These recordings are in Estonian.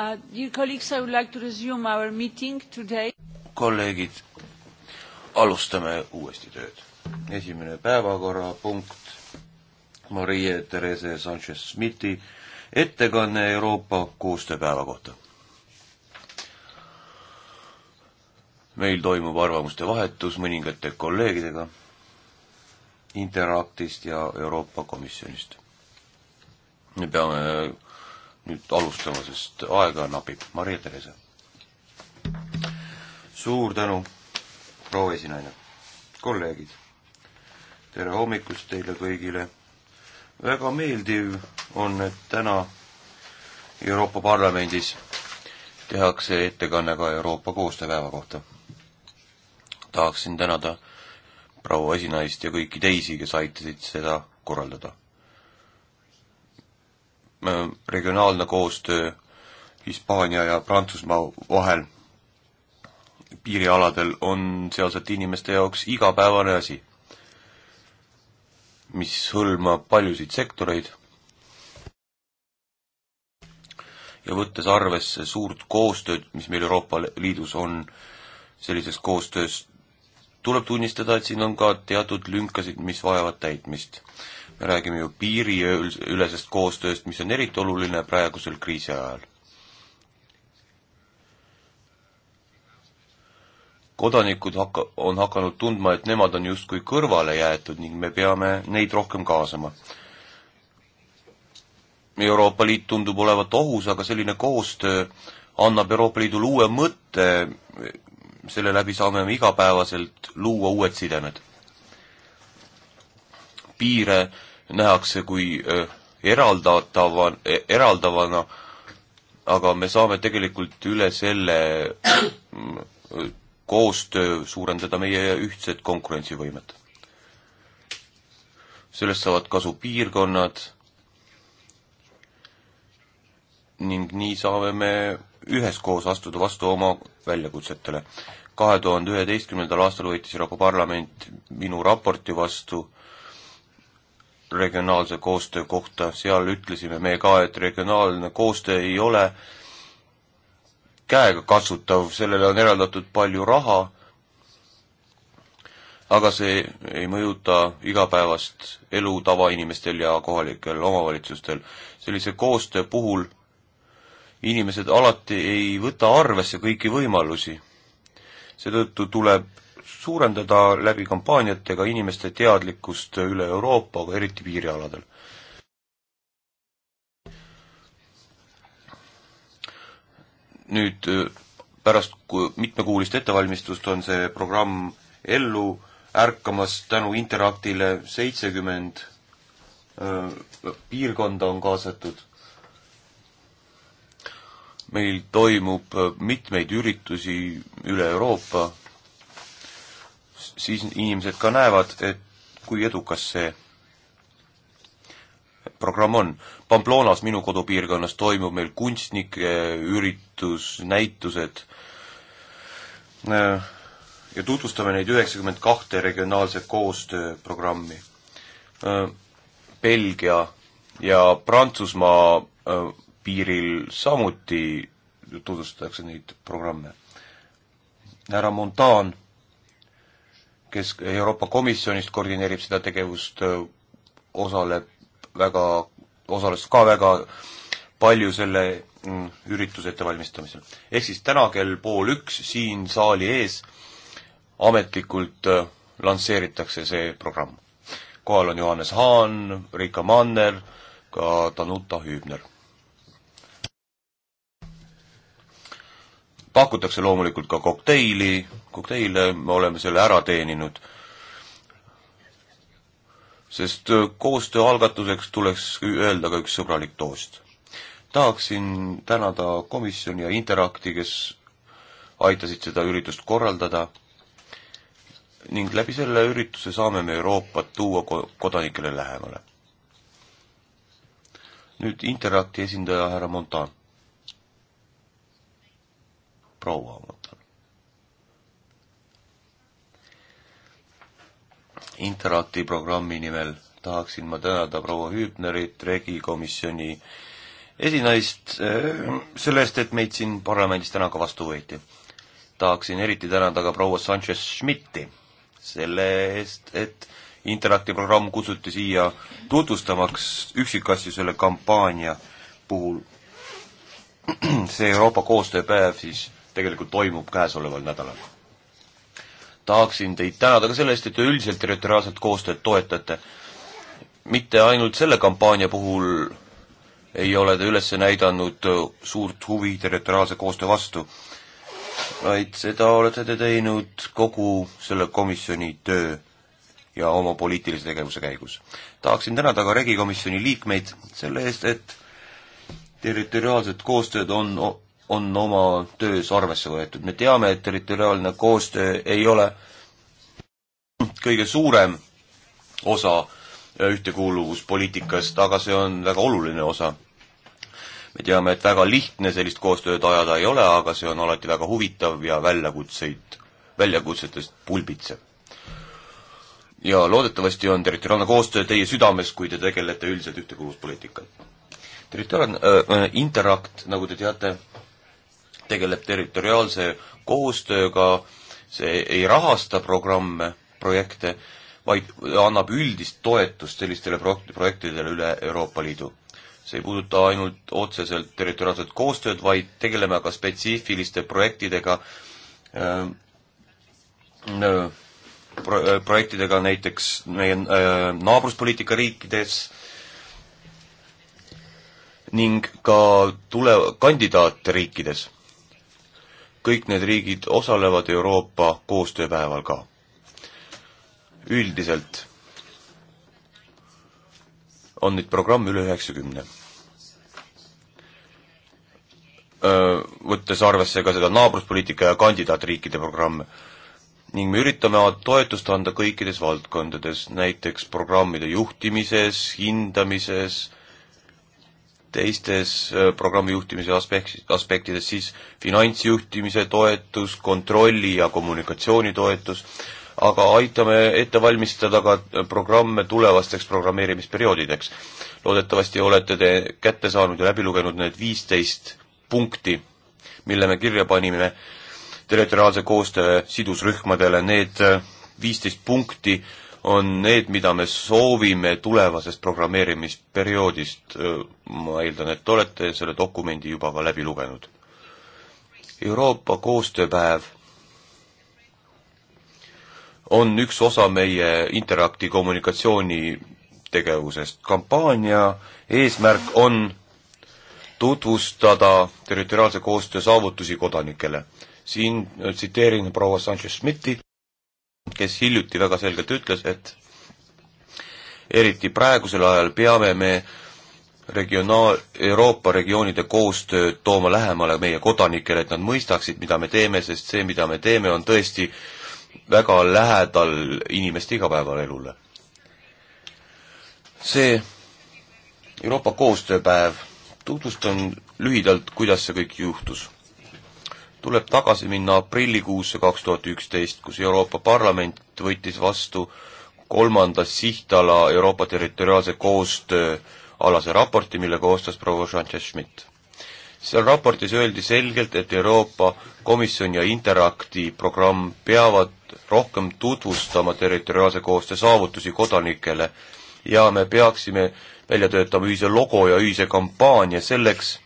Uh, dear colleagues, I would like to resume our meeting today. kolleegid, alustame uuesti tööd. esimene päevakorrapunkt, Marie Therese Sanchez-Smithi ettekanne Euroopa koostööpäeva kohta. meil toimub arvamuste vahetus mõningate kolleegidega Interactist ja Euroopa Komisjonist. me peame nüüd alustama, sest aega napib. Maria Theresa. suur tänu, proua esinaine. kolleegid, tere hommikust teile kõigile. väga meeldiv on, et täna Euroopa Parlamendis tehakse ettekanne ka Euroopa koostööpäeva kohta. tahaksin tänada proua esinaist ja kõiki teisi, kes aitasid seda korraldada. Äh, regionaalne koostöö Hispaania ja Prantsusmaa vahel piirialadel on sealsete inimeste jaoks igapäevane asi, mis hõlmab paljusid sektoreid ja võttes arvesse suurt koostööd, mis meil Euroopa Liidus on sellises koostöös, tuleb tunnistada, et siin on ka teatud lünkasid, mis vajavad täitmist me räägime ju piiriülesest koostööst, mis on eriti oluline praegusel kriisi ajal. kodanikud hakka-, on hakanud tundma, et nemad on justkui kõrvale jäetud ning me peame neid rohkem kaasama. Euroopa Liit tundub olevat ohus, aga selline koostöö annab Euroopa Liidule uue mõtte, selle läbi saame me igapäevaselt luua uued sidemed. piire nähakse kui äh, eraldatava, e, eraldavana, aga me saame tegelikult üle selle äh, koostöö suurendada meie ühtset konkurentsivõimet. sellest saavad kasu piirkonnad ning nii saame me üheskoos astuda vastu oma väljakutsetele. kahe tuhande üheteistkümnendal aastal võttis Euroopa Parlament minu raporti vastu regionaalse koostöö kohta, seal ütlesime me ka, et regionaalne koostöö ei ole käegakatsutav, sellele on eraldatud palju raha, aga see ei mõjuta igapäevast elu tavainimestel ja kohalikel omavalitsustel. sellise koostöö puhul inimesed alati ei võta arvesse kõiki võimalusi. seetõttu tuleb suurendada läbi kampaaniatega inimeste teadlikkust üle Euroopa, aga eriti piirialadel. nüüd pärast mitmekuulist ettevalmistust on see programm ellu ärkamas tänu Interaktile seitsekümmend piirkonda on kaasatud. meil toimub mitmeid üritusi üle Euroopa siis inimesed ka näevad, et kui edukas see programm on. Pamplonas, minu kodupiirkonnas, toimub meil kunstnike eh, üritus, näitused eh, ja tutvustame neid üheksakümmend kahte regionaalse koostööprogrammi. Eh, Belgia ja Prantsusmaa piiril samuti tutvustatakse neid programme. härra Montan kes Euroopa Komisjonist koordineerib seda tegevust, osaleb väga, osales ka väga palju selle mm, ürituse ettevalmistamisel. ehk siis täna kell pool üks siin saali ees ametlikult lansseeritakse see programm. kohal on Johannes Haan, Riika Manner, ka Danuta Hübner. pakutakse loomulikult ka kokteili, kokteile me oleme selle ära teeninud. sest äh, koostöö algatuseks tuleks öelda ka üks sõbralik toost. tahaksin tänada komisjoni ja Interacti, kes aitasid seda üritust korraldada ning läbi selle ürituse saame me Euroopat tuua kodanikele lähemale. nüüd Interacti esindaja härra Montan proua, ma mõtlen. Interacti programmi nimel tahaksin ma tänada proua Hüübnerit, Regi komisjoni esinaist äh, selle eest, et meid siin parlamendis täna ka vastu võeti. tahaksin eriti tänada ka proua Sanchez-Schmidti selle eest, et Interacti programm kutsuti siia tutvustamaks üksikasju selle kampaania puhul. see Euroopa koostööpäev siis tegelikult toimub käesoleval nädalal. tahaksin teid tänada ka selle eest, et te üldiselt territoriaalset koostööd toetate. mitte ainult selle kampaania puhul ei ole te üles näidanud suurt huvi territoriaalse koostöö vastu, vaid seda olete te teinud kogu selle komisjoni töö ja oma poliitilise tegevuse käigus. tahaksin tänada ka regikomisjoni liikmeid selle eest, et territoriaalset koostööd on on oma töös arvesse võetud. me teame, et territoriaalne koostöö ei ole kõige suurem osa ühtekuuluvuspoliitikast, aga see on väga oluline osa. me teame, et väga lihtne sellist koostööd ajada ei ole, aga see on alati väga huvitav ja väljakutseid, väljakutsetest pulbitseb. ja loodetavasti on territoriaalne koostöö teie südames, kui te tegelete üldiselt ühtekuuluvuspoliitikaga territoriaalne äh, äh interakt, nagu te teate, tegeleb territoriaalse koostööga, see ei rahasta programme, projekte, vaid annab üldist toetust sellistele pro-, projektidele üle Euroopa Liidu. see ei puuduta ainult otseselt territoriaalset koostööd, vaid tegeleme ka spetsiifiliste projektidega äh,, äh pro-, äh, projektidega näiteks meie äh, naabruspoliitika riikides ning ka tule-, kandidaatriikides kõik need riigid osalevad Euroopa koostööpäeval ka. üldiselt on neid programme üle üheksakümne. Võttes arvesse ka seda naabruspoliitika ja kandidaatriikide programme ning me üritame toetust anda kõikides valdkondades, näiteks programmide juhtimises, hindamises, teistes äh, programmi juhtimise aspekt-, aspektides siis finantsjuhtimise toetus, kontrolli ja kommunikatsiooni toetus, aga aitame ette valmistada ka äh, programme tulevasteks programmeerimisperioodideks. loodetavasti olete te kätte saanud ja läbi lugenud need viisteist punkti, mille me kirja panime territoriaalse koostöö sidusrühmadele, need äh, viisteist punkti on need, mida me soovime tulevasest programmeerimisperioodist. ma eeldan, et te olete selle dokumendi juba ka läbi lugenud. Euroopa koostööpäev on üks osa meie Interacti kommunikatsiooni tegevusest. kampaania eesmärk on tutvustada territoriaalse koostöö saavutusi kodanikele. siin äh, tsiteerin proua Sanchez-Schmidti, kes hiljuti väga selgelt ütles, et eriti praegusel ajal peame me regionaal, Euroopa regioonide koostööd tooma lähemale meie kodanikele, et nad mõistaksid, mida me teeme, sest see, mida me teeme, on tõesti väga lähedal inimeste igapäevaelule. see Euroopa koostööpäev, tutvustan lühidalt, kuidas see kõik juhtus tuleb tagasi minna aprillikuusse kaks tuhat üksteist, kus Euroopa Parlament võttis vastu kolmanda sihtala Euroopa territoriaalse koostöö alase raporti, mille koostas proua Sanchez-Schmidt. seal raportis öeldi selgelt, et Euroopa Komisjon ja Interacti programm peavad rohkem tutvustama territoriaalse koostöö saavutusi kodanikele ja me peaksime välja töötama ühise logo ja ühise kampaania selleks,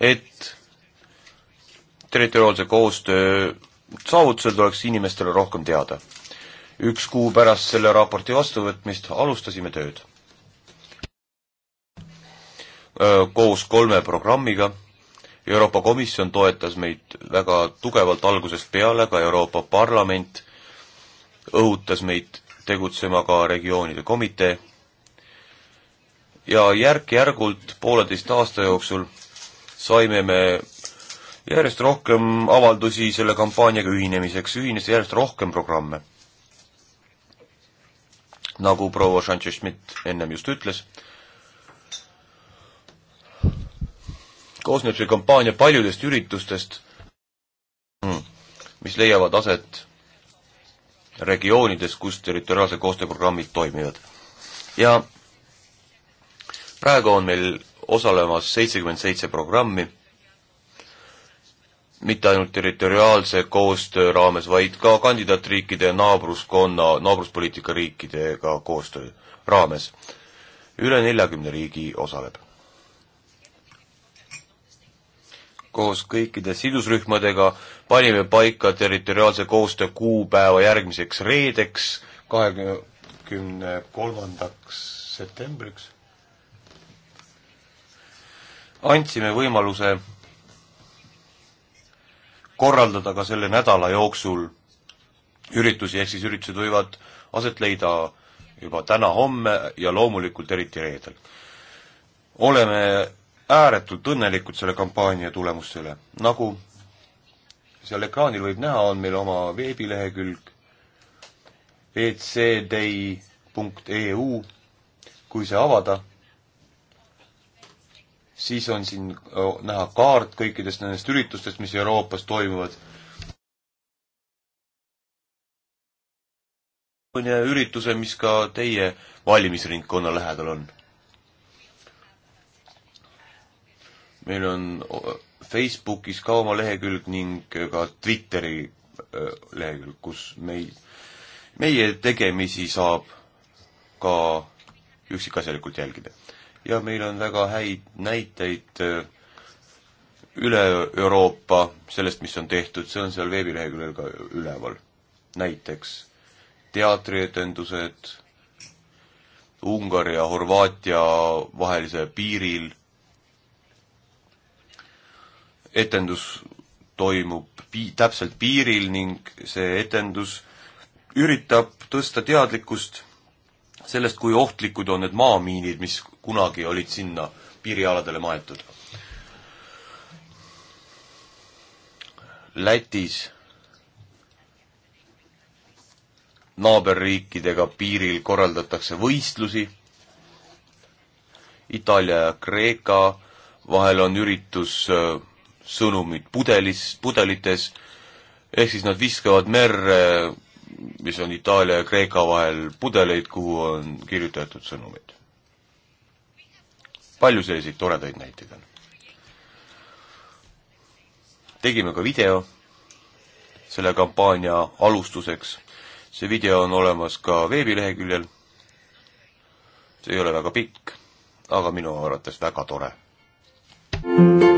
et territoriaalse koostöö saavutusel tuleks inimestele rohkem teada. üks kuu pärast selle raporti vastuvõtmist alustasime tööd. koos kolme programmiga Euroopa Komisjon toetas meid väga tugevalt algusest peale, ka Euroopa Parlament õhutas meid tegutsema ka regioonide komitee ja järk-järgult pooleteist aasta jooksul saime me järjest rohkem avaldusi selle kampaaniaga ühinemiseks, ühines järjest rohkem programme. nagu proua Sanchez-Schmidt ennem just ütles, koosneb see kampaania paljudest üritustest, mis leiavad aset regioonides, kus territoriaalse koostööprogrammid toimivad. ja praegu on meil osalemas seitsekümmend seitse programmi mitte ainult territoriaalse koostöö raames, vaid ka kandidaatriikide ja naabruskonna, naabruspoliitika riikidega koostöö raames. üle neljakümne riigi osaleb. koos kõikide sidusrühmadega panime paika territoriaalse koostöö kuupäeva järgmiseks reedeks, kahekümne kolmandaks septembriks. andsime võimaluse korraldada ka selle nädala jooksul üritusi, ehk siis üritused võivad aset leida juba täna-homme ja loomulikult eriti reedel. oleme ääretult õnnelikud selle kampaania tulemuste üle. nagu seal ekraanil võib näha, on meil oma veebilehekülg ecday.eu, kui see avada, siis on siin näha kaart kõikidest nendest üritustest, mis Euroopas toimuvad. ürituse, mis ka teie valimisringkonna lähedal on. meil on Facebookis ka oma lehekülg ning ka Twitteri lehekülg, kus meil, meie tegemisi saab ka üksikasjalikult jälgida ja meil on väga häid näiteid äh, üle Euroopa sellest, mis on tehtud, see on seal veebileheküljel ka üleval. näiteks teatrietendused Ungari ja Horvaatia vahelise piiril, etendus toimub pi-, täpselt piiril ning see etendus üritab tõsta teadlikkust sellest, kui ohtlikud on need maamiinid, mis kunagi olid sinna piirialadele maetud. Lätis naaberriikidega piiril korraldatakse võistlusi, Itaalia ja Kreeka vahel on üritus äh, sõnumid pudelis, pudelites, ehk siis nad viskavad merre, mis on Itaalia ja Kreeka vahel, pudeleid, kuhu on kirjutatud sõnumid palju selliseid toredaid näiteid on. tegime ka video selle kampaania alustuseks. see video on olemas ka veebileheküljel. see ei ole väga pikk, aga minu arvates väga tore. thank you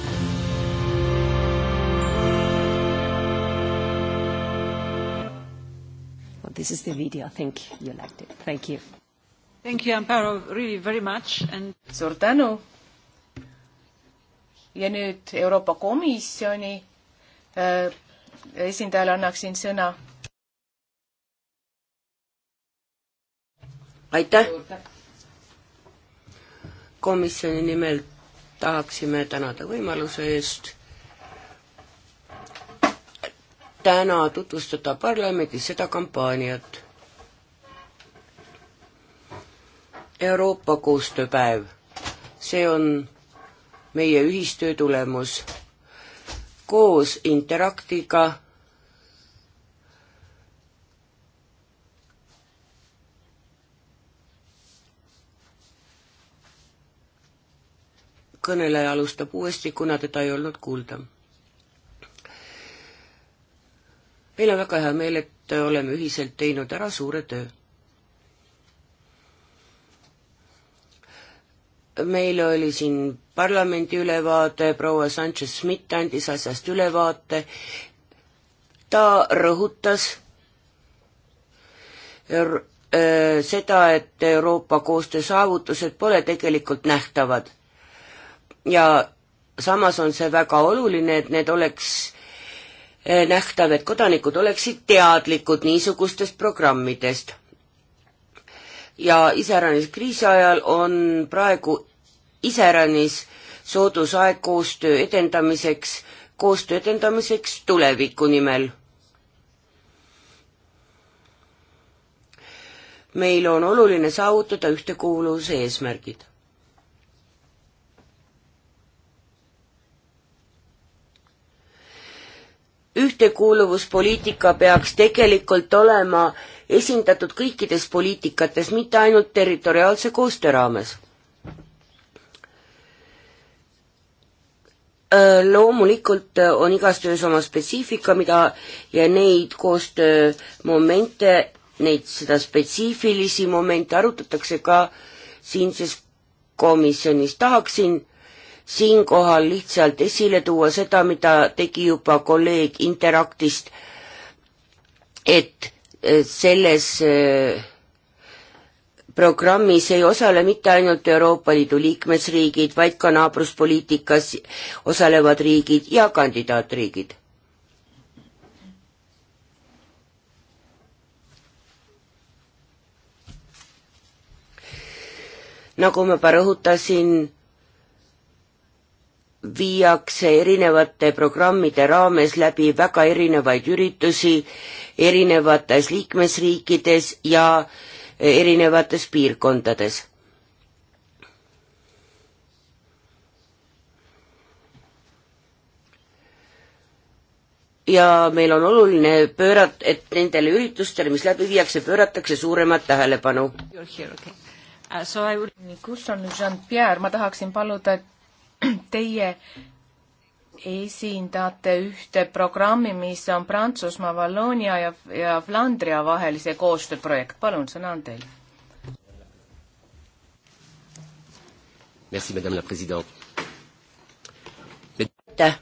This is the video. I think you liked it. Thank you. Thank you, Amparo, really very much and suur tänu. ja nüüd Euroopa Komisjoni äh, esindajale annaksin sõna. aitäh. komisjoni nimel tahaksime tänada võimaluse eest täna tutvustada parlamendis seda kampaaniat. Euroopa koostööpäev, see on meie ühistöö tulemus. koos Interactiga kõneleja alustab uuesti, kuna teda ei olnud kuulda meil on väga hea meel, et oleme ühiselt teinud ära suure töö. meil oli siin parlamendi ülevaade, proua Sanchez-Schmidt andis asjast ülevaate, ta rõhutas äh, seda, et Euroopa koostöö saavutused pole tegelikult nähtavad. ja samas on see väga oluline, et need oleks Eh, nähtav, et kodanikud oleksid teadlikud niisugustest programmidest. ja iseäranis kriisi ajal on praegu iseäranis soodus aeg koostöö edendamiseks, koostöö edendamiseks tuleviku nimel. meil on oluline saavutada ühtekuuluvuse eesmärgid. ühtekuuluvuspoliitika peaks tegelikult olema esindatud kõikides poliitikates, mitte ainult territoriaalse koostöö raames. Äh, loomulikult on igas töös oma spetsiifika, mida ja neid koostöömomente, neid, seda spetsiifilisi momente arutatakse ka siinses komisjonis. tahaksin siinkohal lihtsalt esile tuua seda, mida tegi juba kolleeg Interaktist, et eh, selles eh, programmis ei osale mitte ainult Euroopa Liidu liikmesriigid, vaid ka naabruspoliitikas osalevad riigid ja kandidaatriigid. nagu ma juba rõhutasin viiakse erinevate programmide raames läbi väga erinevaid üritusi erinevates liikmesriikides ja erinevates piirkondades. ja meil on oluline pöörat-, et nendele üritustele, mis läbi viiakse, pööratakse suuremat tähelepanu. Okay. Uh, would... kus on Jean-Pierre, ma tahaksin paluda, et teie esindate ühte programmi, mis on Prantsusmaa, Valloonia ja, ja Flandria vahelise koostööprojekt. palun, sõna on teil. aitäh.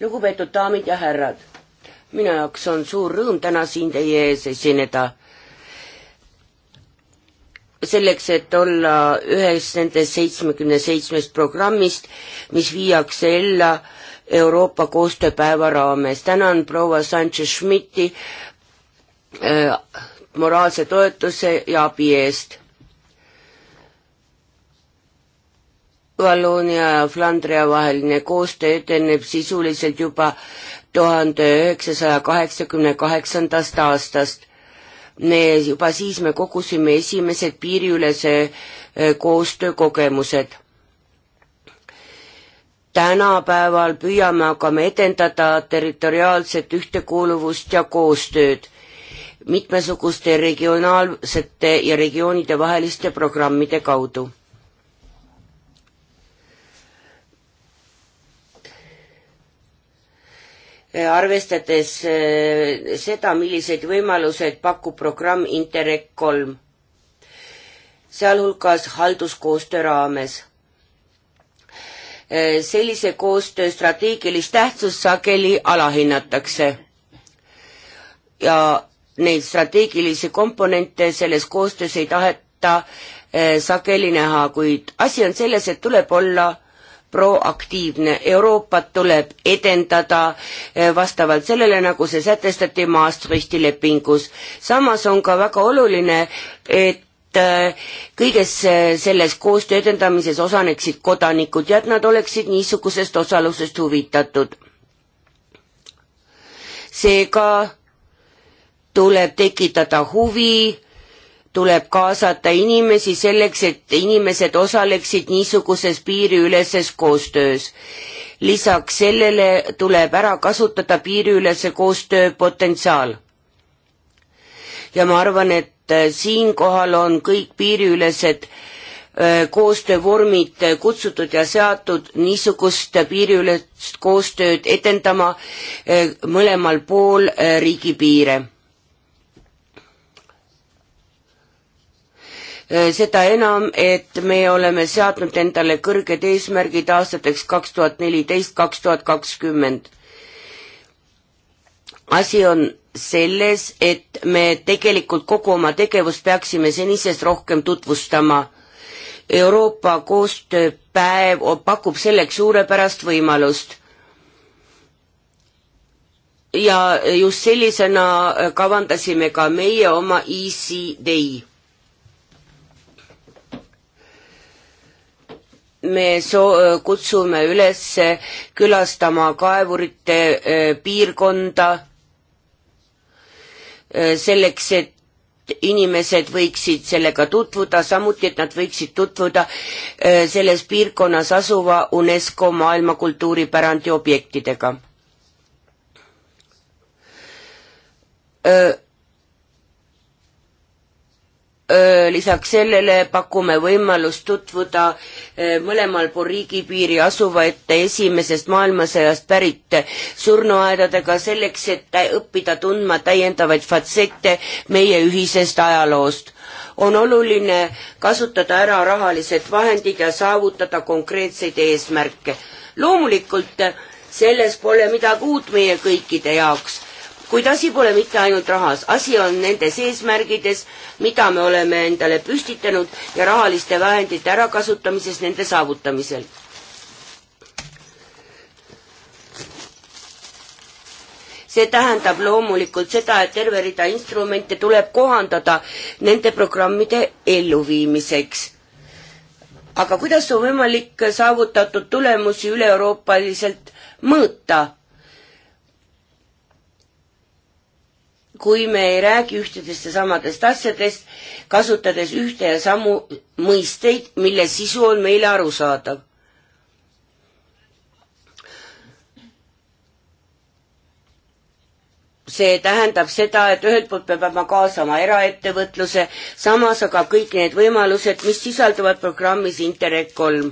lugupeetud daamid ja härrad, minu jaoks on suur rõõm täna siin teie ees esineda selleks, et olla ühes nendest seitsmekümne seitsmest programmist, mis viiakse ellu Euroopa koostööpäeva raames. tänan proua Sanchez-Schmidti äh, moraalse toetuse ja abi eest. Valloonia ja Flandria vaheline koostöö edeneb sisuliselt juba tuhande üheksasaja kaheksakümne kaheksandast aastast juba siis me kogusime esimesed piiriülese eh, koostöökogemused. tänapäeval püüame aga me edendada territoriaalset ühtekuuluvust ja koostööd mitmesuguste regionaalsete ja regioonide vaheliste programmide kaudu Äh, arvestades äh, seda, milliseid võimaluseid pakub programm Interreg kolm, sealhulgas halduskoostöö raames. Äh, sellise koostöö strateegilist tähtsust sageli alahinnatakse ja neid strateegilisi komponente selles koostöös ei taheta sageli näha, kuid asi on selles, et tuleb olla proaktiivne. Euroopat tuleb edendada eh, vastavalt sellele, nagu see sätestati Maastrichti lepingus. samas on ka väga oluline, et eh, kõiges eh, selles koostöö edendamises osaneksid kodanikud ja et nad oleksid niisugusest osalusest huvitatud. seega tuleb tekitada huvi tuleb kaasata inimesi selleks, et inimesed osaleksid niisuguses piiriüleses koostöös. lisaks sellele tuleb ära kasutada piiriülese koostöö potentsiaal. ja ma arvan, et äh, siinkohal on kõik piiriülesed äh, koostöövormid kutsutud ja seatud niisugust piiriülest koostööd edendama äh, mõlemal pool riigipiire Äh, seda enam, et me oleme seadnud endale kõrged eesmärgid aastateks kaks tuhat neliteist, kaks tuhat kakskümmend. asi on selles, et me tegelikult kogu oma tegevust peaksime senisest rohkem tutvustama. Euroopa koostööpäev pakub selleks suurepärast võimalust ja just sellisena kavandasime ka meie oma EC Day me so-, kutsume üles külastama kaevurite piirkonda selleks, et inimesed võiksid sellega tutvuda, samuti, et nad võiksid tutvuda selles piirkonnas asuva UNESCO maailmakultuuripärandi objektidega lisaks sellele pakume võimalust tutvuda mõlemal pool riigipiiri asuvate esimesest maailmasõjast pärit surnuaedadega selleks, et õppida tundma täiendavaid fatsette meie ühisest ajaloost. on oluline kasutada ära rahalised vahendid ja saavutada konkreetseid eesmärke. loomulikult selles pole midagi uut meie kõikide jaoks kuid asi pole mitte ainult rahas, asi on nendes eesmärgides, mida me oleme endale püstitanud ja rahaliste vahendite ärakasutamises nende saavutamisel. see tähendab loomulikult seda, et terve rida instrumente tuleb kohandada nende programmide elluviimiseks aga kuidas on võimalik saavutatud tulemusi üle-euroopaliselt mõõta? kui me ei räägi ühtedest ja samadest asjadest, kasutades ühte ja samu mõisteid, mille sisu on meile arusaadav. see tähendab seda, et ühelt poolt me peame kaasama eraettevõtluse, samas aga kõik need võimalused, mis sisalduvad programmis Interreg kolm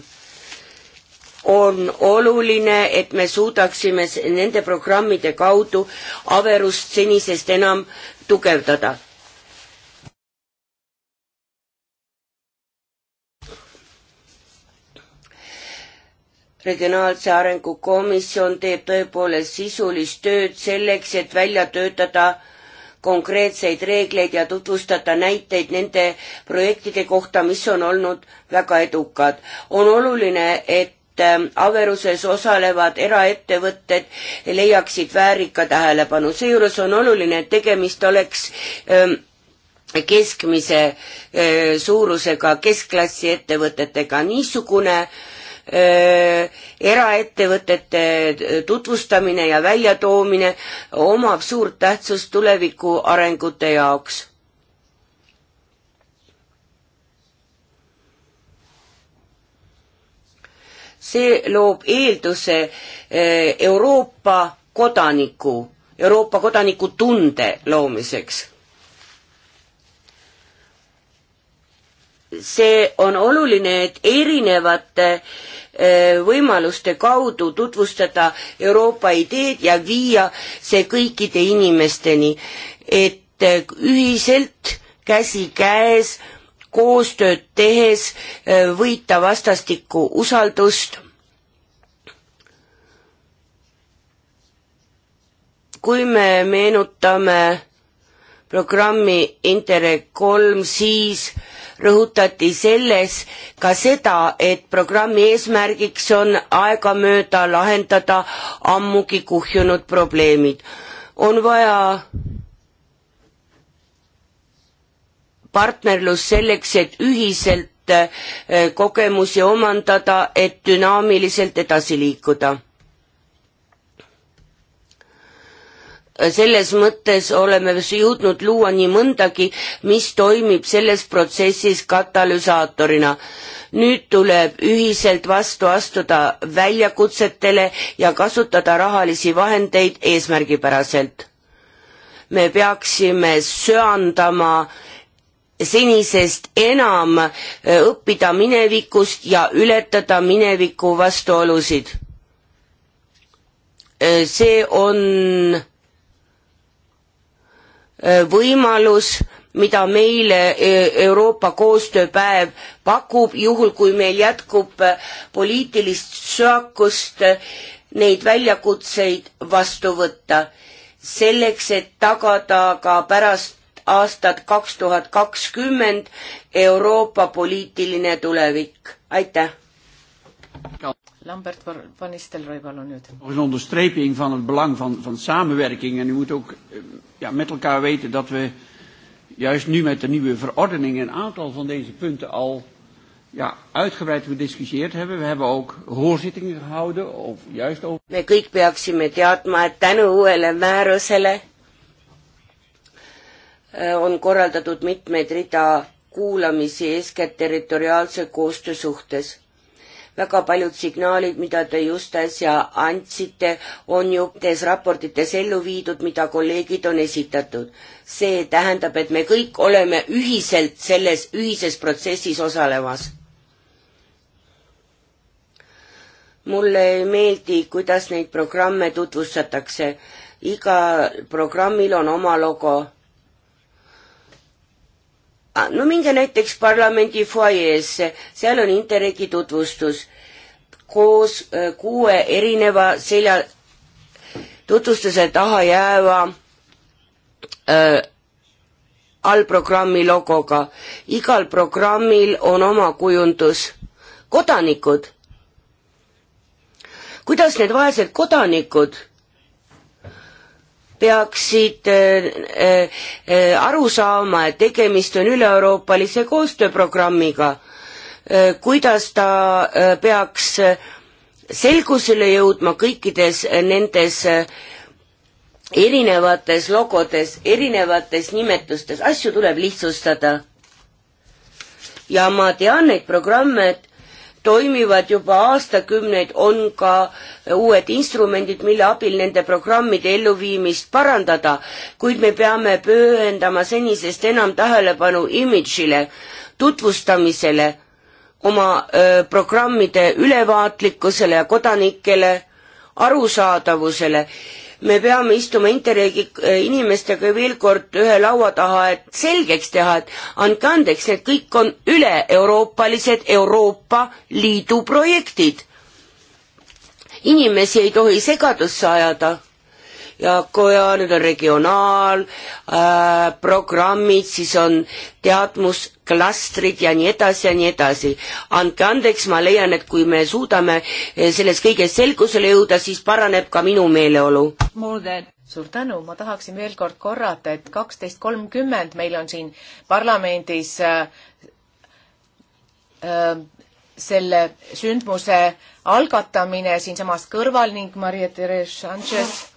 on oluline, et me suudaksime nende programmide kaudu averust senisest enam tugevdada. regionaalse arengu komisjon teeb tõepoolest sisulist tööd selleks, et välja töötada konkreetseid reegleid ja tutvustada näiteid nende projektide kohta, mis on olnud väga edukad. on oluline, et Äh, Averuses osalevad eraettevõtted leiaksid väärika tähelepanu. seejuures on oluline, et tegemist oleks ähm, keskmise äh, suurusega keskklassi ettevõtetega. niisugune äh, eraettevõtete tutvustamine ja väljatoomine omab suurt tähtsust tuleviku arengute jaoks see loob eelduse eh, Euroopa kodaniku, Euroopa kodaniku tunde loomiseks. see on oluline, et erinevate eh, võimaluste kaudu tutvustada Euroopa ideed ja viia see kõikide inimesteni, et eh, ühiselt käsikäes koostööd tehes äh, võita vastastikku usaldust. kui me meenutame programmi Interreg kolm, siis rõhutati selles ka seda, et programmi eesmärgiks on aegamööda lahendada ammugi kuhjunud probleemid. on vaja partnerlus selleks, et ühiselt eh, kogemusi omandada, et dünaamiliselt edasi liikuda. selles mõttes oleme jõudnud luua nii mõndagi, mis toimib selles protsessis katalüsaatorina. nüüd tuleb ühiselt vastu astuda väljakutsetele ja kasutada rahalisi vahendeid eesmärgipäraselt. me peaksime söandama äh, senisest enam äh, õppida minevikust ja ületada mineviku vastuolusid. Äh, see on äh, võimalus, mida meile Euroopa koostööpäev pakub, juhul kui meil jätkub poliitilist söakust neid väljakutseid vastu võtta. selleks, et tagada ka pärast aastat kaks tuhat kakskümmend Euroopa poliitiline tulevik. aitäh! Lambert van Nistelrooy, palun nüüd. Een onderstreping van het belang van, van samenwerking en u moet ook eh, ja, met elkaar weten dat we juist nu met de nieuwe verordening een aantal van deze punten al ja, uitgebreid gediscussieerd hebben. We hebben ook hoorzittingen gehouden of juist over. me kõik peaksime teadma, et tänu uuele määrusele Äh, on korraldatud mitmeid rida kuulamisi, eeskätt territoriaalse koostöö suhtes. väga paljud signaalid, mida te just äsja andsite, on ju tees raportites ellu viidud, mida kolleegid on esitatud. see tähendab, et me kõik oleme ühiselt selles ühises protsessis osalemas mulle ei meeldi, kuidas neid programme tutvustatakse. igal programmil on oma logo Ah, no minge näiteks parlamendi fuajeesse, seal on Interregi tutvustus koos äh, kuue erineva selja tutvustuse taha jääva äh, allprogrammi logoga. igal programmil on oma kujundus. kodanikud, kuidas need vaesed kodanikud peaksid äh, äh, äh, aru saama, et tegemist on üle-euroopalise koostööprogrammiga. kuidas ta peaks selgusele jõudma kõikides nendes erinevates logodes, erinevates nimetustes, asju tuleb lihtsustada. ja ma tean neid programme, et toimivad juba aastakümneid, on ka uued instrumendid, mille abil nende programmide elluviimist parandada, kuid me peame pühendama senisest enam tähelepanu imidžile, tutvustamisele, oma öö, programmide ülevaatlikkusele ja kodanikele arusaadavusele me peame istuma Interregi äh, inimestega veel kord ühe laua taha, et selgeks teha, et andke andeks, need kõik on üle-euroopalised Euroopa Liidu projektid. inimesi ei tohi segadusse ajada ja kui nüüd on regionaalprogrammid äh,, siis on teadmusklastrid ja nii edasi ja nii edasi. andke andeks, ma leian, et kui me suudame äh, selles kõiges selgusele jõuda, siis paraneb ka minu meeleolu. suur tänu, ma tahaksin veel kord korrata, et kaksteist kolmkümmend meil on siin parlamendis äh, äh, selle sündmuse algatamine siinsamas kõrval ning Maria Theresa Sanchez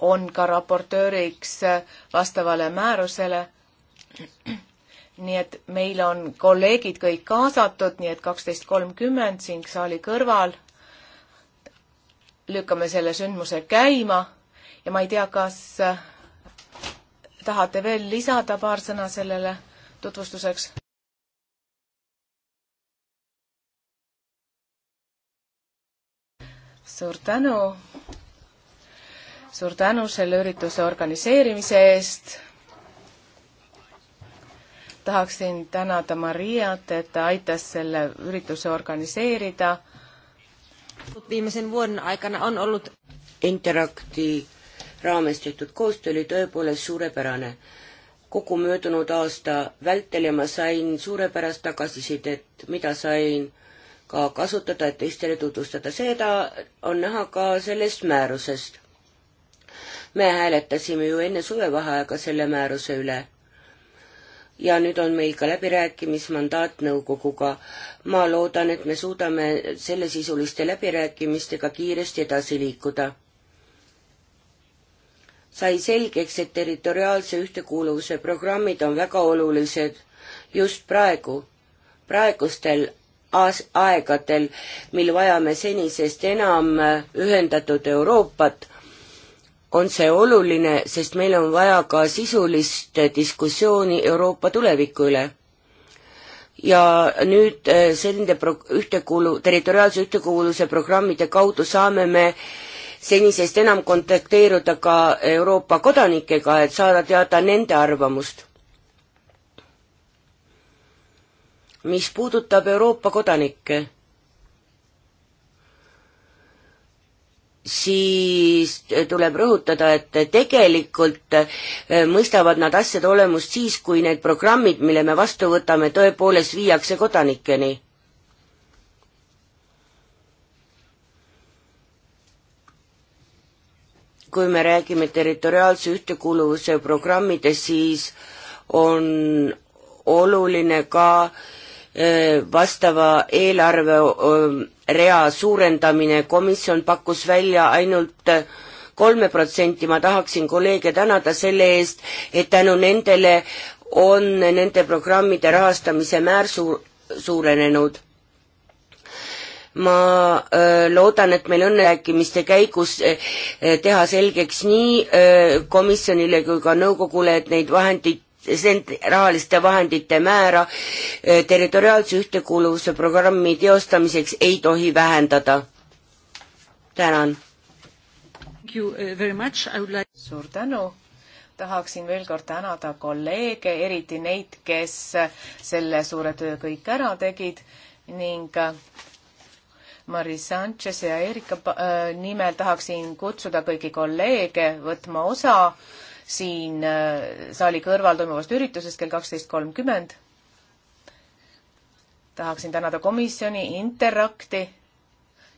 on ka raportööriks vastavale määrusele. nii et meil on kolleegid kõik kaasatud, nii et kaksteist kolmkümmend siin saali kõrval lükkame selle sündmuse käima ja ma ei tea, kas äh, tahate veel lisada paar sõna sellele tutvustuseks? suur tänu suur tänu selle ürituse organiseerimise eest. tahaksin tänada Mariat, et ta aitas selle ürituse organiseerida. viimasen vuoden aikana on olnud Interacti raames tehtud koostöö oli tõepoolest suurepärane. kogu möödunud aasta vältel ja ma sain suurepärast tagasisidet, mida sain ka kasutada, et teistele tutvustada. seda on näha ka sellest määrusest me hääletasime ju enne suvevaheaega selle määruse üle. ja nüüd on meil ka läbirääkimismandaat nõukoguga. ma loodan, et me suudame sellesisuliste läbirääkimistega kiiresti edasi liikuda. sai selgeks, et territoriaalse ühtekuuluvuse programmid on väga olulised just praegu, praegustel aegadel, mil vajame senisest enam ühendatud Euroopat on see oluline, sest meil on vaja ka sisulist diskussiooni Euroopa tuleviku üle. ja nüüd äh, selline pro-, ühtekuulu-, territoriaalse ühtekuuluvuse programmide kaudu saame me senisest enam kontakteeruda ka Euroopa kodanikega, et saada teada nende arvamust. mis puudutab Euroopa kodanikke siis tuleb rõhutada, et tegelikult äh, mõistavad nad asjade olemust siis, kui need programmid, mille me vastu võtame, tõepoolest viiakse kodanikeni. kui me räägime territoriaalse ühtekuuluvuse programmidest, siis on oluline ka äh, vastava eelarverea suurendamine, komisjon pakkus välja ainult kolme protsenti, ma tahaksin kolleege tänada selle eest, et tänu nendele on nende programmide rahastamise määr suur, suurenenud. ma öö, loodan, et meil õnnerääkimiste käigus teha selgeks nii öö, komisjonile kui ka nõukogule, et neid vahendeid sent-, rahaliste vahendite määra territoriaalse ühtekuuluvuse programmi teostamiseks ei tohi vähendada. tänan. Uh, like... suur tänu. tahaksin veel kord tänada kolleege, eriti neid, kes selle suure töö kõik ära tegid ning äh, Mari Sanchez ja Erika äh, nimel tahaksin kutsuda kõiki kolleege võtma osa äh, siin äh, saali kõrval toimuvast üritusest kell kaksteist kolmkümmend. tahaksin tänada komisjoni Interacti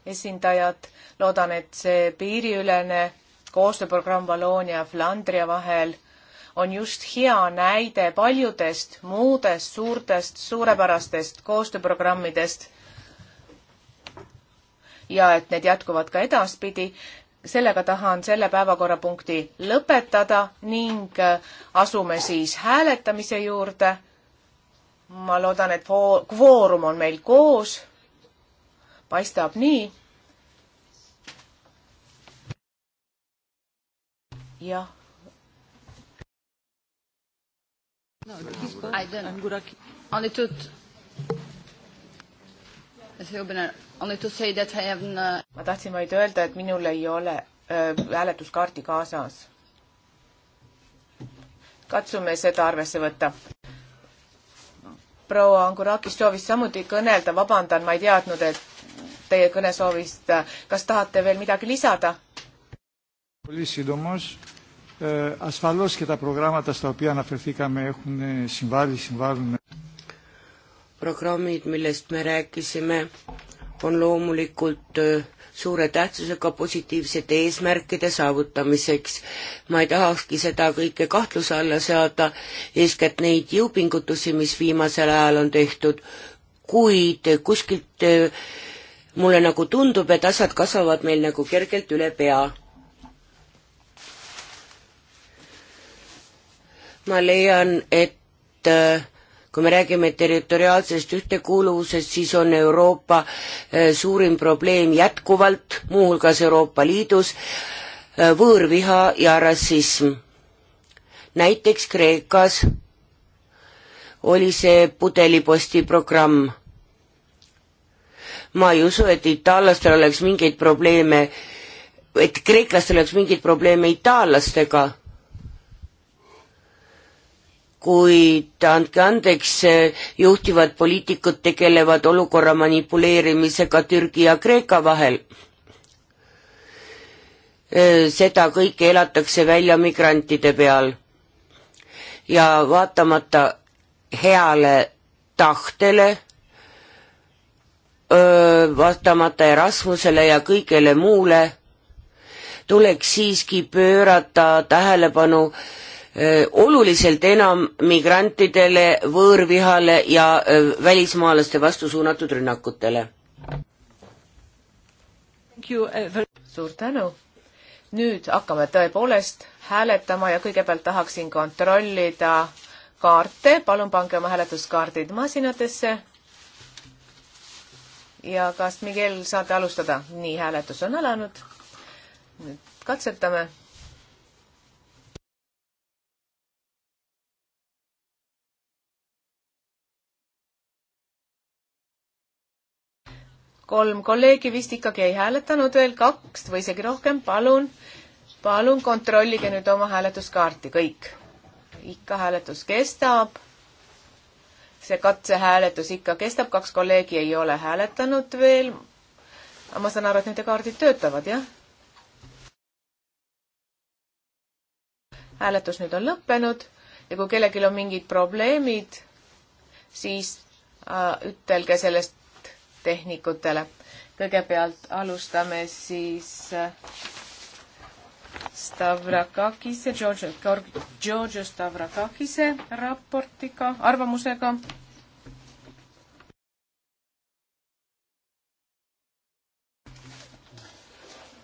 esindajat. loodan, et see piiriülene koostööprogramm Valoonia ja Flandria vahel on just hea näide paljudest muudest suurtest suurepärastest koostööprogrammidest ja et need jätkuvad ka edaspidi sellega tahan selle päevakorrapunkti lõpetada ning äh, asume siis hääletamise juurde. ma loodan, et kvoorum on meil koos. paistab nii. jah. No, I don't. I'm good. On est tout ma tahtsin vaid öelda, et minul ei ole hääletuskaarti kaasas. katsume seda arvesse võtta. proua Angurakis soovis samuti kõnelda, vabandan, ma ei teadnud, et teie kõnesoovist. Äh, kas tahate veel midagi lisada? Ασφαλώς και τα προγράμματα στα οποία αναφερθήκαμε έχουν συμβάλει, συμβάλλουν programmid, millest me rääkisime, on loomulikult äh, suure tähtsusega positiivsete eesmärkide saavutamiseks. ma ei tahakski seda kõike kahtluse alla seada, eeskätt neid jõupingutusi, mis viimasel ajal on tehtud, kuid äh, kuskilt äh, mulle nagu tundub, et asjad kasvavad meil nagu kergelt üle pea. ma leian, et kui me räägime territoriaalsest ühtekuuluvusest, siis on Euroopa eh, suurim probleem jätkuvalt, muuhulgas Euroopa Liidus, eh, võõrviha ja rassism. näiteks Kreekas oli see pudeliposti programm. ma ei usu, et itaallastel oleks mingeid probleeme, et kreeklastel oleks mingeid probleeme itaallastega kuid andke andeks, juhtivad poliitikud tegelevad olukorra manipuleerimisega Türgi ja Kreeka vahel. Äh, seda kõike elatakse välja migrantide peal. ja vaatamata heale tahtele, äh, vaatamata Erasmusele ja kõigele muule, tuleks siiski pöörata tähelepanu äh, oluliselt enam migrantidele, võõrvihale ja välismaalaste vastu suunatud rünnakutele. Äh, suur tänu. nüüd hakkame tõepoolest hääletama ja kõigepealt tahaksin kontrollida kaarte, palun pange oma hääletuskaardid masinatesse. ja kas Miguel saate alustada? nii, hääletus on alanud. nüüd katsetame kolm kolleegi vist ikkagi ei hääletanud veel, kaks või isegi rohkem, palun, palun kontrollige nüüd oma hääletuskaarti, kõik. ikka hääletus kestab. see katsehääletus ikka kestab, kaks kolleegi ei ole hääletanud veel. ma saan aru, et nende kaardid töötavad, jah? hääletus nüüd on lõppenud ja kui kellelgi on mingid probleemid, siis äh, ütelge sellest tehnikutele. kõigepealt alustame siis äh, Stavrakakise, George, George Stavrakakise raportiga, arvamusega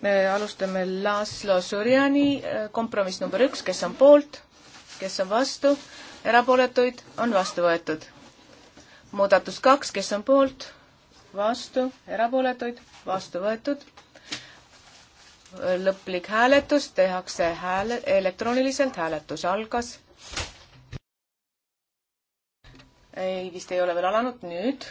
me alustame Laslo Surjani, äh, kompromiss number üks, kes on poolt, kes on vastu, erapooletuid on vastu võetud. muudatus kaks, kes on poolt, vastu, erapooletuid, vastu võetud. lõplik hääletus tehakse hääle, elektrooniliselt, hääletus algas. ei, vist ei ole veel alanud, nüüd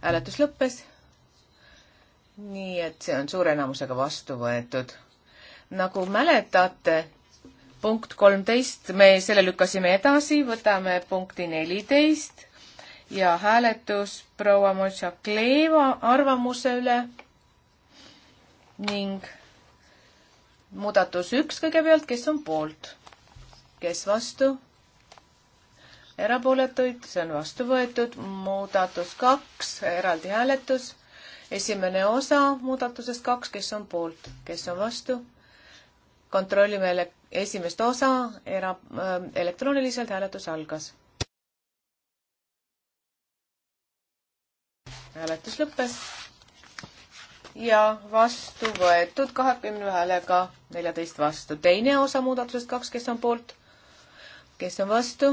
hääletus lõppes. nii et see on suure enamusega vastu võetud. nagu mäletate, punkt kolmteist me selle lükkasime edasi, võtame punkti neliteist ja hääletus proua Motšakleva arvamuse üle ning muudatus üks kõigepealt, kes on poolt, kes vastu, erapooletuid, see on vastu võetud, muudatus kaks, eraldi hääletus, esimene osa muudatusest kaks, kes on poolt, kes on vastu kontrollime ele-, esimest osa, era-, äh, elektrooniliselt hääletus algas. hääletus lõppes ja vastu võetud kahekümne häälega neljateist vastu. teine osa muudatusest kaks, kes on poolt, kes on vastu,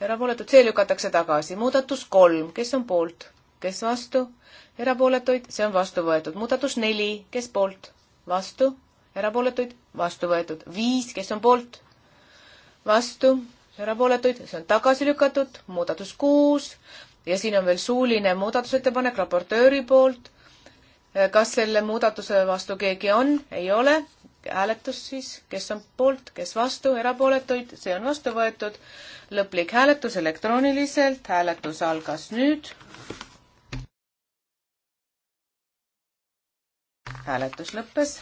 erapooletud, see lükatakse tagasi. muudatus kolm, kes on poolt, kes vastu, erapooletuid, see on vastu võetud. muudatus neli, kes poolt, vastu, erapooletuid, vastu võetud. viis, kes on poolt, vastu, erapooletuid, see on tagasi lükatud, muudatus kuus ja siin on veel suuline muudatusettepanek raportööri poolt. Äh, kas selle muudatuse vastu keegi on? ei ole. hääletus siis, kes on poolt, kes vastu, erapooletuid, see on vastu võetud. lõplik hääletus elektrooniliselt, hääletus algas nüüd. hääletus lõppes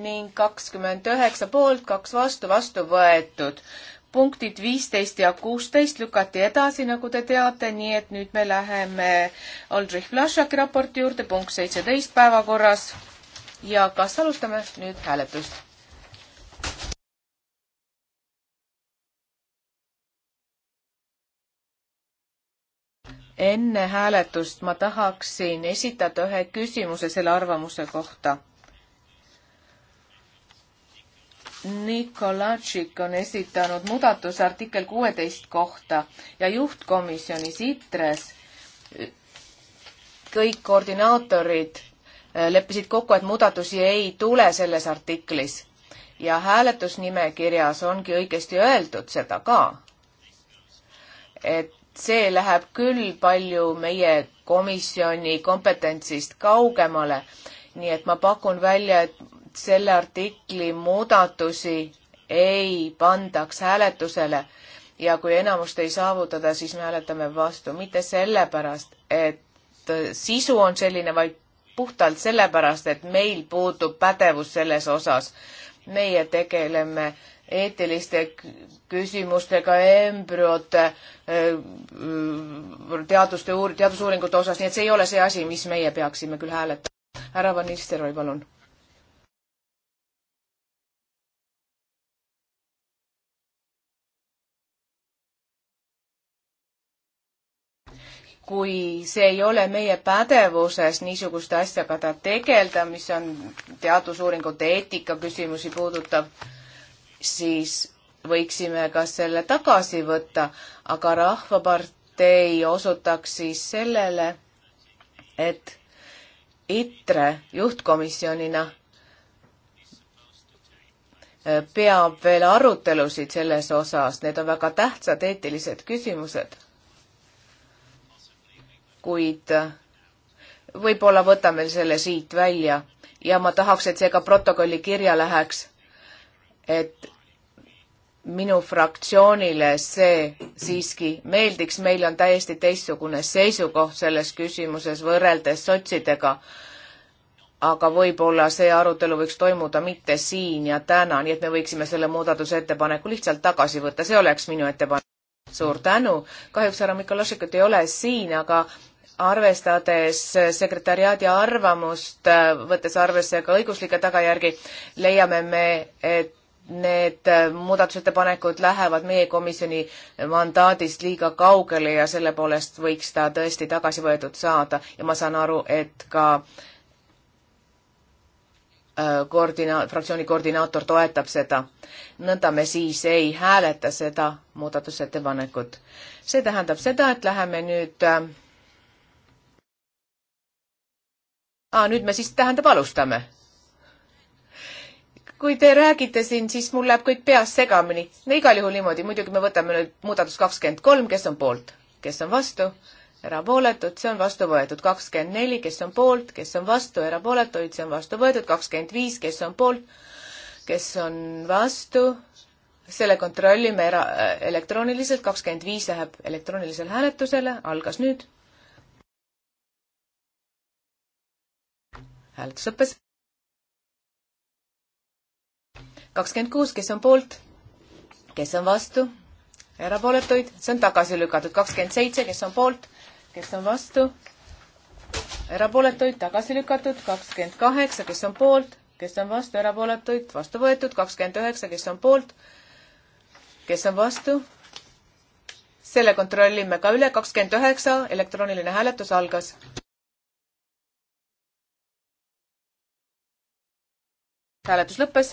ning kakskümmend üheksa poolt, kaks vastu, vastu võetud. punktid viisteist ja kuusteist lükati edasi, nagu te teate, nii et nüüd me läheme Aldrich Vlašaki raporti juurde, punkt seitseteist päevakorras. ja kas alustame nüüd hääletust? enne hääletust ma tahaksin esitada ühe küsimuse selle arvamuse kohta Nikolatšik on esitanud muudatuse artikkel kuueteist kohta ja juhtkomisjonis ITRES kõik koordinaatorid äh, leppisid kokku, et muudatusi ei tule selles artiklis ja hääletusnimekirjas ongi õigesti öeldud seda ka. et see läheb küll palju meie komisjoni kompetentsist kaugemale nii et ma pakun välja, et et selle artikli muudatusi ei pandaks hääletusele ja kui enamust ei saavutada, siis me hääletame vastu, mitte sellepärast, et sisu on selline, vaid puhtalt sellepärast, et meil puudub pädevus selles osas. meie tegeleme eetiliste küsimustega embrüote äh, teaduste uur-, teadusuuringute osas, nii et see ei ole see asi, mis meie peaksime küll hääletama. härra Van Nistelrooy, palun kui see ei ole meie pädevuses niisuguste asjaga tegeleda, mis on teadusuuringute eetika küsimusi puudutav, siis võiksime ka selle tagasi võtta, aga Rahvapartei osutaks siis sellele, et ITRE juhtkomisjonina peab veel arutelusid selles osas, need on väga tähtsad eetilised küsimused kuid võib-olla võtame selle siit välja ja ma tahaks, et see ka protokolli kirja läheks, et minu fraktsioonile see siiski meeldiks, meil on täiesti teistsugune seisukoht selles küsimuses võrreldes sotsidega. aga võib-olla see arutelu võiks toimuda mitte siin ja täna, nii et me võiksime selle muudatusettepaneku lihtsalt tagasi võtta, see oleks minu ettepanek. suur tänu, kahjuks härra Mikolašikut ei ole siin, aga arvestades sekretäriaadi arvamust, võttes arvesse ka õiguslikke tagajärgi, leiame me, et need muudatusettepanekud lähevad meie komisjoni mandaadist liiga kaugele ja selle poolest võiks ta tõesti tagasi võetud saada ja ma saan aru, et ka äh, koordina-, fraktsiooni koordinaator toetab seda. nõnda me siis ei hääleta seda muudatusettepanekut. see tähendab seda, et läheme nüüd äh, aa, nüüd me siis tähendab alustame. kui te räägite siin, siis mul läheb kõik peas segamini. no igal juhul niimoodi, muidugi me võtame nüüd muudatus kakskümmend kolm, kes on poolt, kes on vastu, erapooletud, see on vastu võetud. kakskümmend neli, kes on poolt, kes on vastu, erapooletuid, see on vastu võetud. kakskümmend viis, kes on poolt, kes on vastu, selle kontrollime era-, elektrooniliselt. kakskümmend viis läheb elektroonilisele hääletusele, algas nüüd hääletus lõppes. kakskümmend kuus, kes on poolt, kes on vastu, erapooletuid, see on tagasi lükatud. kakskümmend seitse, kes on poolt, kes on vastu, erapooletuid, tagasi lükatud. kakskümmend kaheksa, kes on poolt, kes on vastu, erapooletuid, vastu võetud. kakskümmend üheksa, kes on poolt, kes on vastu, selle kontrollime ka üle. kakskümmend üheksa, elektrooniline hääletus algas. hääletus lõppes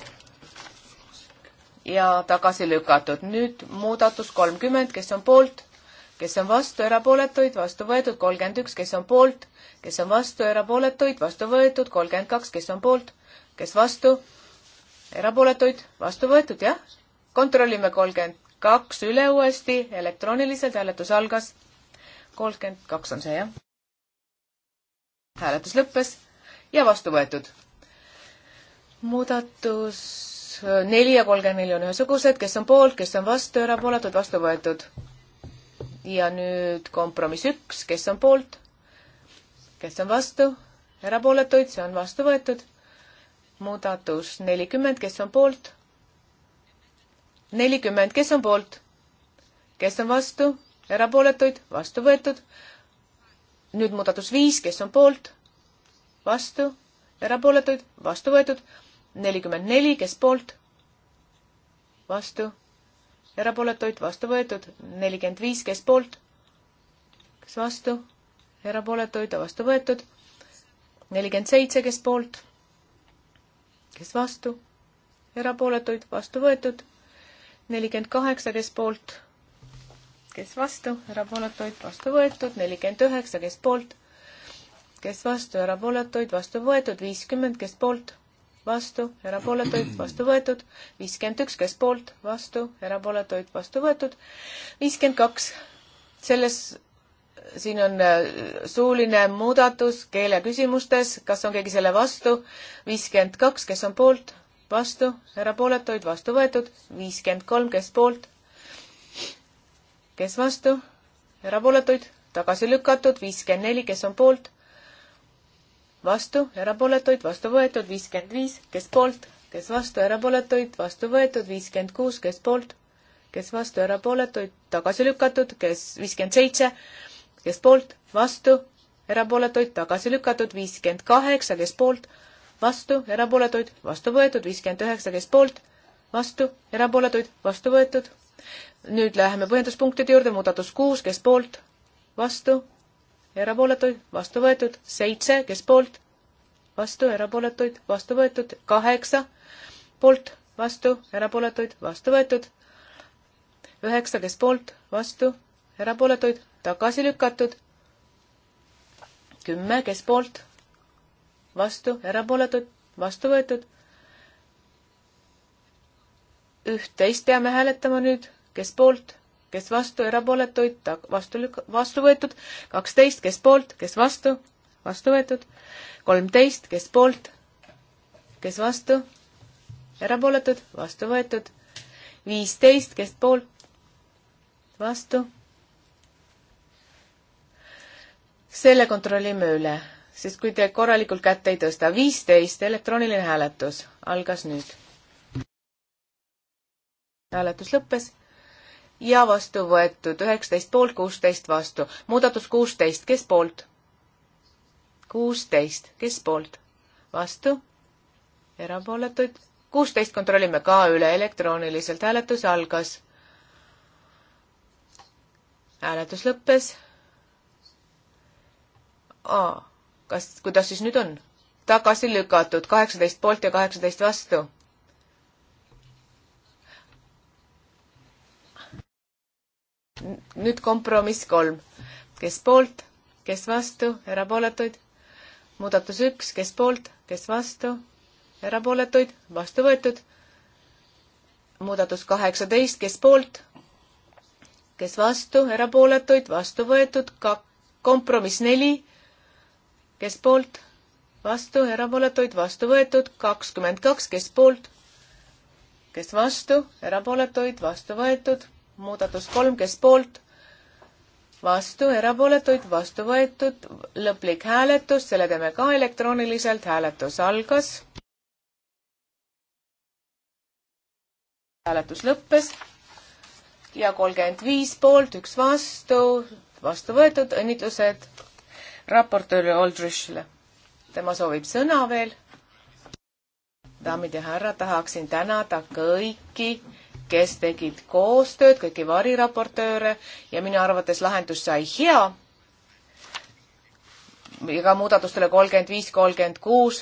ja tagasi lükatud. nüüd muudatus kolmkümmend, kes on poolt, kes on vastu, erapooletuid, vastu võetud, kolmkümmend üks, kes on poolt, kes on vastu, erapooletuid, vastu võetud, kolmkümmend kaks, kes on poolt, kes vastu, erapooletuid, vastu võetud, jah. kontrollime kolmkümmend kaks üle uuesti, elektrooniliselt hääletus algas. kolmkümmend kaks on see, jah. hääletus lõppes ja vastu võetud muudatus äh, neli ja kolmkümmend neli on ühesugused, kes on poolt, kes on vastu, erapooletud, vastu võetud. ja nüüd kompromiss üks, kes on poolt, kes on vastu, erapooletuid, see on vastu võetud. muudatus nelikümmend, kes on poolt? nelikümmend, kes on poolt? kes on vastu, erapooletuid, vastu võetud. nüüd muudatus viis, kes on poolt? vastu, erapooletuid, vastu võetud nelikümmend neli, kes poolt, vastu, erapooletuid vastu võetud, nelikümmend viis, kes poolt, kes vastu, erapooletuid vastu võetud, nelikümmend seitse, kes poolt, kes vastu, erapooletuid vastu võetud, nelikümmend kaheksa, kes poolt, kes vastu, erapooletuid vastu võetud, nelikümmend üheksa, kes poolt, kes vastu, erapooletuid vastu võetud, viiskümmend, kes poolt vastu, erapooletuid, vastu võetud, viiskümmend üks, kes poolt, vastu, erapooletuid, vastu võetud, viiskümmend kaks. selles, siin on äh, suuline muudatus keeleküsimustes, kas on keegi selle vastu, viiskümmend kaks, kes on poolt, vastu, erapooletuid, vastu võetud, viiskümmend kolm, kes poolt, kes vastu, erapooletuid, tagasi lükatud, viiskümmend neli, kes on poolt, vastu, erapooletuid, vastu võetud, viiskümmend viis, kes poolt, kes vastu, erapooletuid, vastu võetud, viiskümmend kuus, kes poolt, kes vastu, erapooletuid, tagasi lükatud, kes viiskümmend seitse, kes poolt, vastu, erapooletuid, tagasi lükatud, viiskümmend kaheksa, kes poolt, vastu, erapooletuid, vastu võetud, viiskümmend üheksa, kes poolt, vastu, erapooletuid, vastu võetud. nüüd läheme põhjenduspunktide juurde, muudatus kuus, kes poolt, vastu, erapooletuid, vastu võetud, seitse, kes poolt, vastu, erapooletuid, vastu võetud, kaheksa, poolt, vastu, erapooletuid, vastu võetud, üheksa, kes poolt, vastu, erapooletuid, tagasi lükatud, kümme, kes poolt, vastu, erapooletuid, vastu võetud, üht-teist peame hääletama nüüd, kes poolt kes vastu, erapooletuid, vastu lük-, vastu võetud, kaksteist, kes poolt, kes vastu, vastu võetud, kolmteist, kes poolt, kes vastu, erapooletud, vastu võetud, viisteist, kes poolt, vastu. selle kontrollime üle, sest kui te korralikult kätt ei tõsta, viisteist, elektrooniline hääletus algas nüüd. hääletus lõppes ja vastu võetud üheksateist poolt, kuusteist vastu. muudatus kuusteist, kes poolt? kuusteist, kes poolt? vastu? erapooletuid? kuusteist kontrollime ka üle, elektrooniliselt hääletus algas. hääletus lõppes. kas, kuidas siis nüüd on? tagasi lükatud, kaheksateist poolt ja kaheksateist vastu nüüd kompromiss kolm, kes poolt, kes vastu, erapooletuid. muudatus üks, kes poolt, kes vastu, erapooletuid, vastu võetud. muudatus kaheksateist, kes poolt, kes vastu, erapooletuid, vastu võetud, ka kompromiss neli, kes poolt, vastu, erapooletuid, vastu võetud, kakskümmend kaks, kes poolt, kes vastu, erapooletuid, vastu võetud muudatus kolm, kes poolt, vastu, erapooletuid, vastu võetud, lõplik hääletus, selle teeme ka elektrooniliselt, hääletus algas. hääletus lõppes ja kolmkümmend viis poolt, üks vastu, vastu võetud, õnnitlused raportööri Oldrichile. tema soovib sõna veel. daamid ja härrad, tahaksin tänada kõiki kes tegid koostööd, kõiki variraportööre ja minu arvates lahendus sai hea. ja ka muudatustele kolmkümmend viis, kolmkümmend kuus,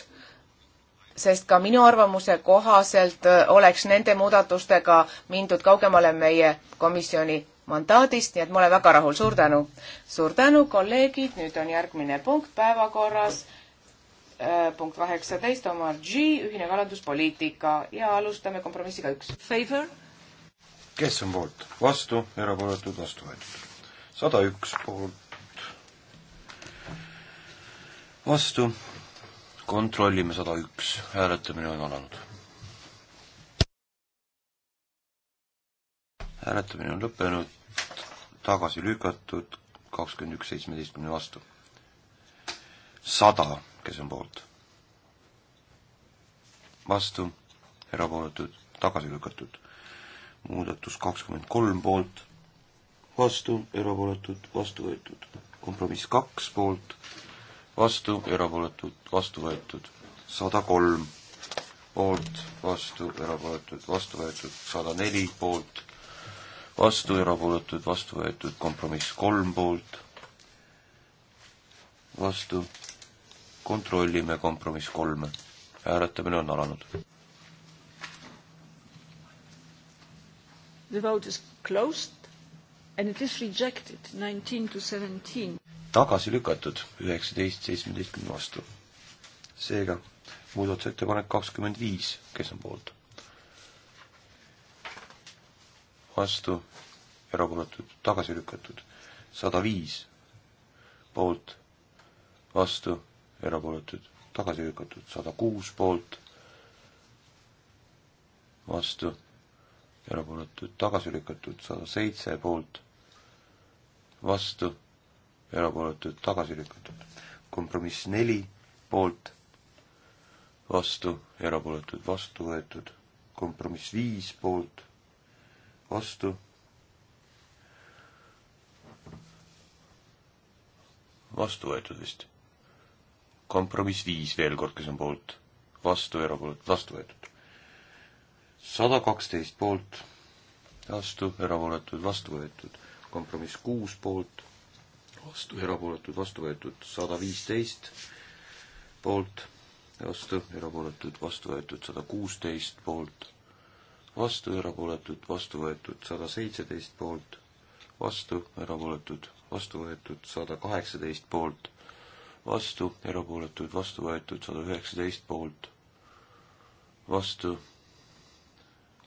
sest ka minu arvamuse kohaselt äh, oleks nende muudatustega mindud kaugemale meie komisjoni mandaadist, nii et ma olen väga rahul, suur tänu. suur tänu, kolleegid, nüüd on järgmine punkt päevakorras äh, punkt kaheksateist, Omar G, ühine kalanduspoliitika ja alustame kompromissiga üks. Favor? kes on poolt? vastu, erapooletud, vastu võetud. sada üks poolt, vastu, kontrollime sada üks, hääletamine on alanud. hääletamine on lõppenud, tagasi lükatud, kakskümmend üks seitsmeteistkümne vastu. sada, kes on poolt? vastu, erapooletud, tagasi lükatud muudatus kakskümmend kolm poolt, vastu, erapooletud, vastu võetud. kompromiss kaks poolt, vastu, erapooletud, vastu võetud. sada kolm poolt, vastu, erapooletud, vastu võetud. sada neli poolt, vastu, erapooletud, vastu võetud. kompromiss kolm poolt, vastu. kontrollime kompromiss kolme. hääletamine on alanud. The vote is closed and it is rejected nineteen to seventeen. tagasi lükatud üheksateist seitsmeteistkümne vastu. seega muudatusettepanek kakskümmend viis, kes on poolt? vastu, erapooletud, tagasi lükatud. sada viis poolt, vastu, erapooletud, tagasi lükatud. sada kuus poolt, vastu erapooletud tagasi lükatud, sada seitse poolt, vastu, erapooletud tagasi lükatud. kompromiss neli poolt, vastu, erapooletud vastu võetud. kompromiss viis poolt, vastu, vastu võetud vist. kompromiss viis veel kord, kes on poolt, vastu, erapooletud, vastu võetud sada kaksteist poolt, vastu, erapooletud, vastu võetud. kompromiss kuus poolt, vastu, erapooletud, vastu võetud. sada viisteist poolt, vastu, erapooletud, vastu võetud. sada kuusteist poolt, vastu, erapooletud, vastu võetud. sada seitseteist poolt, vastu, erapooletud, vastu võetud. sada kaheksateist poolt vastu, erapooletuid vastu võetud sada üheksateist poolt, vastu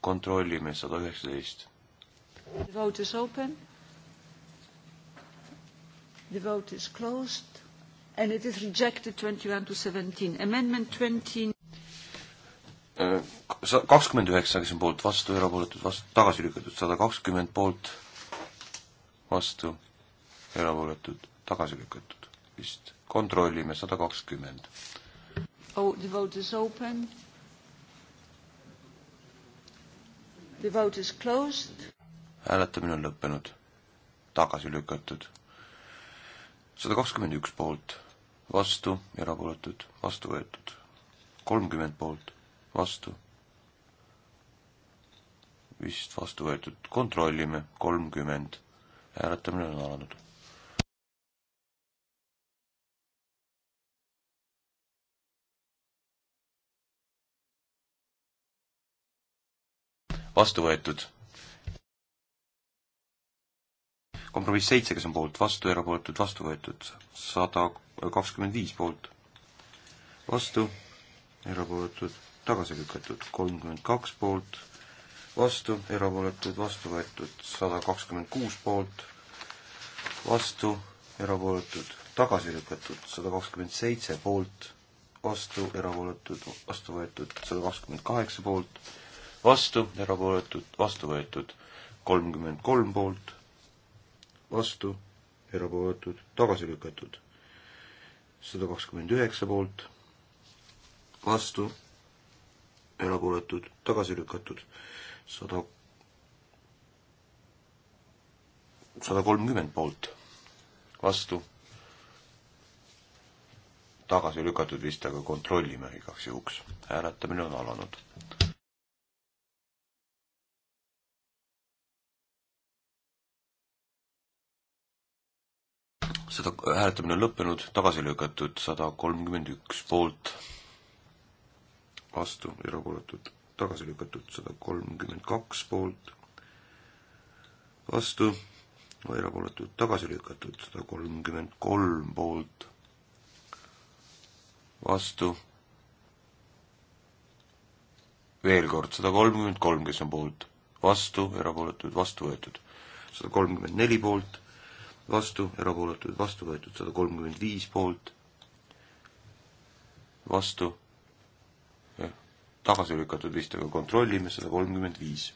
kontrollime sada üheksateist. The vote is open. The vote is closed and it is rejected twenty one to seventeen. Amendment twenty 20... Äh, kakskümmend üheksa, kes on poolt, vastu, erapooletud, vastu, tagasi lükatud, sada kakskümmend poolt, vastu, erapooletud, tagasi lükatud vist. kontrollime, sada kakskümmend. Oh, the vote is open The vote is closed. hääletamine on lõppenud, tagasi lükatud. sada kakskümmend üks poolt, vastu, erapooletud, vastu võetud. kolmkümmend poolt, vastu. vist vastu võetud, kontrollime, kolmkümmend. hääletamine on alanud vastu võetud. kompromiss seitse, kes on poolt, vastu, erapooletud, vastu võetud. sada kakskümmend viis poolt, vastu, erapooletud, tagasi lükatud. kolmkümmend kaks poolt, vastu, erapooletud, vastu võetud. sada kakskümmend kuus poolt, vastu, erapooletud, tagasi lükatud. sada kakskümmend seitse poolt, vastu, erapooletud, vastu võetud. sada kakskümmend kaheksa poolt vastu, erapooletud, vastu võetud. kolmkümmend kolm poolt, vastu, erapooletud, tagasi lükatud. sada kakskümmend üheksa poolt, vastu, erapooletud, tagasi lükatud. sada, sada kolmkümmend poolt, vastu, tagasi lükatud vist, aga kontrollime igaks juhuks. hääletamine on alanud. sada, hääletamine on lõppenud, tagasi lükatud sada kolmkümmend üks poolt, vastu, erapooletud, tagasi lükatud sada kolmkümmend kaks poolt, vastu, erapooletud, tagasi lükatud sada kolmkümmend kolm poolt, vastu, veel kord, sada kolmkümmend kolm, kes on poolt, vastu, erapooletud, vastu võetud, sada kolmkümmend neli poolt vastu, erapooletud vastu võetud sada kolmkümmend viis poolt, vastu, tagasi lükatud vist, aga kontrollime sada kolmkümmend viis.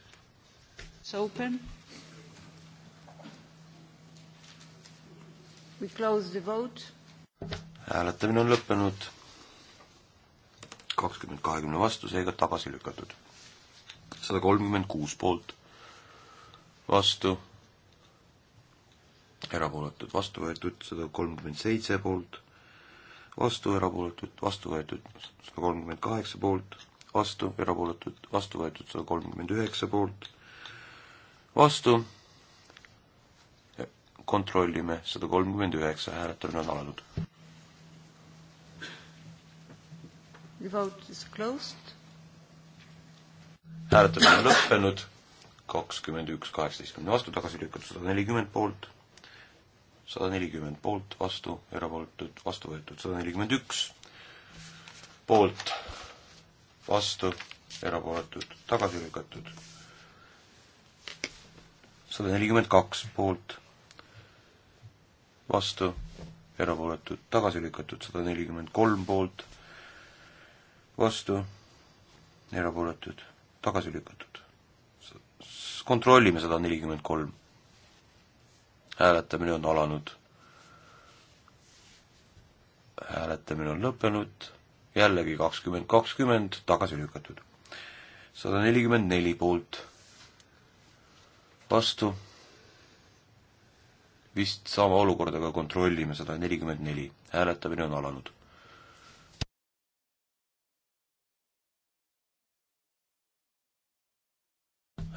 It's open. We close the vote. hääletamine on lõppenud kakskümmend kahekümne vastu, seega tagasi lükatud. sada kolmkümmend kuus poolt, vastu erapooletud, vastu võetud sada kolmkümmend seitse poolt, vastu erapooletud, vastu võetud sada kolmkümmend kaheksa poolt, vastu erapooletud, vastu võetud sada kolmkümmend üheksa poolt, vastu kontrollime sada kolmkümmend üheksa, hääletamine on alanud. The vote is closed. hääletamine on lõppenud, kakskümmend üks kaheksateistkümne vastu, tagasi lükatud sada nelikümmend poolt sada nelikümmend poolt, vastu, erapooletud, vastu võetud sada nelikümmend üks, poolt, vastu, erapooletud, tagasi lükatud. sada nelikümmend kaks poolt, vastu, erapooletud, tagasi lükatud, sada nelikümmend kolm poolt, vastu, erapooletud, tagasi lükatud. kontrollime sada nelikümmend kolm hääletamine on alanud. hääletamine on lõppenud, jällegi kakskümmend kakskümmend tagasi lükatud. sada nelikümmend neli poolt, vastu, vist sama olukord, aga kontrollime, sada nelikümmend neli, hääletamine on alanud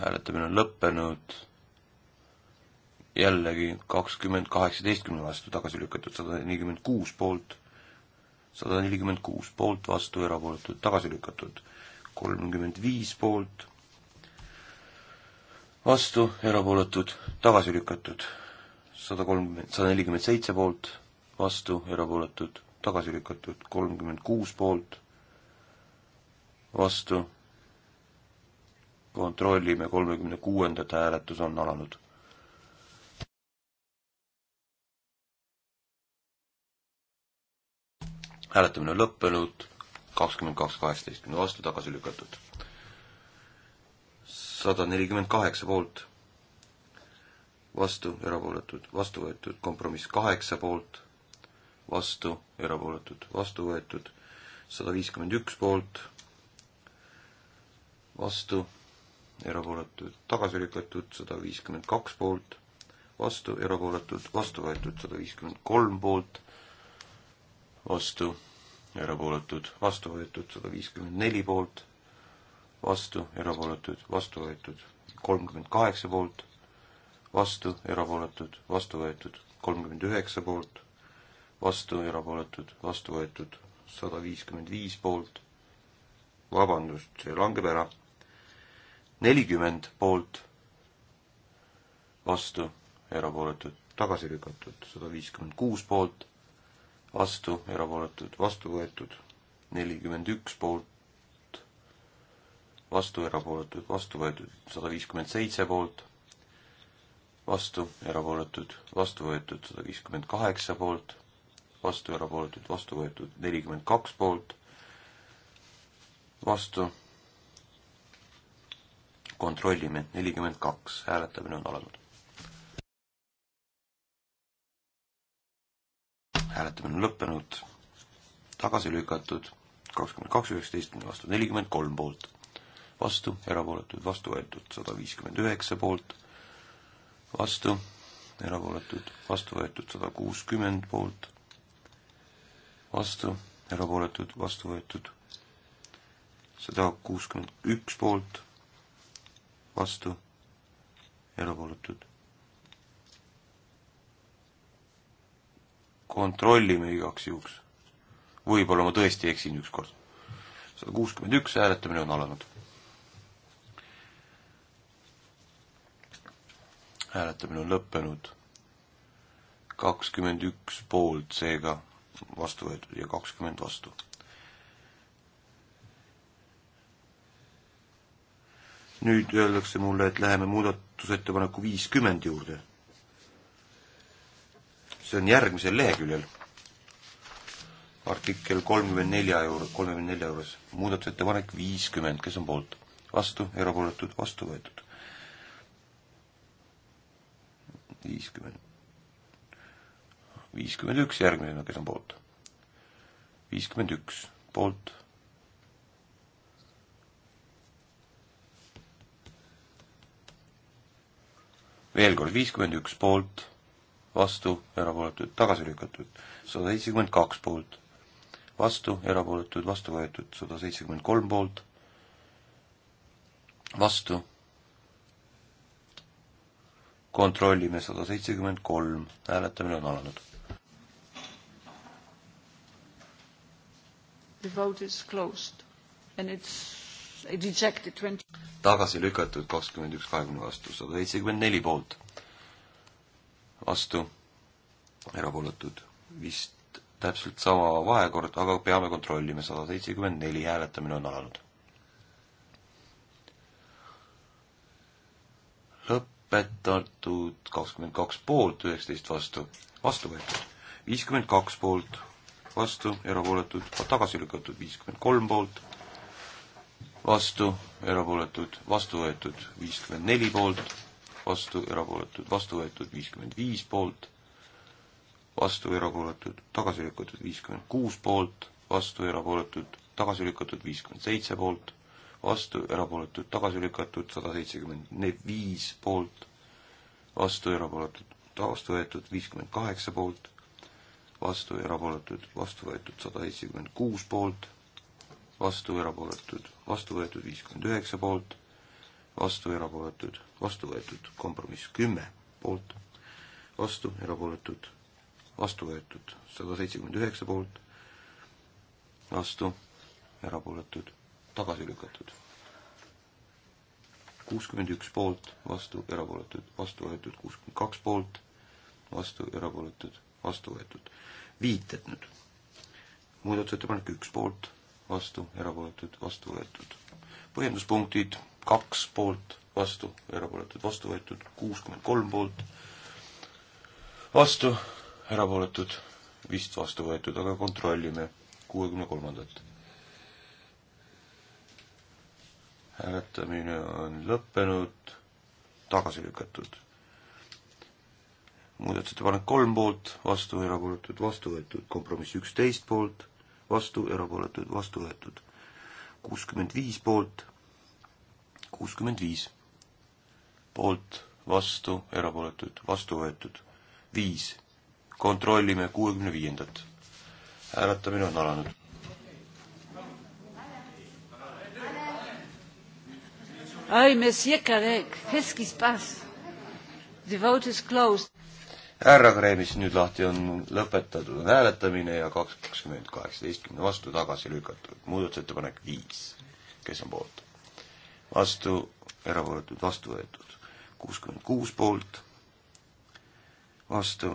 hääletamine on lõppenud jällegi kakskümmend kaheksateistkümne vastu tagasi lükatud, sada nelikümmend kuus poolt, sada nelikümmend kuus poolt vastu, erapooletud tagasi lükatud, kolmkümmend viis poolt vastu, erapooletud tagasi lükatud, sada kolmkümmend, sada nelikümmend seitse poolt vastu, erapooletud tagasi lükatud, kolmkümmend kuus poolt vastu, kontrollime, kolmekümne kuuendat hääletus on alanud. hääletamine on lõppenud, kakskümmend kaks kaheksateistkümne vastu tagasi lükatud. sada nelikümmend kaheksa poolt, vastu, erapooletud, vastu võetud, kompromiss kaheksa poolt, vastu, erapooletud, vastu võetud, sada viiskümmend üks poolt, vastu, erapooletud, tagasi lükatud, sada viiskümmend kaks poolt, vastu, erapooletud, vastu võetud, sada viiskümmend kolm poolt vastu, erapooletud, vastu võetud sada viiskümmend neli poolt, vastu, erapooletud, vastu võetud kolmkümmend kaheksa poolt, vastu, erapooletud, vastu võetud kolmkümmend üheksa poolt, vastu, erapooletud, vastu võetud sada viiskümmend viis poolt, vabandust, see langeb ära, nelikümmend poolt, vastu, erapooletud, tagasi lükatud, sada viiskümmend kuus poolt vastu, erapooletud, vastu võetud nelikümmend üks poolt, vastu erapooletud, vastu võetud sada viiskümmend seitse poolt, vastu erapooletud, vastu võetud sada viiskümmend kaheksa poolt, vastu erapooletud, vastu võetud nelikümmend kaks poolt, vastu kontrollime nelikümmend kaks, hääletamine on alanud. hääletamine on lõppenud, tagasi lükatud, kakskümmend kaks üheksateistkümne vastu nelikümmend kolm poolt, vastu, erapooletud, vastu võetud sada viiskümmend üheksa poolt, vastu, erapooletud, vastu võetud sada kuuskümmend poolt, vastu, erapooletud, vastu võetud sada kuuskümmend üks poolt, vastu, erapooletud kontrollime igaks juhuks. võib-olla ma tõesti eksin ükskord. sada kuuskümmend üks hääletamine on alanud. hääletamine on lõppenud. kakskümmend üks poolt seega vastu võetud ja kakskümmend vastu. nüüd öeldakse mulle, et läheme muudatusettepaneku viiskümmend juurde see on järgmisel leheküljel. artikkel kolmkümmend nelja euro, kolmekümne nelja euros, muudatusettepanek viiskümmend, kes on poolt? vastu, erapooletud, vastu võetud. viiskümmend. viiskümmend üks järgmisena, kes on poolt? viiskümmend üks, poolt veel kord viiskümmend üks poolt, vastu, erapooletud, tagasi lükatud. sada seitsekümmend kaks poolt, vastu, erapooletud, vastu võetud. sada seitsekümmend kolm poolt, vastu. kontrollime sada seitsekümmend kolm, hääletamine on alanud. The vote is closed and it's rejected twenty. tagasi lükatud kakskümmend üks kahekümne vastu, sada seitsekümmend neli poolt vastu, erapooletud vist täpselt sama vahekord, aga peame kontrollima, sada seitsekümmend neli hääletamine on alanud. lõpetatud kakskümmend kaks poolt, üheksateist vastu, vastu võetud, viiskümmend kaks poolt, vastu, erapooletud, tagasi lükatud, viiskümmend kolm poolt, vastu, erapooletud, vastu võetud, viiskümmend neli poolt vastu, erapooletud, vastu võetud viiskümmend viis poolt, vastu erapooletud, tagasi lükatud viiskümmend kuus poolt, vastu erapooletud, tagasi lükatud viiskümmend seitse poolt, vastu erapooletud, tagasi lükatud sada seitsekümmend viis poolt, vastu erapooletud, vastu võetud viiskümmend kaheksa poolt, vastu erapooletud, vastu võetud sada seitsekümmend kuus poolt, vastu erapooletud, vastu võetud viiskümmend üheksa poolt vastu, erapooletud, vastu võetud, kompromiss kümme poolt, vastu, erapooletud, vastu võetud, sada seitsekümmend üheksa poolt, vastu, erapooletud, tagasi lükatud. kuuskümmend üks poolt, vastu, erapooletud, vastu võetud, kuuskümmend kaks poolt, vastu, erapooletud, vastu võetud. viited nüüd. muudatusettepanek üks poolt, vastu, erapooletud, vastu võetud. põhjenduspunktid kaks poolt, vastu, erapooletud, vastu võetud, kuuskümmend kolm poolt, vastu, erapooletud, vist vastu võetud, aga kontrollime kuuekümne kolmandat. hääletamine on lõppenud, tagasi lükatud. muudatusettepanek kolm poolt, vastu, erapooletud, vastu võetud, kompromiss üksteist poolt, vastu, erapooletud, vastu võetud. kuuskümmend viis poolt, kuuskümmend viis. poolt, vastu, erapooletud, vastu võetud. viis. kontrollime kuuekümne viiendat. hääletamine on alanud. Ai, monsieur Carreg, qu'est-ce qui se passe? The vote is closed. härra Kreemis, nüüd lahti on lõpetatud on hääletamine ja kaks kakskümmend kaheksateistkümne vastu tagasi lükatud. muudatusettepanek viis. kes on poolt? vastu, erapooletud vastu võetud. kuuskümmend kuus poolt, vastu,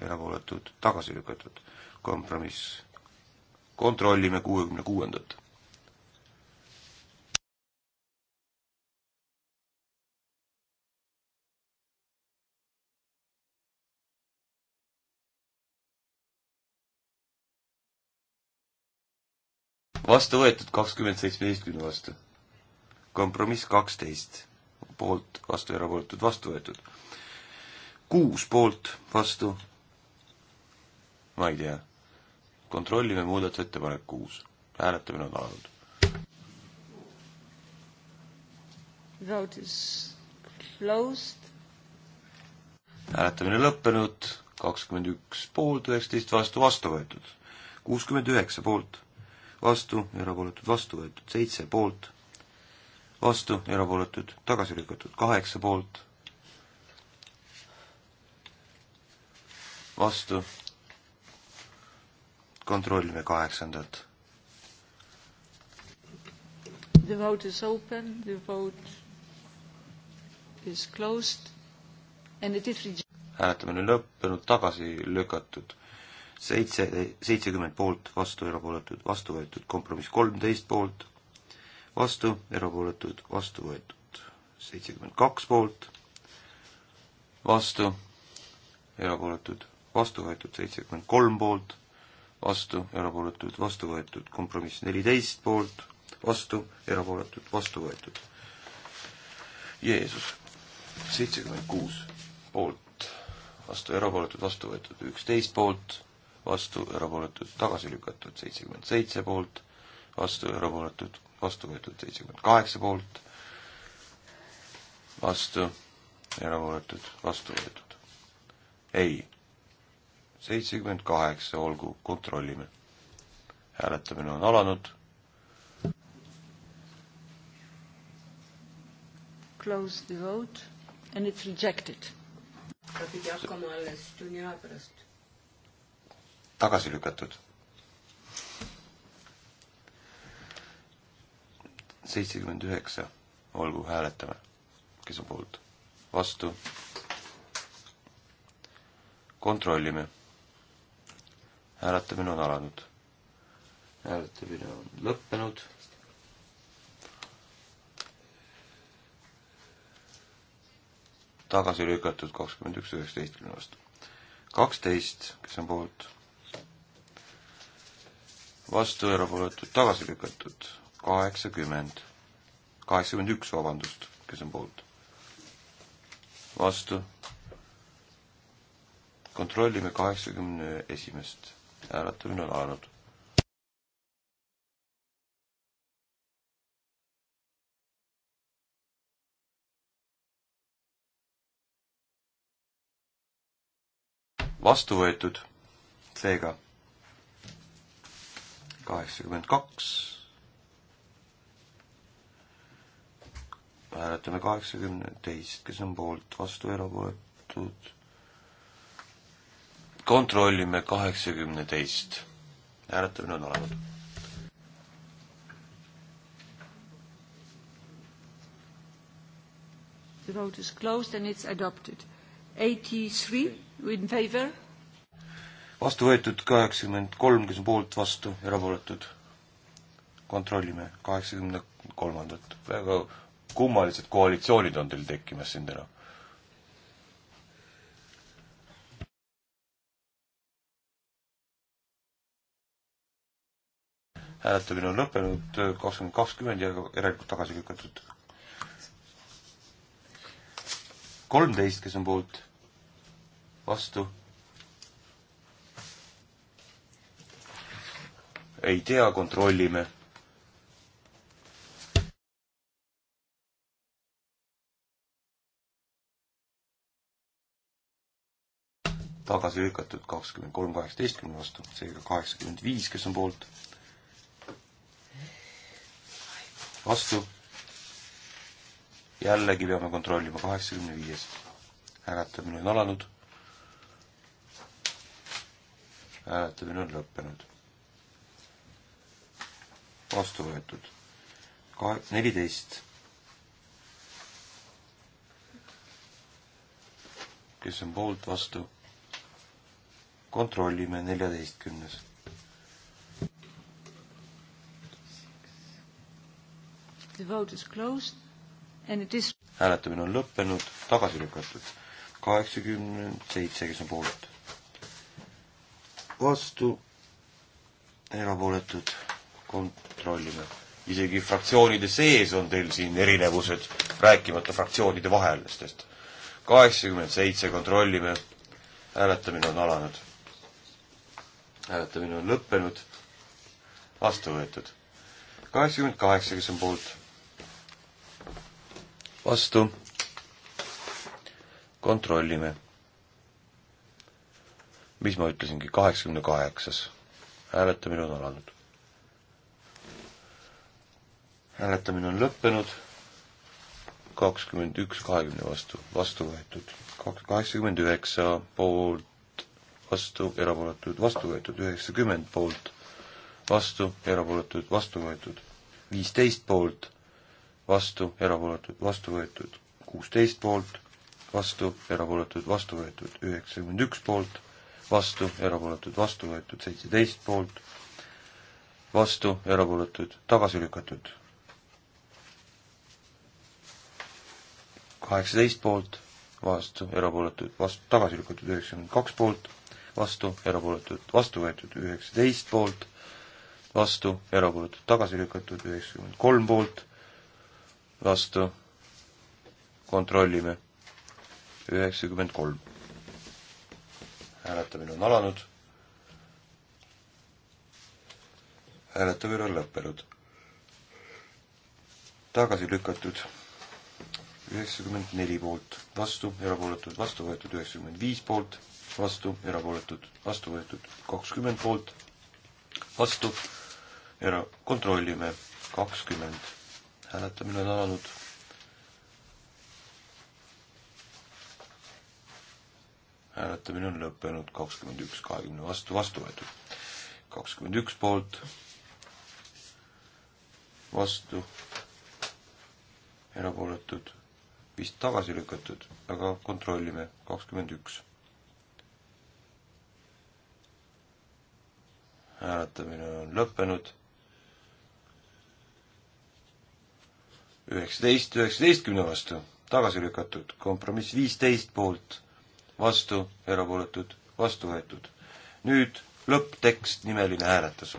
erapooletud tagasi lükatud. kompromiss. kontrollime kuuekümne kuuendat. vastu võetud kakskümmend seitsmeteistkümne vastu kompromiss kaksteist, poolt, vastu, erapooletud, vastu võetud. kuus poolt, vastu, ma ei tea, kontrollime muudatusettepanek kuus, hääletamine on alanud. Vote is closed. hääletamine lõppenud, kakskümmend üks poolt, üheksateist vastu, vastu võetud. kuuskümmend üheksa poolt, vastu, erapooletud vastu võetud, seitse poolt, vastu, erapooletud, tagasi lükatud, kaheksa poolt, vastu, kontrollime kaheksandat. The vote is open, the vote is closed and it is hääletamine on lõppenud, tagasi lükatud seitse, seitsekümmend poolt, vastu erapooletud, vastu võetud, kompromiss kolmteist poolt vastu, erapooletud, vastu võetud seitsekümmend kaks poolt, vastu, erapooletud, vastu võetud seitsekümmend kolm poolt, vastu, erapooletud, vastu võetud, kompromiss neliteist poolt, vastu, erapooletud, vastu võetud. Jeesus, seitsekümmend kuus poolt, vastu, erapooletud, vastu võetud, üksteist poolt, vastu, erapooletud, tagasi lükatud, seitsekümmend seitse poolt, vastu, erapooletud, vastu võetud seitsekümmend kaheksa poolt, vastu, erapooletud, vastu võetud. ei, seitsekümmend kaheksa, olgu, kontrollime. hääletamine on alanud. Close the vote and it's rejected. ta pidi hakkama alles tunni aja pärast. tagasi lükatud seitsekümmend üheksa, olgu, hääletame, kes on poolt, vastu. kontrollime. hääletamine on alanud. hääletamine on lõppenud. tagasi lükatud kakskümmend üks üheksateistkümne vastu. kaksteist, kes on poolt, vastu erapooletud, tagasi lükatud kaheksakümmend, kaheksakümmend üks, vabandust, kes on poolt? vastu. kontrollime kaheksakümne esimest. hääletamine on alanud. vastu võetud, seega kaheksakümmend kaks hääletame kaheksakümne teist, kes on poolt, vastu, erapooletud. kontrollime kaheksakümne teist. hääletamine on olemas. The vote is closed and it's adopted. Eighty three in favor. vastu võetud kaheksakümmend kolm, kes on poolt, vastu, erapooletud kontrollime kaheksakümne kolmandat. väga kummalised koalitsioonid on teil tekkimas siin täna? hääletamine on lõppenud, kakskümmend kakskümmend ja järelikult tagasi lükatud. kolmteist, kes on poolt, vastu. ei tea, kontrollime tagasi lükatud kakskümmend kolm kaheksateistkümne vastu, seega kaheksakümmend viis, kes on poolt. vastu. jällegi peame kontrollima, kaheksakümne viies. hääletamine on alanud. hääletamine on lõppenud. vastu võetud. kahe, neliteist kes on poolt, vastu, kontrollime neljateistkümnes. The vote is closed and it is hääletamine on lõppenud, tagasi lükatud. kaheksakümmend seitse, kes on poolt. vastu, erapooletud, kontrollime. isegi fraktsioonide sees on teil siin erinevused, rääkimata fraktsioonide vahelistest. kaheksakümmend seitse, kontrollime, hääletamine on alanud hääletamine on lõppenud, vastu võetud. kaheksakümmend kaheksa, kes on poolt? vastu. kontrollime. mis ma ütlesingi, kaheksakümne kaheksas. hääletamine on alanud. hääletamine on lõppenud, kakskümmend üks kahekümne vastu, vastu võetud. kaks, kaheksakümmend üheksa poolt, vastu, erapooletud, vastu võetud, üheksakümmend poolt, vastu, erapooletud, vastu võetud, viisteist poolt, vastu, erapooletud, vastu võetud, kuusteist poolt, vastu, erapooletud, vastu võetud, üheksakümmend üks poolt, vastu, erapooletud, vastu võetud, seitseteist poolt, vastu, erapooletud, tagasi lükatud. kaheksateist poolt, vastu, erapooletud, vastu, tagasi lükatud, üheksakümmend kaks poolt vastu, erapooletud, vastu võetud üheksateist poolt, vastu, erapooletud, tagasi lükatud üheksakümmend kolm poolt, vastu, kontrollime, üheksakümmend kolm. hääletamine on alanud. hääletamine on lõppenud. tagasi lükatud üheksakümmend neli poolt, vastu, erapooletud, vastu võetud üheksakümmend viis poolt vastu, erapooletud, vastu võetud kakskümmend poolt, vastu, era-, kontrollime, kakskümmend. hääletamine on alanud. hääletamine on lõppenud, kakskümmend üks, kahekümne vastu, vastu võetud. kakskümmend üks poolt, vastu, erapooletud, vist tagasi lükatud, aga kontrollime, kakskümmend üks hääletamine on lõppenud. üheksateist üheksateistkümne vastu, tagasi lükatud, kompromiss viisteist poolt, vastu, erapooletud, vastu võetud. nüüd lõpptekst, nimeline hääletus.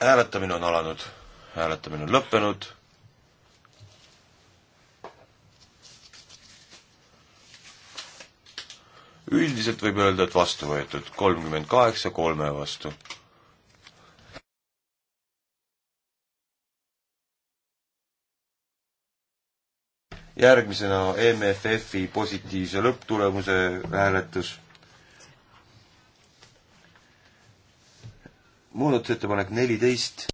hääletamine on alanud, hääletamine on lõppenud üldiselt võib öelda, et vastu võetud, kolmkümmend kaheksa kolme vastu. järgmisena MFF-i positiivse lõpptulemuse hääletus. muudatusettepanek neliteist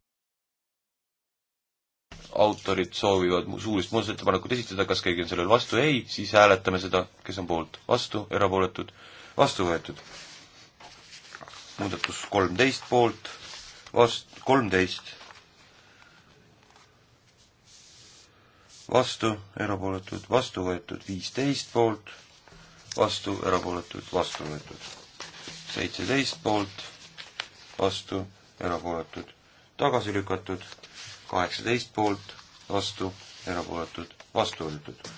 autorid soovivad suulist muudatusettepanekut esitada, kas keegi on sellele vastu, ei, siis hääletame seda, kes on poolt, vastu, erapooletud, vastu võetud. muudatus kolmteist poolt, vast-, kolmteist, vastu, erapooletud, vastu võetud, viisteist poolt, vastu, erapooletud, vastu võetud. seitseteist poolt, vastu, erapooletud, tagasi lükatud kaheksateist poolt, vastu, erapooletud, vastu võetud.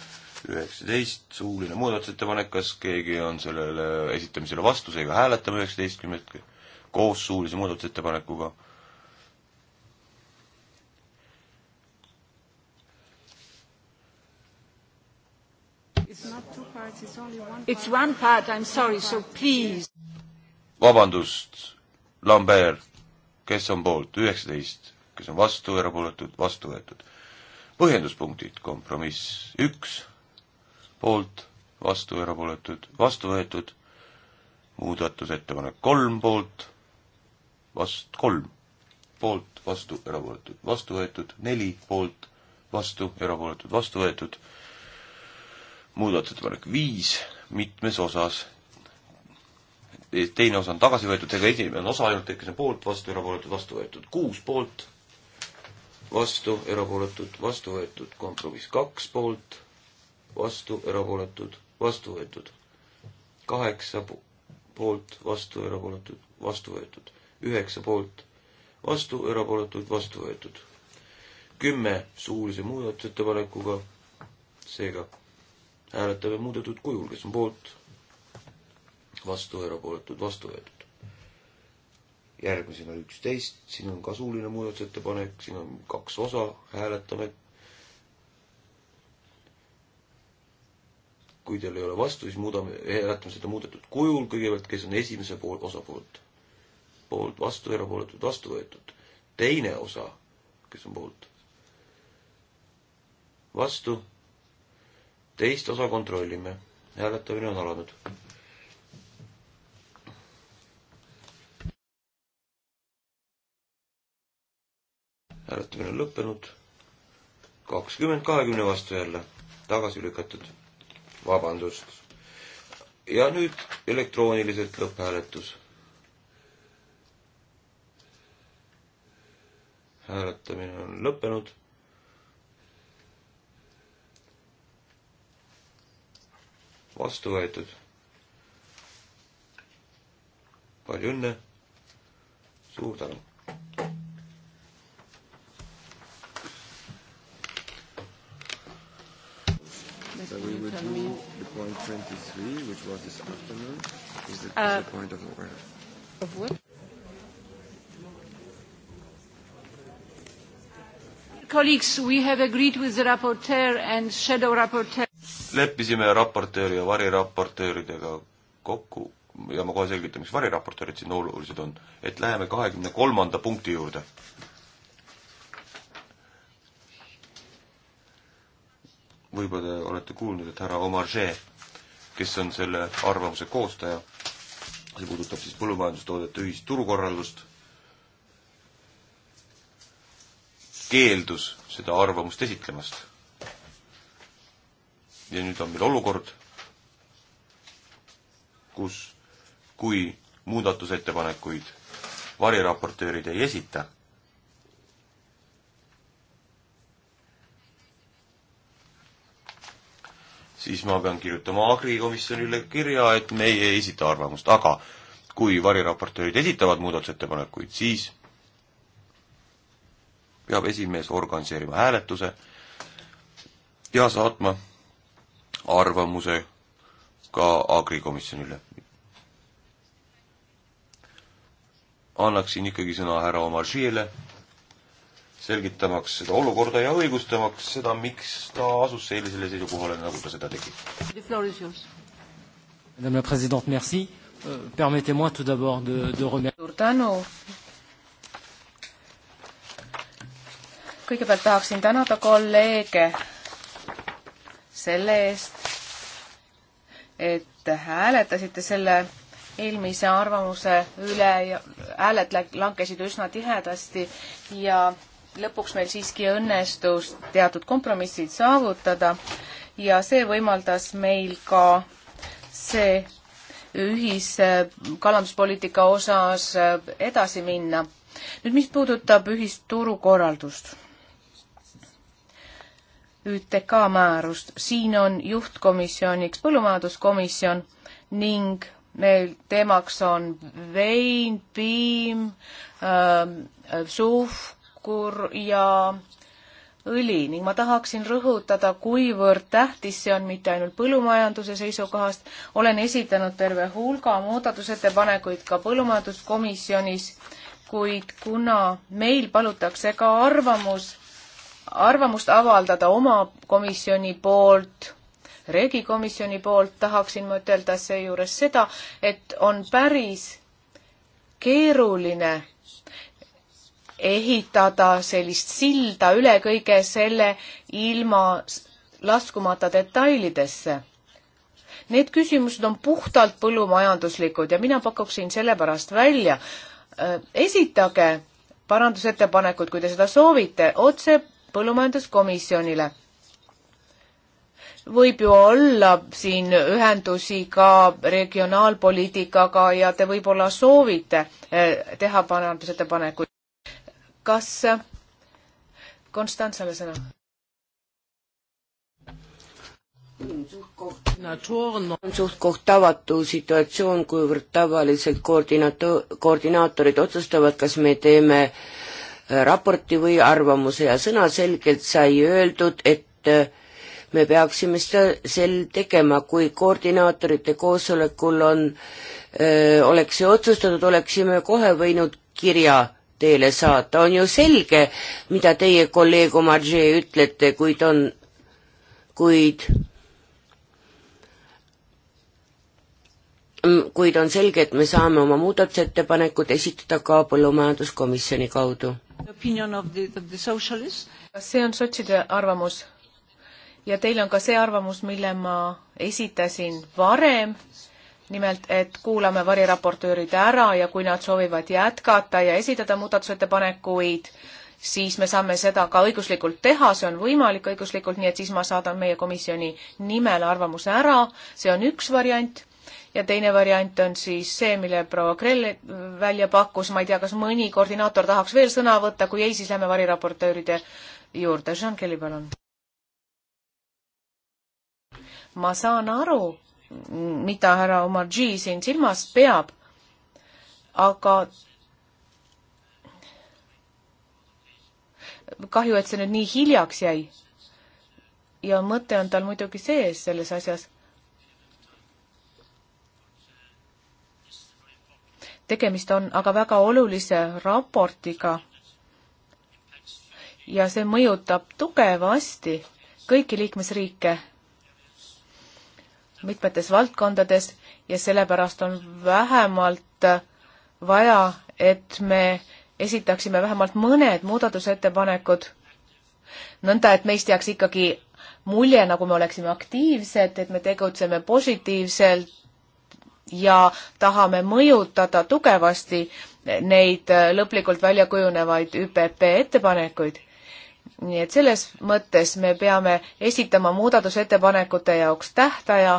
üheksateist, suuline muudatusettepanek, kas keegi on sellele esitamisele vastu, seega hääletame üheksateistkümnelt koos suulise muudatusettepanekuga It's one part, I am sorry, so please. vabandust, Lambert, kes on poolt, üheksateist, kes on vastu, erapooletud, vastu võetud. põhjenduspunktid, kompromiss üks, poolt, vastu, erapooletud, vastu võetud, muudatusettepanek kolm poolt, vast-, kolm poolt, vastu, erapooletud, vastu võetud, neli poolt, vastu, erapooletud, vastu võetud, muudatusettepanek viis mitmes osas, teine osa on tagasi võetud, seega esimene osa ainult tekkis poolt, vastu, erapooletud, vastu võetud, kuus poolt, vastu, erapooletud, vastu võetud. kompromiss kaks poolt, vastu, erapooletud, vastu võetud. kaheksa poolt, vastu, erapooletud, vastu võetud. üheksa poolt, vastu, erapooletud, vastu võetud. kümme suulise muudatusettepanekuga, seega hääletame muudetud kujul, kes on poolt, vastu, erapooletud, vastu võetud järgmisena üksteist, siin on ka suuline muudatusettepanek, siin on kaks osa, hääletame. kui teil ei ole vastu, siis muudame, hääletame seda muudetud kujul, kõigepealt, kes on esimese pool, osa poolt. poolt vastu, erapooletud vastu võetud. teine osa, kes on poolt. vastu. teist osa kontrollime. hääletamine on alanud. hääletamine on lõppenud. kakskümmend kahekümne vastu jälle, tagasi lükatud. vabandust. ja nüüd elektrooniliselt lõpphääletus. hääletamine on lõppenud vastu võetud. palju õnne. suur tänu. agenda. We will do the point 23, which was this afternoon. Is the, uh, is the point of order? Of what? Colleagues, we have agreed with the rapporteur and shadow rapporteur. leppisime raportööri ja variraportööridega kokku ja ma kohe selgitan, miks variraportöörid siin olulised on, et läheme kahekümne kolmanda punkti juurde võib-olla te olete kuulnud, et härra Omarjee, kes on selle arvamuse koostaja, see puudutab siis põllumajandustoodete ühist turukorraldust, keeldus seda arvamust esitlemast. ja nüüd on meil olukord, kus, kui muudatusettepanekuid variraportöörid ei esita siis ma pean kirjutama agrikomisjonile kirja, et meie ei esita arvamust, aga kui variraportöörid esitavad muudatusettepanekuid, siis peab esimees organiseerima hääletuse ja saatma arvamuse ka agrikomisjonile. annaksin ikkagi sõna härra Omaržile selgitamaks seda olukorda ja õigustamaks seda, miks ta asus sellisele seisukohale, nagu ta seda tegi. Madame la Présidente, merci. Euh, Permettez-moi tout d'abord de, de remercier. kõigepealt tahaksin tänada kolleege selle eest, et hääletasite selle eelmise arvamuse üle ja hääled langesid üsna tihedasti ja lõpuks meil siiski õnnestus teatud kompromissid saavutada ja see võimaldas meil ka see ühiskalanduspoliitika osas edasi minna. nüüd, mis puudutab ühist turukorraldust, ÜTK määrust, siin on juhtkomisjoniks põllumajanduskomisjon ning meil teemaks on vein, piim äh,, suhk, taakur ja õli ning ma tahaksin rõhutada, kuivõrd tähtis see on mitte ainult põllumajanduse seisukohast, olen esitanud terve hulga muudatusettepanekuid ka põllumajanduskomisjonis, kuid kuna meil palutakse ka arvamus, arvamust avaldada oma komisjoni poolt, regikomisjoni poolt, tahaksin ma ütelda seejuures seda, et on päris keeruline ehitada sellist silda üle kõige selle ilma laskumata detailidesse. Need küsimused on puhtalt põllumajanduslikud ja mina pakuksin sellepärast välja, äh, esitage parandusettepanekud, kui te seda soovite, otse põllumajanduskomisjonile. võib ju olla siin ühendusi ka regionaalpoliitikaga ja te võib-olla soovite äh, teha parandusettepanekuid kas Konstantsale sõna? koordinatoor on suht-koht tavatu situatsioon, kuivõrd tavaliselt koordinaator, koordinaatorid otsustavad, kas me teeme äh, raporti või arvamuse ja sõnaselgelt sai öeldud, et äh, me peaksime seda sel tegema, kui koordinaatorite koosolekul on, äh, oleks see otsustatud, oleksime kohe võinud kirja teele saata, on ju selge, mida teie kolleeg Omarjee ütlete, kuid on, kuid mm, kuid on selge, et me saame oma muudatusettepanekud esitada ka põllumajanduskomisjoni kaudu. kas see on sotside arvamus? ja teil on ka see arvamus, mille ma esitasin varem äh, nimelt, et kuulame variraportöörid ära ja kui nad soovivad jätkata ja esitada muudatusettepanekuid, siis me saame seda ka õiguslikult teha, see on võimalik õiguslikult, nii et siis ma saadan meie komisjoni nimel arvamuse ära, see on üks variant, ja teine variant on siis see, mille proua Krell välja pakkus, ma ei tea, kas mõni koordinaator tahaks veel sõna võtta, kui ei, siis lähme variraportööride juurde, Jean Kelly, palun. ma saan aru, mida härra Omar G siin silmas peab, aga kahju, et see nüüd nii hiljaks jäi. ja mõte on tal muidugi sees selles asjas. tegemist on aga väga olulise raportiga. ja see mõjutab tugevasti kõiki liikmesriike mitmetes valdkondades ja sellepärast on vähemalt vaja, et me esitaksime vähemalt mõned muudatusettepanekud, nõnda et meist jääks ikkagi mulje, nagu me oleksime aktiivsed, et me tegutseme positiivselt ja tahame mõjutada tugevasti neid lõplikult välja kujunevaid ÜPP ettepanekuid nii et selles mõttes me peame esitama muudatusettepanekute jaoks tähtaja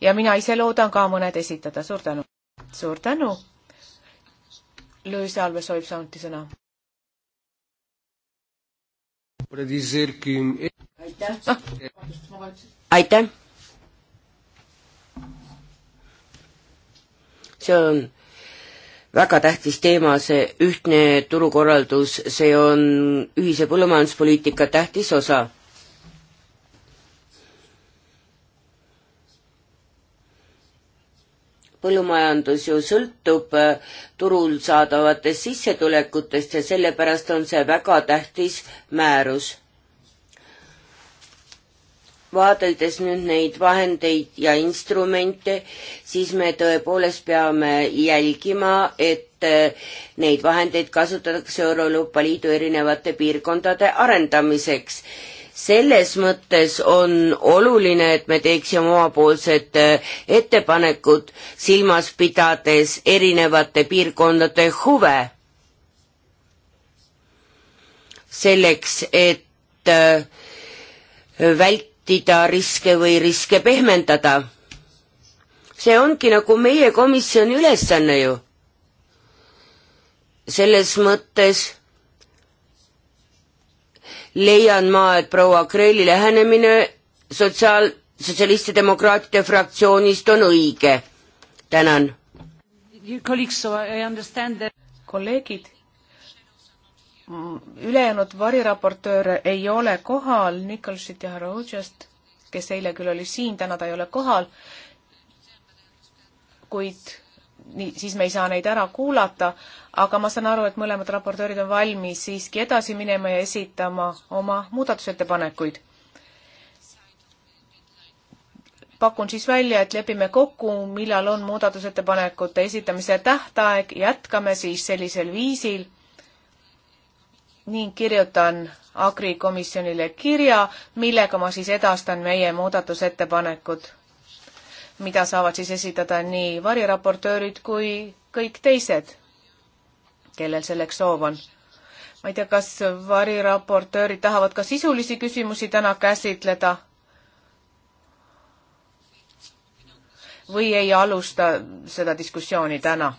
ja mina ise loodan ka mõned esitada. suur tänu! suur tänu! Luis Alves soovib samuti sõna. E- aitäh ah.! aitäh! see on väga tähtis teema, see ühtne turukorraldus, see on ühise põllumajanduspoliitika tähtis osa. põllumajandus ju sõltub äh, turul saadavatest sissetulekutest ja sellepärast on see väga tähtis määrus vaadeldes nüüd neid vahendeid ja instrumente, siis me tõepoolest peame jälgima, et eh, neid vahendeid kasutatakse Euroopa Liidu erinevate piirkondade arendamiseks. selles mõttes on oluline, et me teeksime omapoolsed eh, ettepanekud silmas pidades erinevate piirkondade huve. selleks, et eh, vältida vältida riske või riske pehmendada. see ongi nagu meie komisjoni ülesanne ju. selles mõttes leian ma, et proua Kreeli lähenemine sotsiaal, sotsialiste demokraatide fraktsioonist on õige. tänan. kolleegid, ülejäänud variraportööre ei ole kohal, Nikolšit ja härra Udžast, kes eile küll oli siin, täna ta ei ole kohal, kuid nii, siis me ei saa neid ära kuulata, aga ma saan aru, et mõlemad raportöörid on valmis siiski edasi minema ja esitama oma muudatusettepanekuid. pakun siis välja, et lepime kokku, millal on muudatusettepanekute esitamise tähtaeg, jätkame siis sellisel viisil ning kirjutan Agri komisjonile kirja, millega ma siis edastan meie muudatusettepanekud, mida saavad siis esitada nii variraportöörid kui kõik teised, kellel selleks soov on. ma ei tea, kas variraportöörid tahavad ka sisulisi küsimusi täna käsitleda või ei alusta seda diskussiooni täna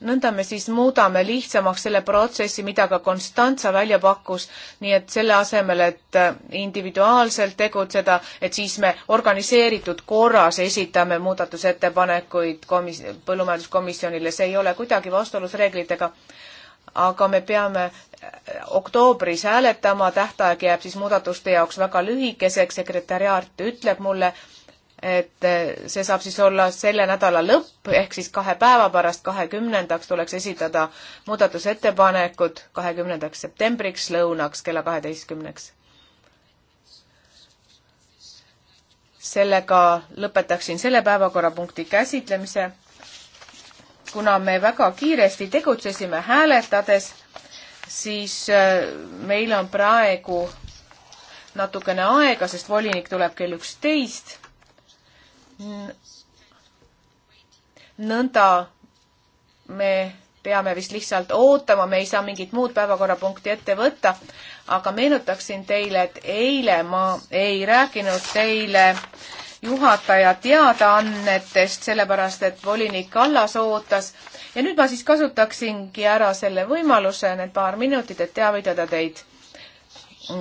nõnda me siis muudame lihtsamaks selle protsessi, mida ka Konstantsa välja pakkus, nii et selle asemel, et äh, individuaalselt tegutseda, et siis me organiseeritud korras esitame muudatusettepanekuid komis-, põllumajanduskomisjonile, see ei ole kuidagi vastuolus reeglitega. aga me peame äh, oktoobris hääletama, tähtaeg jääb siis muudatuste jaoks väga lühikeseks, sekretäriaat ütleb mulle, et eh, see saab siis olla selle nädala lõpp, ehk siis kahe päeva pärast, kahekümnendaks tuleks esitada muudatusettepanekud kahekümnendaks septembriks lõunaks kella kaheteistkümneks. sellega lõpetaksin selle päevakorrapunkti käsitlemise. kuna me väga kiiresti tegutsesime hääletades, siis eh, meil on praegu natukene aega, sest volinik tuleb kell üksteist nõnda me peame vist lihtsalt ootama, me ei saa mingit muud päevakorrapunkti ette võtta, aga meenutaksin teile, et eile ma ei rääkinud teile juhataja teadaannetest, sellepärast et volinik Kallas ootas ja nüüd ma siis kasutaksingi ära selle võimaluse, need paar minutit, et teavitada teid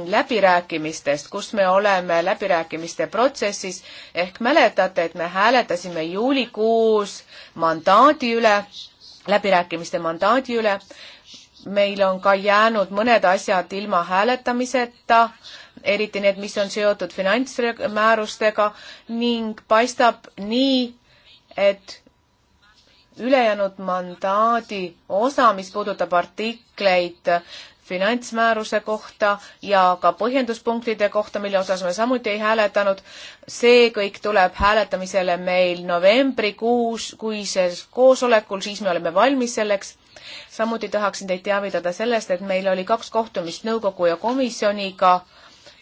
läbirääkimistest, kus me oleme läbirääkimiste protsessis ehk mäletate, et me hääletasime juulikuus mandaadi üle, läbirääkimiste mandaadi üle. meil on ka jäänud mõned asjad ilma hääletamiseta, eriti need, mis on seotud finantsmäärustega ning paistab nii, et ülejäänud mandaadi osa, mis puudutab artikleid finantsmääruse kohta ja ka põhjenduspunktide kohta, mille osas me samuti ei hääletanud. see kõik tuleb hääletamisele meil novembrikuus, kuises koosolekul, siis me oleme valmis selleks. samuti tahaksin teid teavitada sellest, et meil oli kaks kohtumist nõukogu ja komisjoniga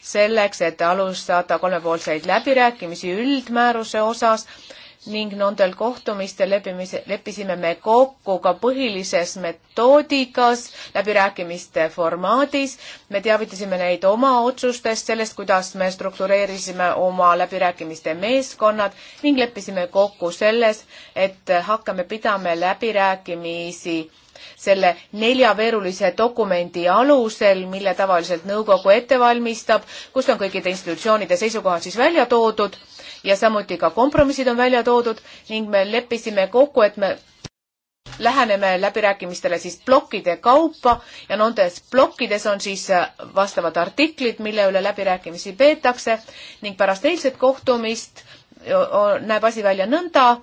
selleks, et alustada kolmepoolseid läbirääkimisi üldmääruse osas ning nendel kohtumistel leppimise, leppisime me kokku ka põhilises metoodikas, läbirääkimiste formaadis. me teavitasime neid oma otsustest, sellest, kuidas me struktureerisime oma läbirääkimiste meeskonnad ning leppisime kokku selles, et hakkame pidama läbirääkimisi selle neljaveerulise dokumendi alusel, mille tavaliselt nõukogu ette valmistab, kus on kõikide institutsioonide seisukohad siis välja toodud ja samuti ka kompromissid on välja toodud ning me leppisime kokku, et me läheneme läbirääkimistele siis plokkide kaupa ja nendes plokkides on siis vastavad artiklid, mille üle läbirääkimisi peetakse ning pärast eilset kohtumist näeb asi välja nõnda,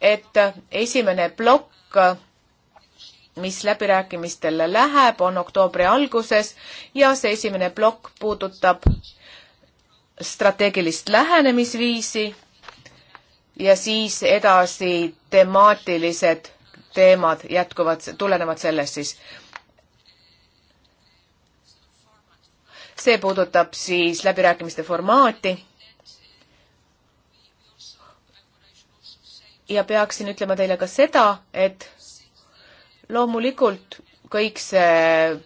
et esimene plokk mis läbirääkimistele läheb, on oktoobri alguses ja see esimene plokk puudutab strateegilist lähenemisviisi ja siis edasi temaatilised teemad jätkuvad, tulenevad sellest siis. see puudutab siis läbirääkimiste formaati. ja peaksin ütlema teile ka seda, et loomulikult kõik see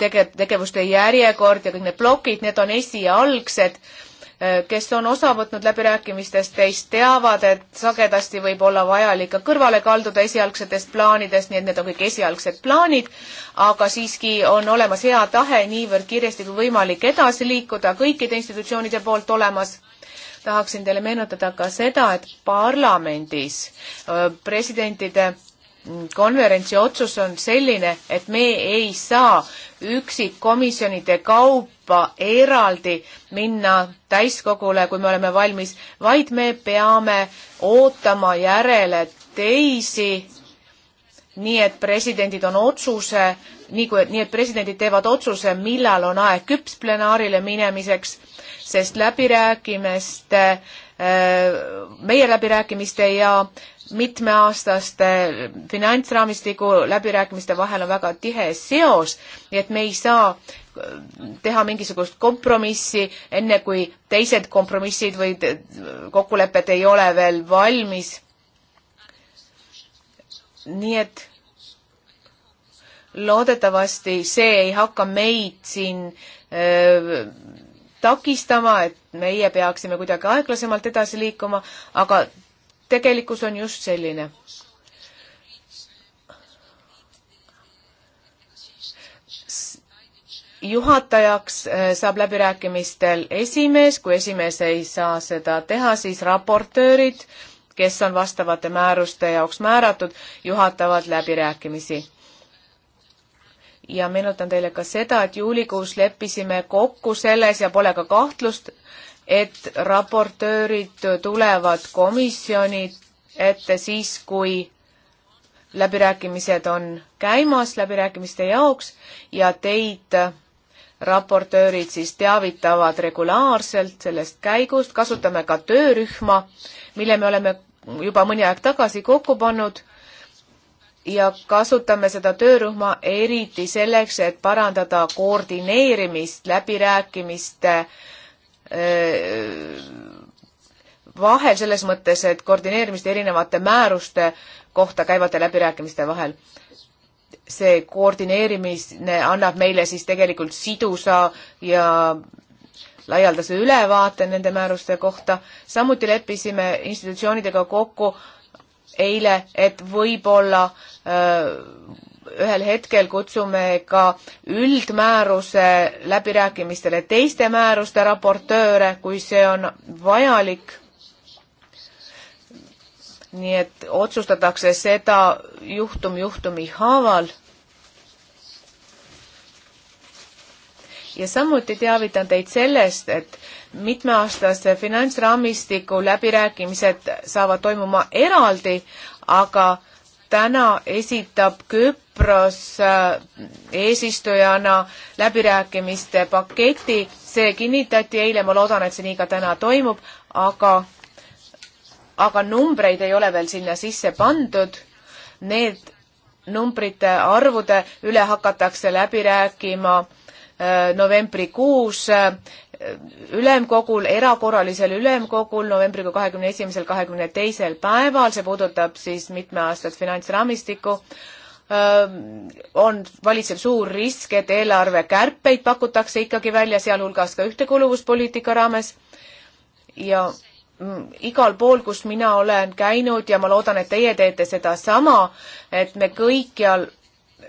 tege-, tegevuste järjekord ja kõik need plokid, need on esialgsed, kes on osa võtnud läbirääkimistest, teist teavad, et sagedasti võib olla vajalik ka kõrvale kalduda esialgsetest plaanidest, nii et need on kõik esialgsed plaanid, aga siiski on olemas hea tahe niivõrd kiiresti kui võimalik edasi liikuda kõikide institutsioonide poolt olemas tahaksin teile meenutada ka seda, et parlamendis äh, presidentide konverentsi otsus on selline, et me ei saa üksikkomisjonide kaupa eraldi minna täiskogule, kui me oleme valmis, vaid me peame ootama järele teisi, nii et presidendid on otsuse, nii kui, nii et presidendid teevad otsuse, millal on aeg küps plenaarile minemiseks, sest läbirääkimiste, äh, meie läbirääkimiste ja mitmeaastaste finantsraamistiku läbirääkimiste vahel on väga tihe seos, nii et me ei saa äh, teha mingisugust kompromissi, enne kui teised kompromissid või kokkulepped ei ole veel valmis. nii et loodetavasti see ei hakka meid siin öö, äh, takistama, et meie peaksime kuidagi aeglasemalt edasi liikuma, aga tegelikkus on just selline. juhatajaks eh, saab läbirääkimistel esimees, kui esimees ei saa seda teha, siis raportöörid, kes on vastavate määruste jaoks määratud, juhatavad läbirääkimisi ja meenutan teile ka seda, et juulikuus leppisime kokku selles ja pole ka kahtlust, et raportöörid tulevad komisjoni ette siis, kui läbirääkimised on käimas läbirääkimiste jaoks ja teid raportöörid siis teavitavad regulaarselt sellest käigust, kasutame ka töörühma, mille me oleme juba mõni aeg tagasi kokku pannud ja kasutame seda töörühma eriti selleks, et parandada koordineerimist läbirääkimiste äh, Äh, vahel selles mõttes, et koordineerimist erinevate määruste kohta käivate läbirääkimiste vahel. see koordineerimine annab meile siis tegelikult sidusa ja laialdase ülevaate nende määruste kohta. samuti leppisime institutsioonidega kokku eile, et võib-olla äh, ühel hetkel kutsume ka üldmääruse läbirääkimistele teiste määruste raportööre, kui see on vajalik. nii et otsustatakse seda juhtum juhtumi haaval. ja samuti teavitan teid sellest, et mitmeaastase finantsraamistiku läbirääkimised saavad toimuma eraldi, aga täna esitab Küpros äh, eesistujana läbirääkimiste paketi, see kinnitati eile, ma loodan, et see nii ka täna toimub, aga, aga numbreid ei ole veel sinna sisse pandud. Need numbrite, arvude üle hakatakse läbi rääkima äh, novembrikuus ülemkogul, erakorralisel ülemkogul novembrikuu kahekümne esimesel, kahekümne teisel päeval, see puudutab siis mitme aastat finantsraamistikku, ähm, on, valitseb suur risk, et eelarvekärpeid pakutakse ikkagi välja, sealhulgas ka ühtekuluvuspoliitika raames ja mm, igal pool, kus mina olen käinud ja ma loodan, et teie teete sedasama, et me kõikjal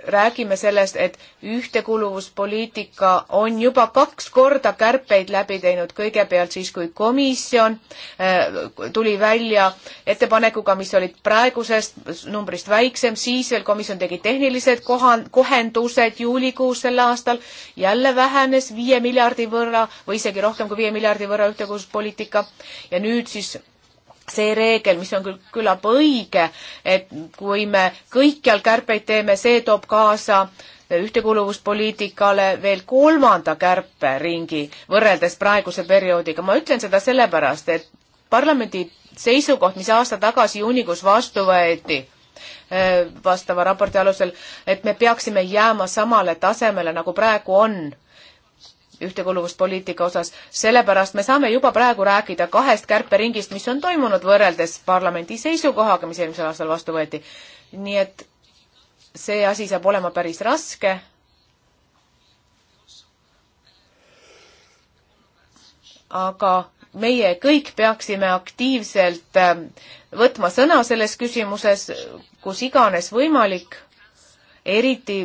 räägime sellest, et ühtekuluvuspoliitika on juba kaks korda kärpeid läbi teinud, kõigepealt siis, kui komisjon äh, tuli välja ettepanekuga, mis olid praegusest numbrist väiksem, siis veel komisjon tegi tehnilised kohan-, kohendused juulikuus sel aastal, jälle vähenes viie miljardi võrra või isegi rohkem kui viie miljardi võrra ühtekuluvuspoliitika ja nüüd siis see reegel, mis on küll küllap õige, et kui me kõikjal kärpeid teeme, see toob kaasa ühtekuuluvuspoliitikale veel kolmanda kärperingi võrreldes praeguse perioodiga. ma ütlen seda sellepärast, et parlamendi seisukoht, mis aasta tagasi juunikuus vastu võeti, äh, vastava raporti alusel, et me peaksime jääma samale tasemele, nagu praegu on ühtekuuluvuspoliitika osas, sellepärast me saame juba praegu rääkida kahest kärperingist, mis on toimunud võrreldes parlamendi seisukohaga, mis eelmisel aastal vastu võeti. nii et see asi saab olema päris raske. aga meie kõik peaksime aktiivselt ähm, võtma sõna selles küsimuses, kus iganes võimalik, eriti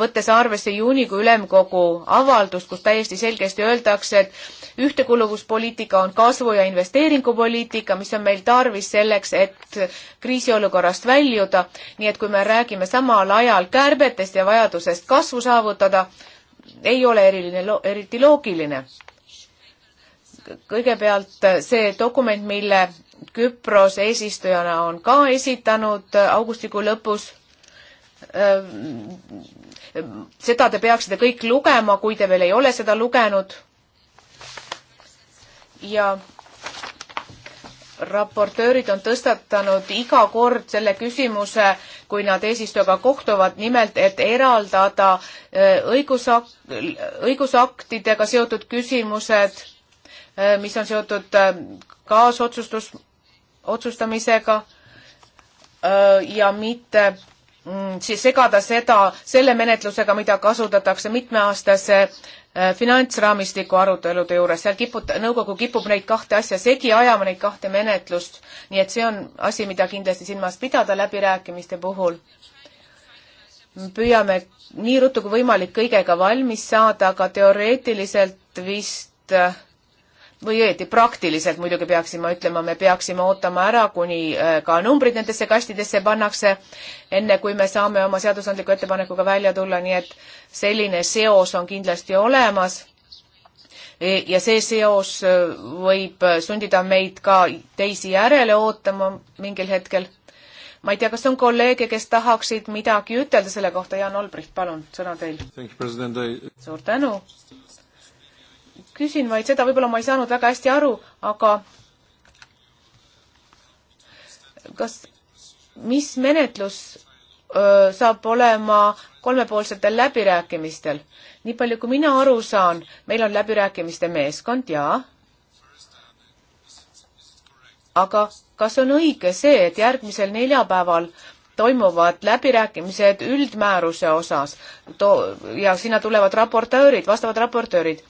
võttes arvesse juunikuu ülemkogu avaldust, kus täiesti selgesti öeldakse, et ühtekuluvuspoliitika on kasvu- ja investeeringupoliitika, mis on meil tarvis selleks, et kriisiolukorrast väljuda. nii et kui me räägime samal ajal kärbetest ja vajadusest kasvu saavutada, ei ole eriline, eriti loogiline. kõigepealt see dokument, mille Küpros eesistujana on ka esitanud augustikuu lõpus seda te peaksite kõik lugema, kui te veel ei ole seda lugenud. ja raportöörid on tõstatanud iga kord selle küsimuse, kui nad eesistujaga kohtuvad, nimelt et eraldada e, õigusakt, õigusaktidega seotud küsimused, e, mis on seotud e, kaasotsustus, otsustamisega ja mitte Mm, siis segada seda selle menetlusega, mida kasutatakse mitmeaastase äh, finantsraamistiku arutelude juures, seal kipub, nõukogu kipub neid kahte asja segi ajama, neid kahte menetlust, nii et see on asi, mida kindlasti silmas pidada läbirääkimiste puhul. püüame nii ruttu kui võimalik kõigega valmis saada, aga teoreetiliselt vist äh, või õieti praktiliselt muidugi peaksin ma ütlema, me peaksime ootama ära, kuni äh, ka numbrid nendesse kastidesse pannakse, enne kui me saame oma seadusandliku ettepanekuga välja tulla, nii et selline seos on kindlasti olemas. E, ja see seos äh, võib äh, sundida meid ka teisi järele ootama mingil hetkel. ma ei tea, kas on kolleege, kes tahaksid midagi ütelda selle kohta, Jaan Olbricht, palun, sõna teil. suur tänu küsin vaid seda, võib-olla ma ei saanud väga hästi aru, aga kas, mis menetlus öö, saab olema kolmepoolsetel läbirääkimistel? nii palju, kui mina aru saan, meil on läbirääkimiste meeskond ja aga kas on õige see, et järgmisel neljapäeval toimuvad läbirääkimised üldmääruse osas to- ja sinna tulevad raportöörid, vastavad raportöörid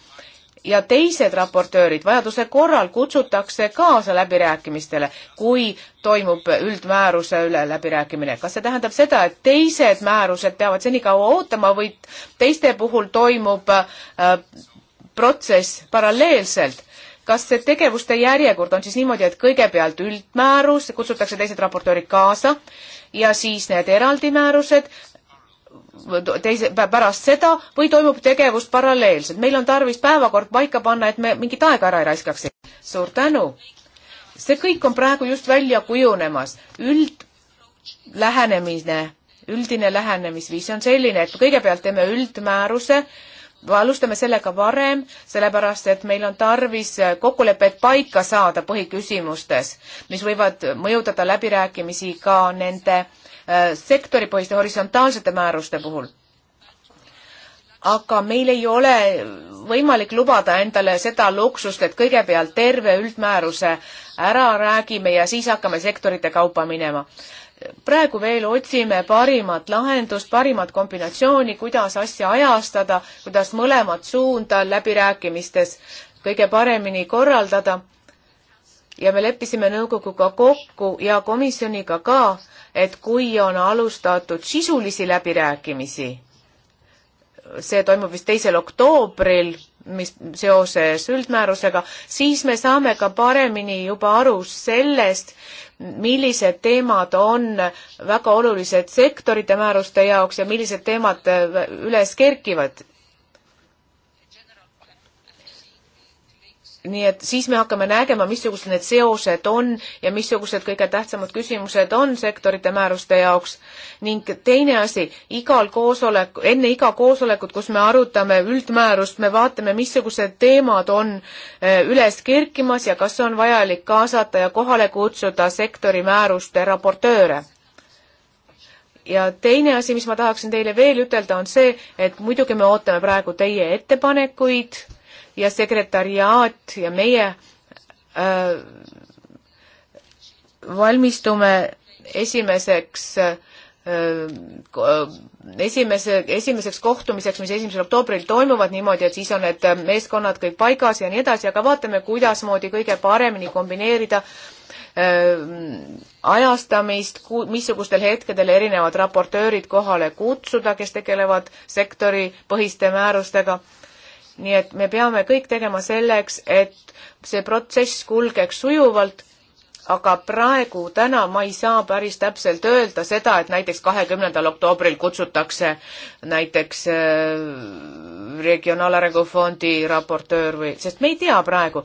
ja teised raportöörid vajaduse korral kutsutakse kaasa läbirääkimistele, kui toimub üldmääruse üle läbirääkimine. kas see tähendab seda, et teised määrused peavad senikaua ootama või teiste puhul toimub äh, protsess paralleelselt? kas see tegevuste järjekord on siis niimoodi, et kõigepealt üldmäärus, kutsutakse teised raportöörid kaasa ja siis need eraldi määrused teise, pärast seda või toimub tegevus paralleelselt. meil on tarvis päevakord paika panna, et me mingit aega ära ei raiskaks. suur tänu! see kõik on praegu just välja kujunemas. üldlähenemine, üldine lähenemisviis on selline, et kõigepealt teeme üldmääruse, alustame sellega varem, sellepärast et meil on tarvis kokkulepet paika saada põhiküsimustes, mis võivad mõjutada läbirääkimisi ka nende äh, Äh, sektoripõhiste horisontaalsete määruste puhul. aga meil ei ole võimalik lubada endale seda luksust, et kõigepealt terve üldmääruse ära räägime ja siis hakkame sektorite kaupa minema praegu veel otsime parimat lahendust, parimat kombinatsiooni, kuidas asja ajastada, kuidas mõlemat suunda läbirääkimistes kõige paremini korraldada. ja me leppisime nõukoguga kokku ja komisjoniga ka, et kui on alustatud sisulisi läbirääkimisi, see toimub vist teisel oktoobril, mis seoses üldmäärusega, siis me saame ka paremini juba aru sellest, millised teemad on väga olulised sektorite määruste jaoks ja millised teemad üles kerkivad nii et siis me hakkame nägema, missugused need seosed on ja missugused kõige tähtsamad küsimused on sektorite määruste jaoks. ning teine asi, igal koosolek, enne iga koosolekut, kus me arutame üldmäärust, me vaatame, missugused teemad on eh, üles kerkimas ja kas on vajalik kaasata ja kohale kutsuda sektori määruste raportööre ja teine asi, mis ma tahaksin teile veel ütelda, on see, et muidugi me ootame praegu teie ettepanekuid ja sekretariaat ja meie äh, valmistume esimeseks äh, esimese, esimeseks kohtumiseks, mis esimesel oktoobril toimuvad niimoodi, et siis on need meeskonnad kõik paigas ja nii edasi, aga vaatame, kuidasmoodi kõige paremini kombineerida äh, ajastamist, missugustel hetkedel erinevad raportöörid kohale kutsuda, kes tegelevad sektoripõhiste määrustega nii et me peame kõik tegema selleks, et see protsess kulgeks sujuvalt, aga praegu, täna ma ei saa päris täpselt öelda seda, et näiteks kahekümnendal oktoobril kutsutakse näiteks äh, Regionaalarengu Fondi raportöör või, sest me ei tea praegu,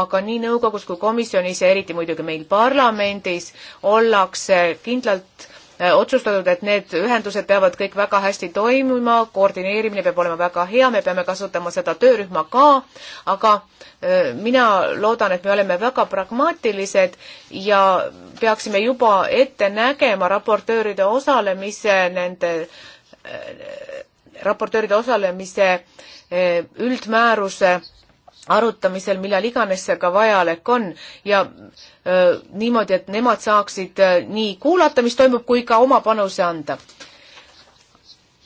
aga nii nõukogus kui komisjonis ja eriti muidugi meil parlamendis ollakse kindlalt Äh, otsustatud, et need ühendused peavad kõik väga hästi toimima, koordineerimine peab olema väga hea, me peame kasutama seda töörühma ka, aga äh, mina loodan, et me oleme väga pragmaatilised ja peaksime juba ette nägema raportööride osalemise nende äh, raportööride osalemise üldmääruse arutamisel, millal iganes see ka vajalik on ja öö, niimoodi, et nemad saaksid öö, nii kuulata, mis toimub, kui ka oma panuse anda.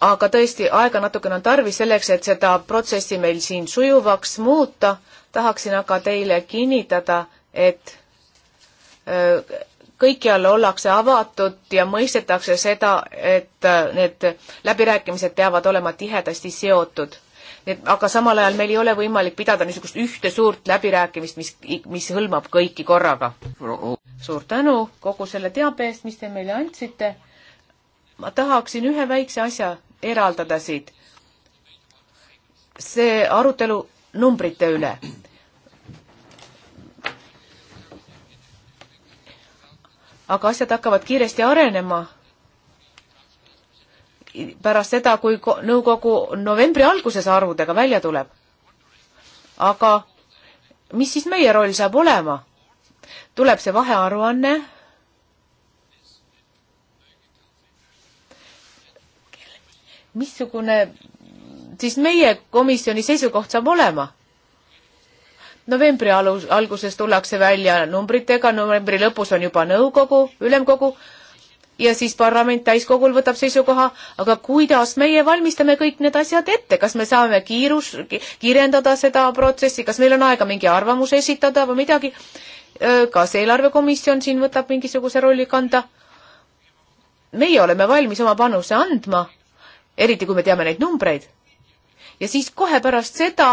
aga tõesti, aega natukene on tarvis selleks, et seda protsessi meil siin sujuvaks muuta, tahaksin aga teile kinnitada, et öö, kõikjal ollakse avatud ja mõistetakse seda, et need läbirääkimised peavad olema tihedasti seotud et aga samal ajal meil ei ole võimalik pidada niisugust ühte suurt läbirääkimist, mis, mis hõlmab kõiki korraga. suur tänu kogu selle teabe eest, mis te meile andsite. ma tahaksin ühe väikse asja eraldada siit. see arutelu numbrite üle. aga asjad hakkavad kiiresti arenema pärast seda, kui nõukogu novembri alguses arvudega välja tuleb. aga mis siis meie roll saab olema? tuleb see vahearuanne missugune siis meie komisjoni seisukoht saab olema? novembri alus, alguses tullakse välja numbritega, novembri lõpus on juba nõukogu, ülemkogu, ja siis parlament täiskogul võtab seisukoha, aga kuidas meie valmistame kõik need asjad ette, kas me saame kiirus, kiirendada seda protsessi, kas meil on aega mingi arvamus esitada või midagi, kas eelarvekomisjon siin võtab mingisuguse rolli kanda? meie oleme valmis oma panuse andma, eriti kui me teame neid numbreid. ja siis kohe pärast seda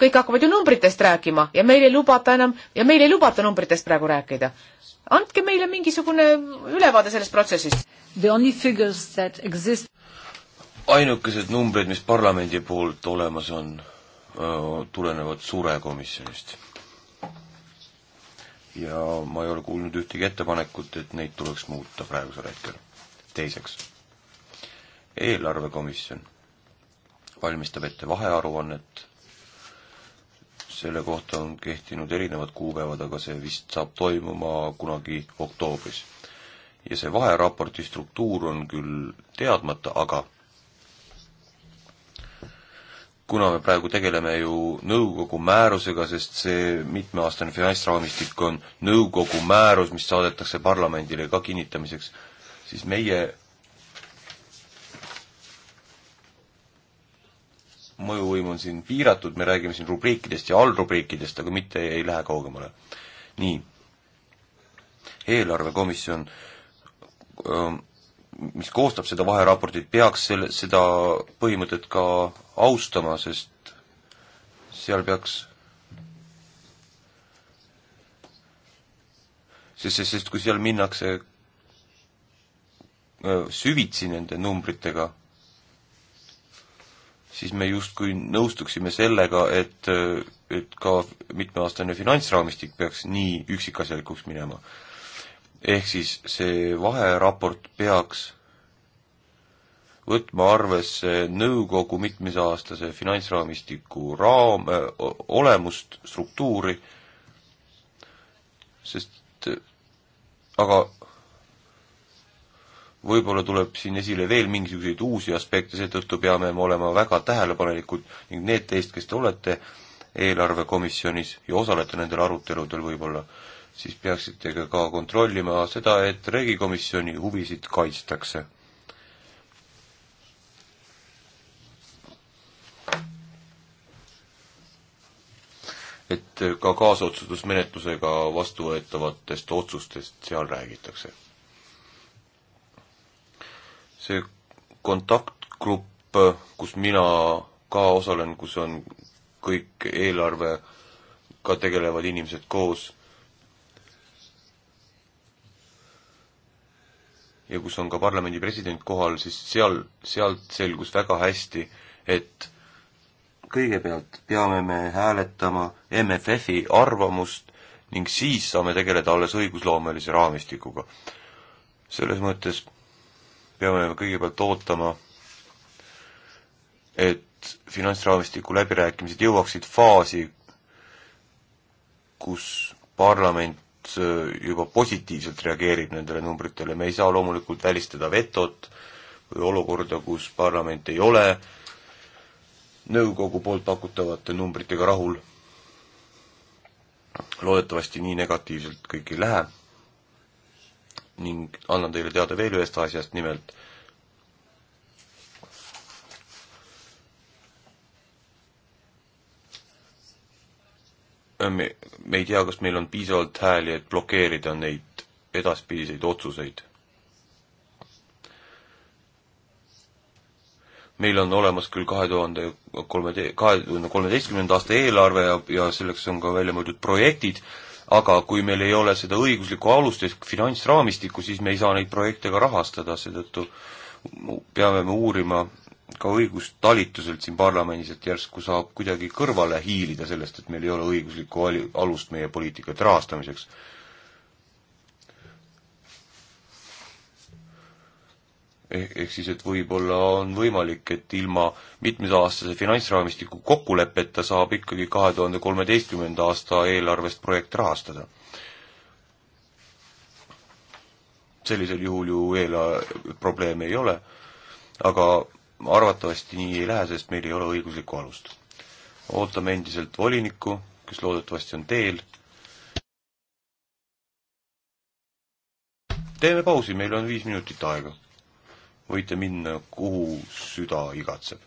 kõik hakkavad ju numbritest rääkima ja meil ei lubata enam, ja meil ei lubata numbritest praegu rääkida andke meile mingisugune ülevaade sellest protsessist. The only figures that exist ainukesed numbrid, mis parlamendi poolt olemas on, tulenevad surekomisjonist. ja ma ei ole kuulnud ühtegi ettepanekut, et neid tuleks muuta praegusel hetkel. teiseks, eelarvekomisjon valmistab ette vahearuannet selle kohta on kehtinud erinevad kuupäevad, aga see vist saab toimuma kunagi oktoobris. ja see vaheraporti struktuur on küll teadmata, aga kuna me praegu tegeleme ju nõukogu määrusega, sest see mitmeaastane finantsraamistik on nõukogu määrus, mis saadetakse parlamendile ka kinnitamiseks, siis meie mõjuvõim on siin piiratud, me räägime siin rubriikidest ja allrubriikidest, aga mitte ei lähe kaugemale. nii. eelarvekomisjon, ähm, mis koostab seda vaheraportit, peaks selle, seda põhimõtet ka austama, sest seal peaks sest, sest, sest kui seal minnakse äh, süvitsi nende numbritega, siis me justkui nõustuksime sellega, et, et ka mitmeaastane finantsraamistik peaks nii üksikasjalikuks minema. ehk siis see vaheraport peaks võtma arvesse nõukogu mitmesaastase finantsraamistiku raam, olemust, struktuuri, sest aga võib-olla tuleb siin esile veel mingisuguseid uusi aspekte, seetõttu peame me olema väga tähelepanelikud ning need teist, kes te olete eelarvekomisjonis ja osalete nendel aruteludel võib-olla, siis peaksite ka kontrollima seda, et regikomisjoni huvisid kaitstakse et ka kaasotsustusmenetlusega vastuvõetavatest otsustest seal räägitakse see kontaktgrupp, kus mina ka osalen, kus on kõik eelarvega tegelevad inimesed koos ja kus on ka parlamendi president kohal, siis seal, sealt selgus väga hästi, et kõigepealt peame me hääletama MFF-i arvamust ning siis saame tegeleda alles õigusloomelise raamistikuga. selles mõttes peame kõigepealt ootama, et finantsraamistiku läbirääkimised jõuaksid faasi, kus parlament äh, juba positiivselt reageerib nendele numbritele, me ei saa loomulikult välistada vetot või olukorda, kus parlament ei ole nõukogu poolt pakutavate numbritega rahul. loodetavasti nii negatiivselt kõik ei lähe ning annan teile teada veel ühest asjast, nimelt me, me ei tea, kas meil on piisavalt hääli, et blokeerida neid edaspidiseid otsuseid. meil on olemas küll kahe tuhande kolme, kahe tuhande kolmeteistkümnenda aasta eelarve ja, ja selleks on ka välja mõeldud projektid, aga kui meil ei ole seda õiguslikku alust ehk finantsraamistikku, siis me ei saa neid projekte ka rahastada, seetõttu peame me uurima ka õigustalituselt siin parlamendis, et järsku saab kuidagi kõrvale hiilida sellest, et meil ei ole õiguslikku alust meie poliitikate rahastamiseks ehk, ehk siis, et võib-olla on võimalik, et ilma mitmesaastase finantsraamistiku kokkuleppeta saab ikkagi kahe tuhande kolmeteistkümnenda aasta eelarvest projekte rahastada. sellisel juhul ju eela-, probleemi ei ole, aga arvatavasti nii ei lähe, sest meil ei ole õiguslikku alust. ootame endiselt volinikku, kes loodetavasti on teel, teeme pausi, meil on viis minutit aega võite minna, kuhu süda igatseb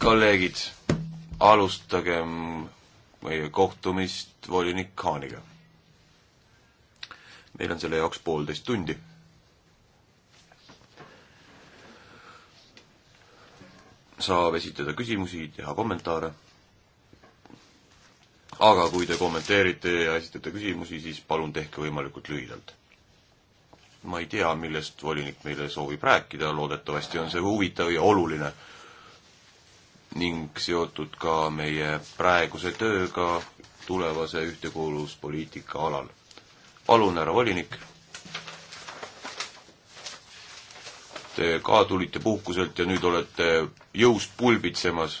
kolleegid, alustagem meie kohtumist volinik Haaniga. meil on selle jaoks poolteist tundi. saab esitada küsimusi, teha kommentaare. aga kui te kommenteerite ja esitate küsimusi, siis palun tehke võimalikult lühidalt ma ei tea, millest volinik meile soovib rääkida, loodetavasti on see huvitav ja oluline ning seotud ka meie praeguse tööga tulevase ühtekuuluvuspoliitika alal. palun, härra volinik. Te ka tulite puhkuselt ja nüüd olete jõust pulbitsemas,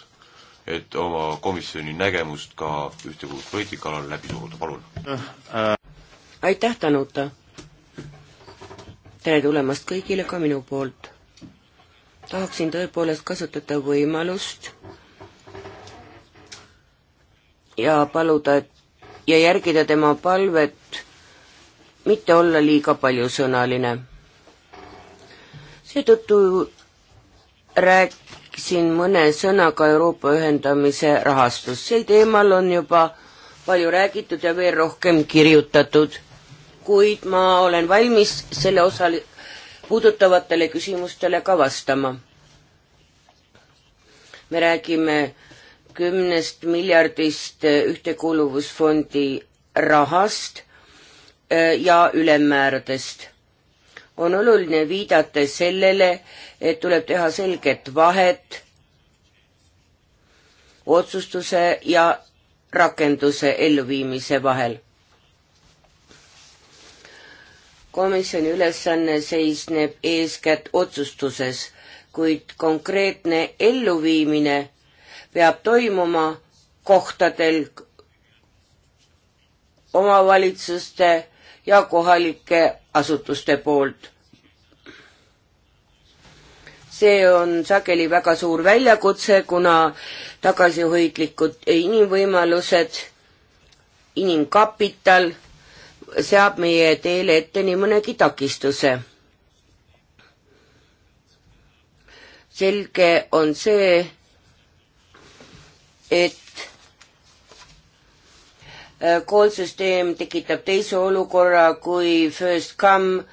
et oma komisjoni nägemust ka ühtekuuluvuspoliitika alal läbi suruda, palun. aitäh, Tanuta tere tulemast kõigile ka minu poolt. tahaksin tõepoolest kasutada võimalust ja paluda, et ja järgida tema palvet mitte olla liiga paljusõnaline. seetõttu rääkisin mõne sõnaga Euroopa ühendamise rahastust. sel teemal on juba palju räägitud ja veel rohkem kirjutatud kuid ma olen valmis selle osa puudutavatele küsimustele ka vastama. me räägime kümnest miljardist ühtekuuluvusfondi rahast äh, ja ülemmääradest. on oluline viidata sellele, et tuleb teha selget vahet otsustuse ja rakenduse elluviimise vahel komisjoni ülesanne seisneb eeskätt otsustuses, kuid konkreetne elluviimine peab toimuma kohtadel omavalitsuste ja kohalike asutuste poolt. see on sageli väga suur väljakutse, kuna tagasihoidlikud inimvõimalused, inimkapital seab meie teele ette nii mõnegi takistuse. selge on see, et äh, koolsüsteem tekitab teise olukorra kui first come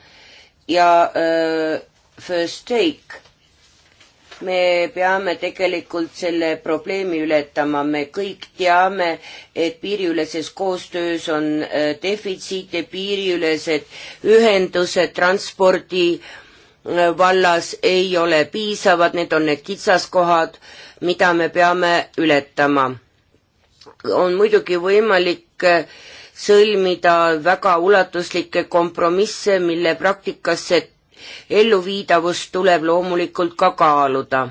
ja öö, äh, first take me peame tegelikult selle probleemi ületama, me kõik teame, et piiriüleses koostöös on äh, defitsiite, piiriülesed ühendused transpordi äh, vallas ei ole piisavad, need on need kitsaskohad, mida me peame ületama. on muidugi võimalik äh, sõlmida väga ulatuslikke kompromisse, mille praktikasse elluviidavust tuleb loomulikult ka kaaluda.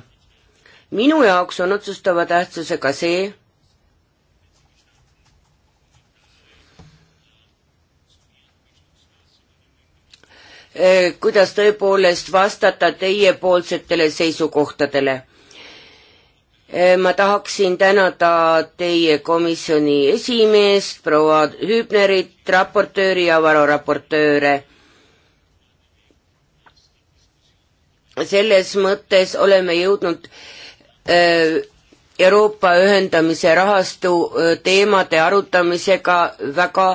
minu jaoks on otsustava tähtsusega see, eh, kuidas tõepoolest vastata teiepoolsetele seisukohtadele. Eh, ma tahaksin tänada teie komisjoni esimeest, proua Hübnerit, raportööri ja vararaportööre selles mõttes oleme jõudnud äh, Euroopa ühendamise rahastu äh, teemade arutamisega väga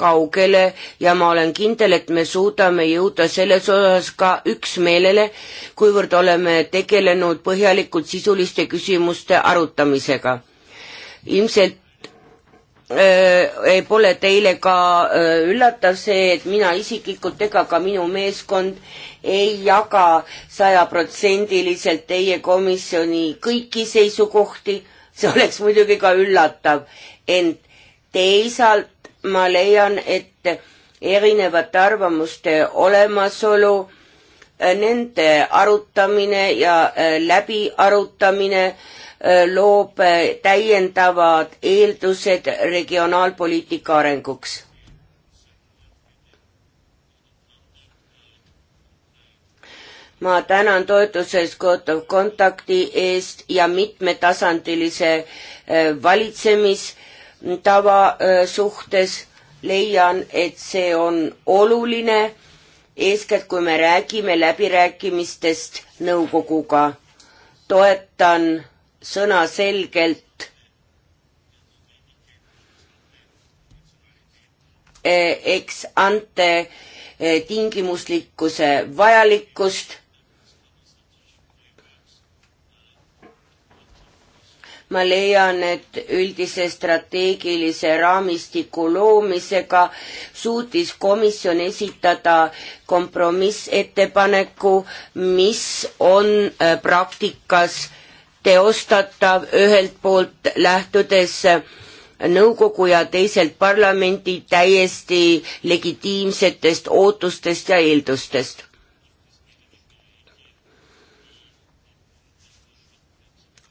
kaugele ja ma olen kindel, et me suudame jõuda selles osas ka üksmeelele, kuivõrd oleme tegelenud põhjalikult sisuliste küsimuste arutamisega. ilmselt Äh, pole teile ka äh, üllatav see, et mina isiklikult ega ka minu meeskond ei jaga sajaprotsendiliselt teie komisjoni kõiki seisukohti, see oleks muidugi ka üllatav, ent teisalt ma leian, et erinevate arvamuste olemasolu, äh, nende arutamine ja läbiarutamine äh, Äh, loob äh, täiendavad eeldused regionaalpoliitika arenguks. ma tänan toetuses Kotov kontakti eest ja mitmetasandilise äh, valitsemistava suhtes leian, et see on oluline, eeskätt kui me räägime läbirääkimistest nõukoguga. toetan sõnaselgelt e, eks ante e, tingimuslikkuse vajalikkust. ma leian, et üldise strateegilise raamistiku loomisega suutis komisjon esitada kompromissettepaneku, mis on e, praktikas äh, teostatav ühelt poolt lähtudes nõukogu ja teiselt parlamendi täiesti legitiimsetest ootustest ja eeldustest.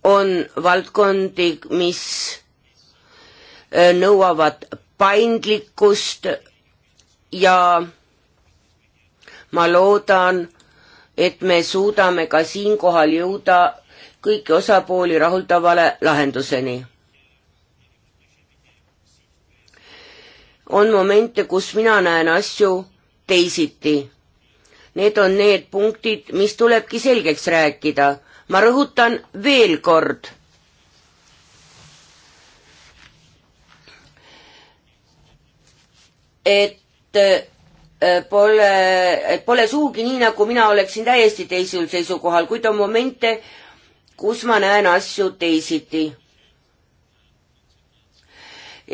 on valdkondi, mis äh, nõuavad paindlikkust ja ma loodan, et me suudame ka siinkohal jõuda kõiki osapooli rahuldavale lahenduseni. on momente, kus mina näen asju teisiti. Need on need punktid, mis tulebki selgeks rääkida. ma rõhutan veel kord et eh, pole, et pole sugugi nii, nagu mina oleksin täiesti teisel seisukohal, kuid on momente, kus ma näen asju teisiti.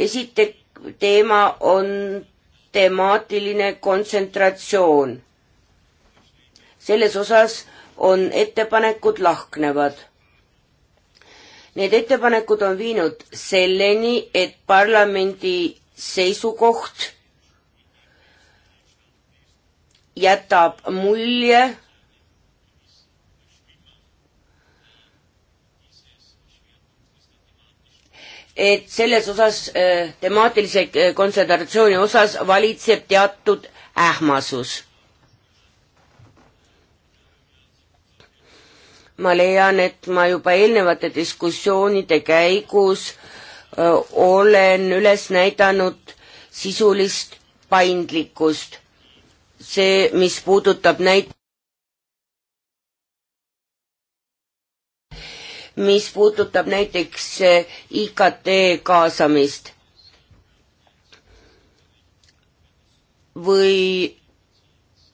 esiteks teema on temaatiline kontsentratsioon. selles osas on ettepanekud lahknevad. Need ettepanekud on viinud selleni, et parlamendi seisukoht jätab mulje, et selles osas, äh, temaatilise äh, kontsentratsiooni osas valitseb teatud ähmasus. ma leian, et ma juba eelnevate diskussioonide käigus öö, äh, olen üles näidanud sisulist paindlikkust. see, mis puudutab näit-, mis puudutab näiteks eh, IKT kaasamist või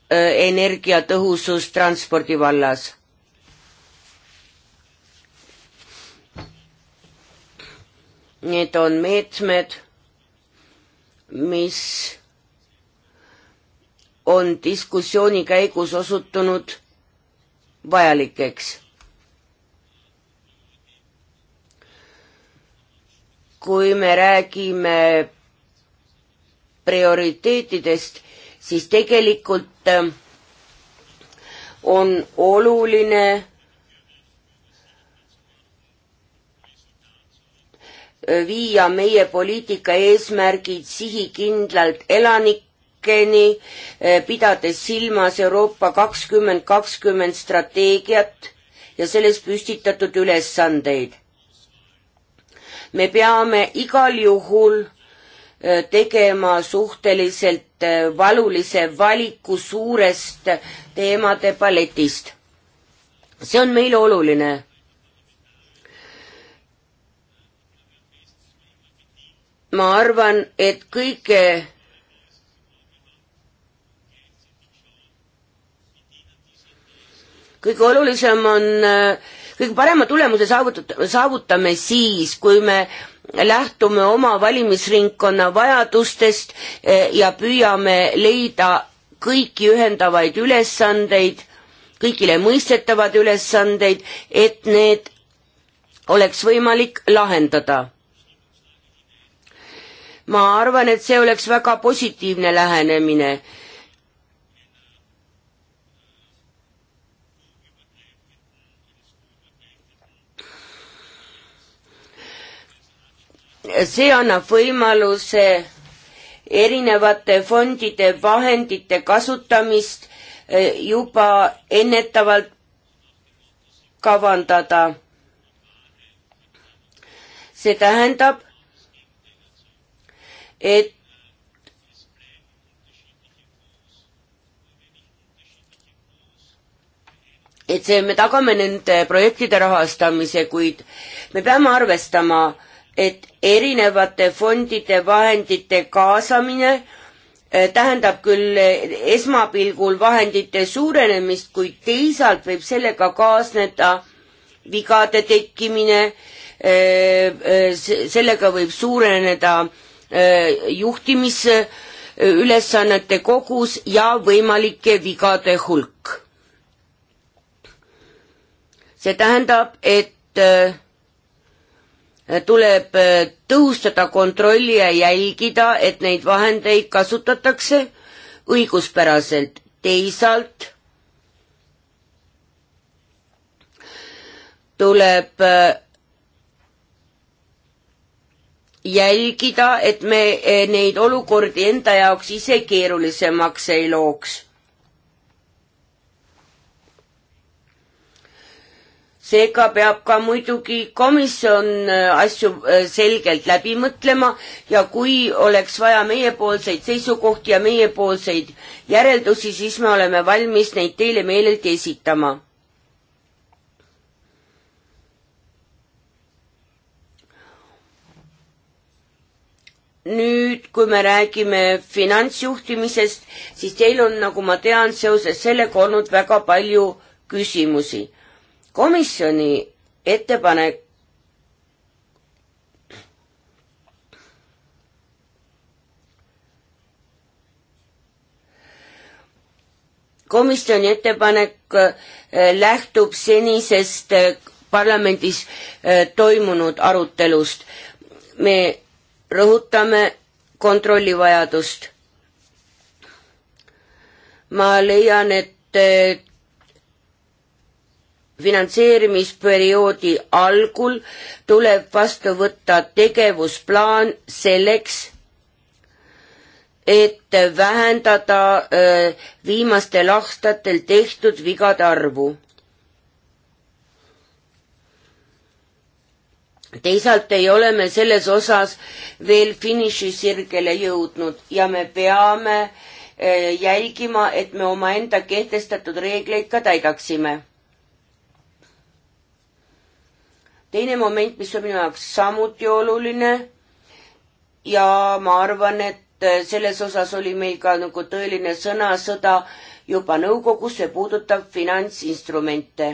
eh, energiatõhusus transpordi vallas need on meetmed, mis on diskussiooni käigus osutunud vajalikeks. kui me räägime prioriteetidest, siis tegelikult äh, on oluline äh, viia meie poliitika eesmärgid sihikindlalt elanikeni, äh, pidades silmas Euroopa kakskümmend kakskümmend strateegiat ja selles püstitatud ülesandeid me peame igal juhul äh, tegema suhteliselt äh, valulise valiku suurest teemade paletist. see on meile oluline. ma arvan, et kõige kõige olulisem on äh, kõige parema tulemuse saavutat-, saavutame siis, kui me lähtume oma valimisringkonna vajadustest eh, ja püüame leida kõiki ühendavaid ülesandeid, kõigile mõistetavad ülesandeid, et need oleks võimalik lahendada. ma arvan, et see oleks väga positiivne lähenemine see annab võimaluse erinevate fondide vahendite kasutamist e, juba ennetavalt kavandada. see tähendab, et et see, me tagame nende projektide rahastamise, kuid me peame arvestama äh, et erinevate fondide vahendite kaasamine äh, tähendab küll äh, esmapilgul vahendite suurenemist, kuid teisalt võib sellega kaasneda vigade tekkimine, äh, sellega võib suureneda juhtimisülesannete kogus ja võimalike vigade hulk. see tähendab, et tuleb äh, tõhustada kontrolli ja jälgida, et neid vahendeid kasutatakse õiguspäraselt. teisalt tuleb äh, jälgida, et me äh, neid olukordi enda jaoks ise keerulisemaks ei looks seega peab ka muidugi komisjon äh, asju äh, selgelt läbi mõtlema ja kui oleks vaja meiepoolseid seisukohti ja meiepoolseid järeldusi, siis me oleme valmis neid teile meeleldi esitama. nüüd, kui me räägime finantsjuhtimisest, siis teil on, nagu ma tean, seoses sellega olnud väga palju küsimusi komisjoni ettepanek komisjoni ettepanek äh, lähtub senisest äh, parlamendis äh, toimunud arutelust. me rõhutame kontrolli vajadust. ma leian, et finantseerimisperioodi algul tuleb vastu võtta tegevusplaan selleks, et vähendada äh, viimastel aastatel tehtud vigade arvu. teisalt ei ole me selles osas veel finišisirgele jõudnud ja me peame äh, jälgima, et me omaenda kehtestatud reegleid ka täidaksime teine moment, mis on minu jaoks samuti oluline ja ma arvan, et äh, selles osas oli meil ka nagu tõeline sõnasõda juba nõukogus, see puudutab finantsinstrumente.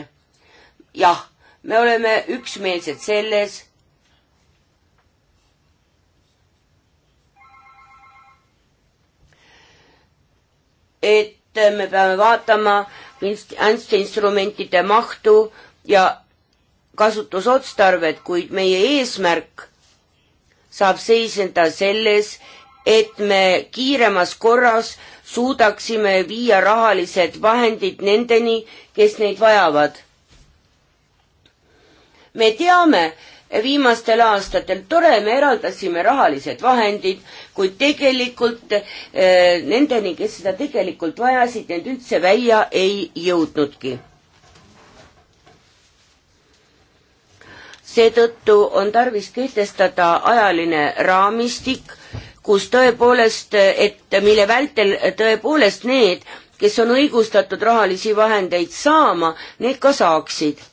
jah, me oleme üksmeelsed selles et äh, me peame vaatama instrumentide mahtu ja kasutusotstarvet, kuid meie eesmärk saab seisneda selles, et me kiiremas korras suudaksime viia rahalised vahendid nendeni, kes neid vajavad. me teame viimastel aastatel, tore, me eraldasime rahalised vahendid, kuid tegelikult eh, nendeni, kes seda tegelikult vajasid, need üldse välja ei jõudnudki seetõttu on tarvis kehtestada ajaline raamistik, kus tõepoolest, et mille vältel tõepoolest need, kes on õigustatud rahalisi vahendeid saama, need ka saaksid.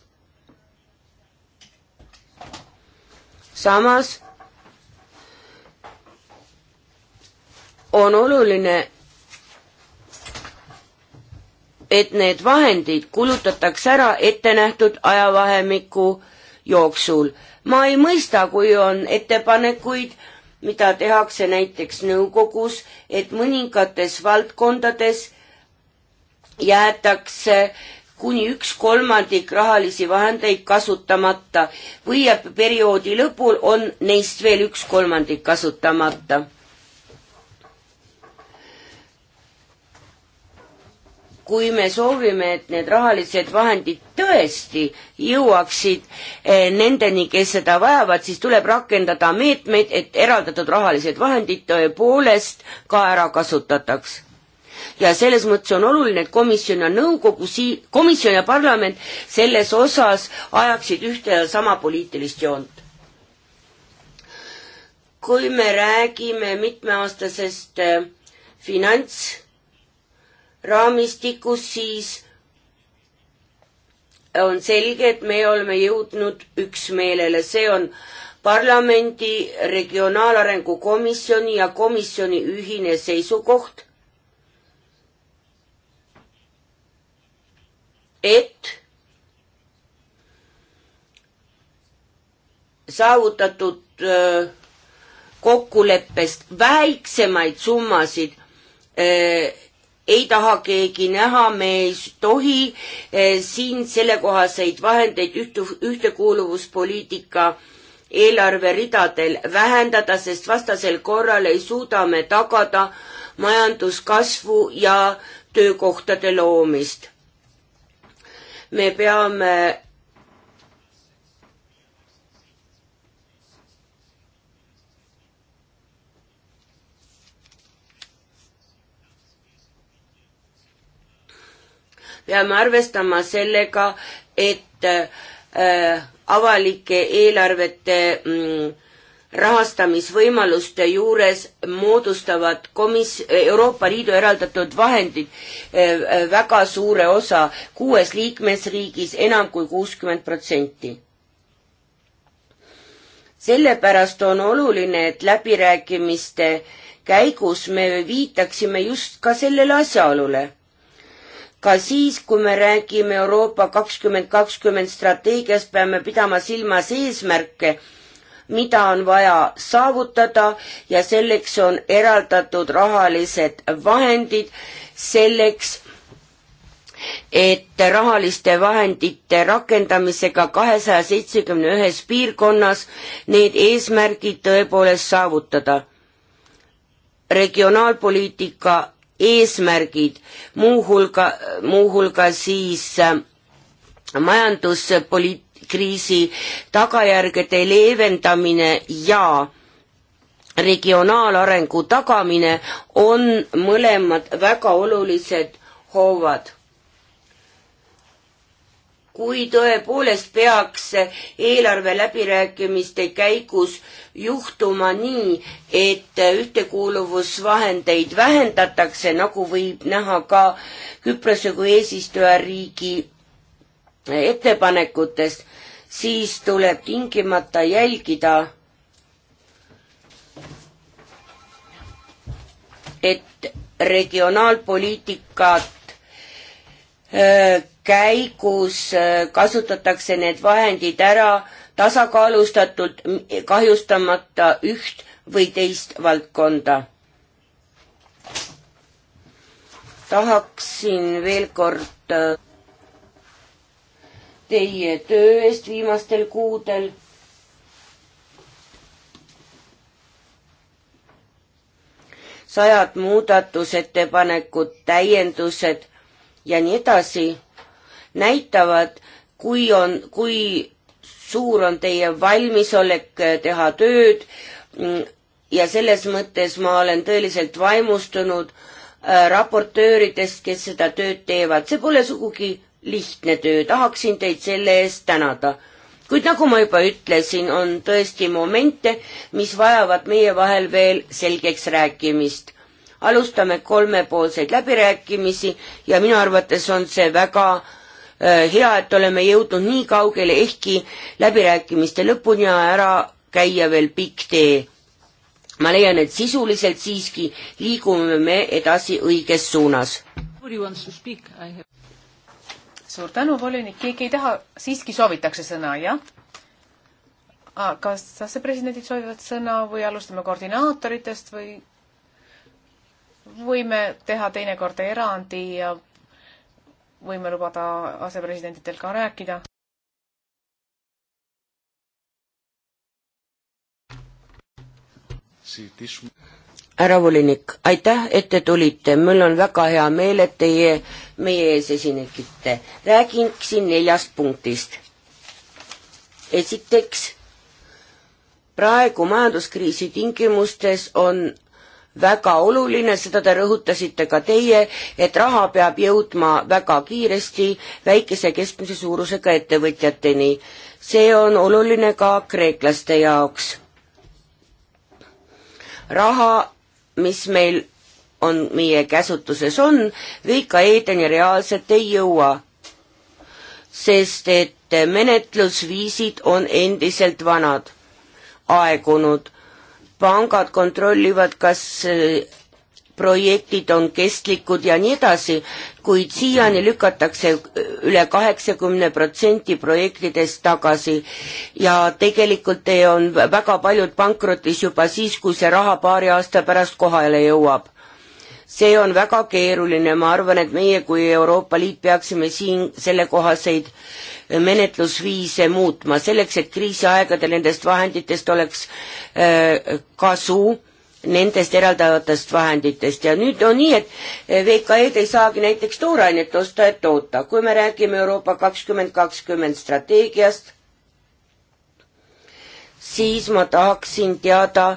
samas on oluline, et need vahendid kulutatakse ära ettenähtud ajavahemiku jooksul. ma ei mõista, kui on ettepanekuid, mida tehakse näiteks nõukogus, et mõningates valdkondades jäetakse kuni üks kolmandik rahalisi vahendeid kasutamata või perioodi lõpul on neist veel üks kolmandik kasutamata kui me soovime, et need rahalised vahendid tõesti jõuaksid eh, nendeni, kes seda vajavad, siis tuleb rakendada meetmeid, et eraldatud rahalised vahendid tõepoolest ka ära kasutataks ja selles mõttes on oluline, et komisjon ja nõukogu sii-, komisjon ja parlament selles osas ajaksid ühte ja sama poliitilist joont. kui me räägime mitmeaastasest eh, finants- raamistikus, siis on selge, et me oleme jõudnud üksmeelele, see on parlamendi regionaalarengu komisjoni ja komisjoni ühine seisukoht, et saavutatud äh, kokkuleppest väiksemaid summasid äh, ei taha keegi näha, me ei tohi eh, siin sellekohaseid vahendeid ühte, ühtekuuluvuspoliitika eelarveridadel vähendada, sest vastasel korral ei suuda me tagada majanduskasvu ja töökohtade loomist. me peame peame arvestama sellega, et äh, avalike eelarvete mm, rahastamisvõimaluste juures moodustavad komis-, Euroopa Liidu eraldatud vahendid äh, äh, väga suure osa, kuues liikmesriigis enam kui kuuskümmend protsenti sellepärast on oluline, et läbirääkimiste käigus me viitaksime just ka sellele asjaolule ka siis, kui me räägime Euroopa kakskümmend kakskümmend strateegiast, peame pidama silmas eesmärke, mida on vaja saavutada ja selleks on eraldatud rahalised vahendid selleks, et rahaliste vahendite rakendamisega kahesaja seitsmekümne ühes piirkonnas need eesmärgid tõepoolest saavutada. regionaalpoliitika eesmärgid, muuhulga, muuhulga siis äh, majanduskriisi tagajärgede leevendamine ja regionaalarengu tagamine on mõlemad väga olulised hoovad kui tõepoolest peaks eelarve läbirääkimiste käigus juhtuma nii, et ühtekuuluvusvahendeid vähendatakse, nagu võib näha ka Küprose kui eesistujariigi ettepanekutest, siis tuleb tingimata jälgida, et regionaalpoliitikat äh, käigus äh, kasutatakse need vahendid ära tasakaalustatult, kahjustamata üht või teist valdkonda. tahaksin veel kord äh, teie töö eest viimastel kuudel. sajad muudatusettepanekud, täiendused ja nii edasi näitavad, kui on, kui suur on teie valmisolek äh, teha tööd mm, ja selles mõttes ma olen tõeliselt vaimustunud äh, raportööridest, kes seda tööd teevad. see pole sugugi lihtne töö, tahaksin teid selle eest tänada. kuid nagu ma juba ütlesin, on tõesti momente, mis vajavad meie vahel veel selgeks rääkimist. alustame kolmepoolseid läbirääkimisi ja minu arvates on see väga äh, Äh, hea, et oleme jõudnud nii kaugele, ehkki läbirääkimiste lõpuni ja ära käia veel pikk tee. ma leian, et sisuliselt siiski liigume me edasi õiges suunas. Have... suur tänu, volinik, keegi ei taha, siiski soovitakse sõna, jah? Ah, kas asepresidendid soovivad sõna või alustame koordinaatoritest või võime teha teinekord erandi ja võime lubada asepresidenditel ka rääkida. härra volinik, aitäh, et te tulite, mul on väga hea meel, et teie meie ees esinesite. räägiksin neljast punktist. esiteks, praegu majanduskriisi tingimustes on väga oluline, seda te rõhutasite ka teie, et raha peab jõudma väga kiiresti väikese keskmise suurusega ettevõtjateni. see on oluline ka kreeklaste jaoks. raha, mis meil on, meie käsutuses on, VKE-deni reaalselt ei jõua, sest et menetlusviisid on endiselt vanad, aegunud pangad kontrollivad, kas äh, projektid on kestlikud ja nii edasi, kuid siiani lükatakse äh, üle kaheksakümne protsendi projektidest tagasi ja tegelikult on väga paljud pankrotis juba siis, kui see raha paari aasta pärast kohale jõuab. see on väga keeruline, ma arvan, et meie kui Euroopa Liit peaksime siin sellekohaseid menetlusviise muutma, selleks et kriisiaegade nendest vahenditest oleks äh, kasu nendest eraldavatest vahenditest ja nüüd on nii, et äh, VKE-d ei saagi näiteks toorainet osta, et toota. kui me räägime Euroopa kakskümmend kakskümmend strateegiast, siis ma tahaksin teada,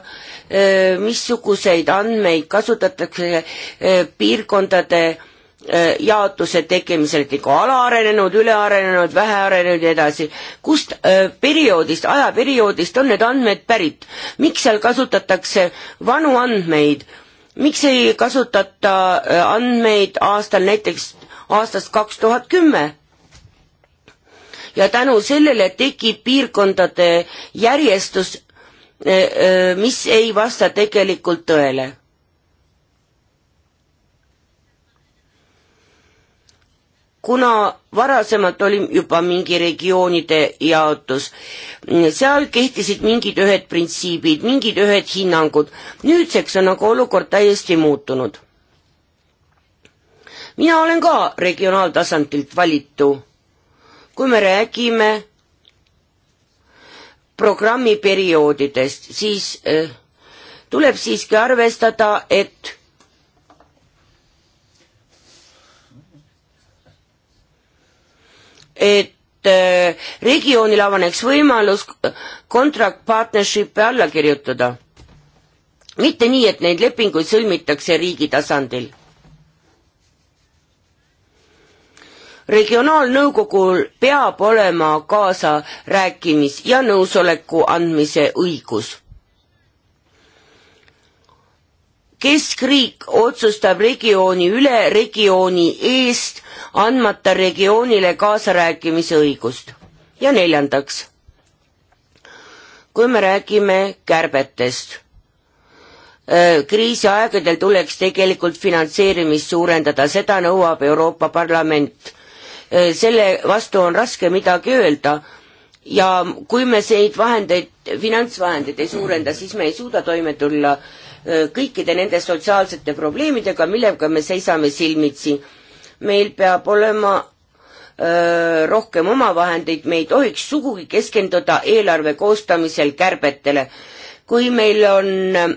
äh, missuguseid andmeid kasutatakse piirkondade Äh, jaotuse tekkimisel, et nagu alaarenenud, ülearenenud, vähearenenud ja edasi. kust äh, perioodist, ajaperioodist on need andmed pärit? miks seal kasutatakse vanu andmeid? miks ei kasutata äh, andmeid aastal näiteks aastast kaks tuhat kümme? ja tänu sellele tekib piirkondade järjestus, mis ei vasta tegelikult tõele kuna varasemalt oli juba mingi regioonide jaotus, seal kehtisid mingid ühed printsiibid, mingid ühed hinnangud, nüüdseks on aga olukord täiesti muutunud. mina olen ka regionaaltasandilt valitu. kui me räägime programmi perioodidest, siis eh, tuleb siiski arvestada, et et äh, regioonil avaneks võimalus contract partnership'e alla kirjutada. mitte nii, et neid lepinguid sõlmitakse riigi tasandil. regionaalnõukogul peab olema kaasarääkimis- ja nõusoleku andmise õigus keskriik otsustab regiooni üle regiooni eest, andmata regioonile kaasarääkimise õigust. ja neljandaks, kui me räägime kärbetest, äh, kriisiaegadel tuleks tegelikult finantseerimist suurendada, seda nõuab Euroopa Parlament. Äh, selle vastu on raske midagi öelda ja kui me neid vahendeid, finantsvahendeid ei suurenda, siis me ei suuda toime tulla äh, Äh, kõikide nende sotsiaalsete probleemidega, millega me seisame silmitsi. meil peab olema öö, äh, rohkem omavahendeid, me ei tohiks sugugi keskenduda eelarve koostamisel kärbetele. kui meil on äh,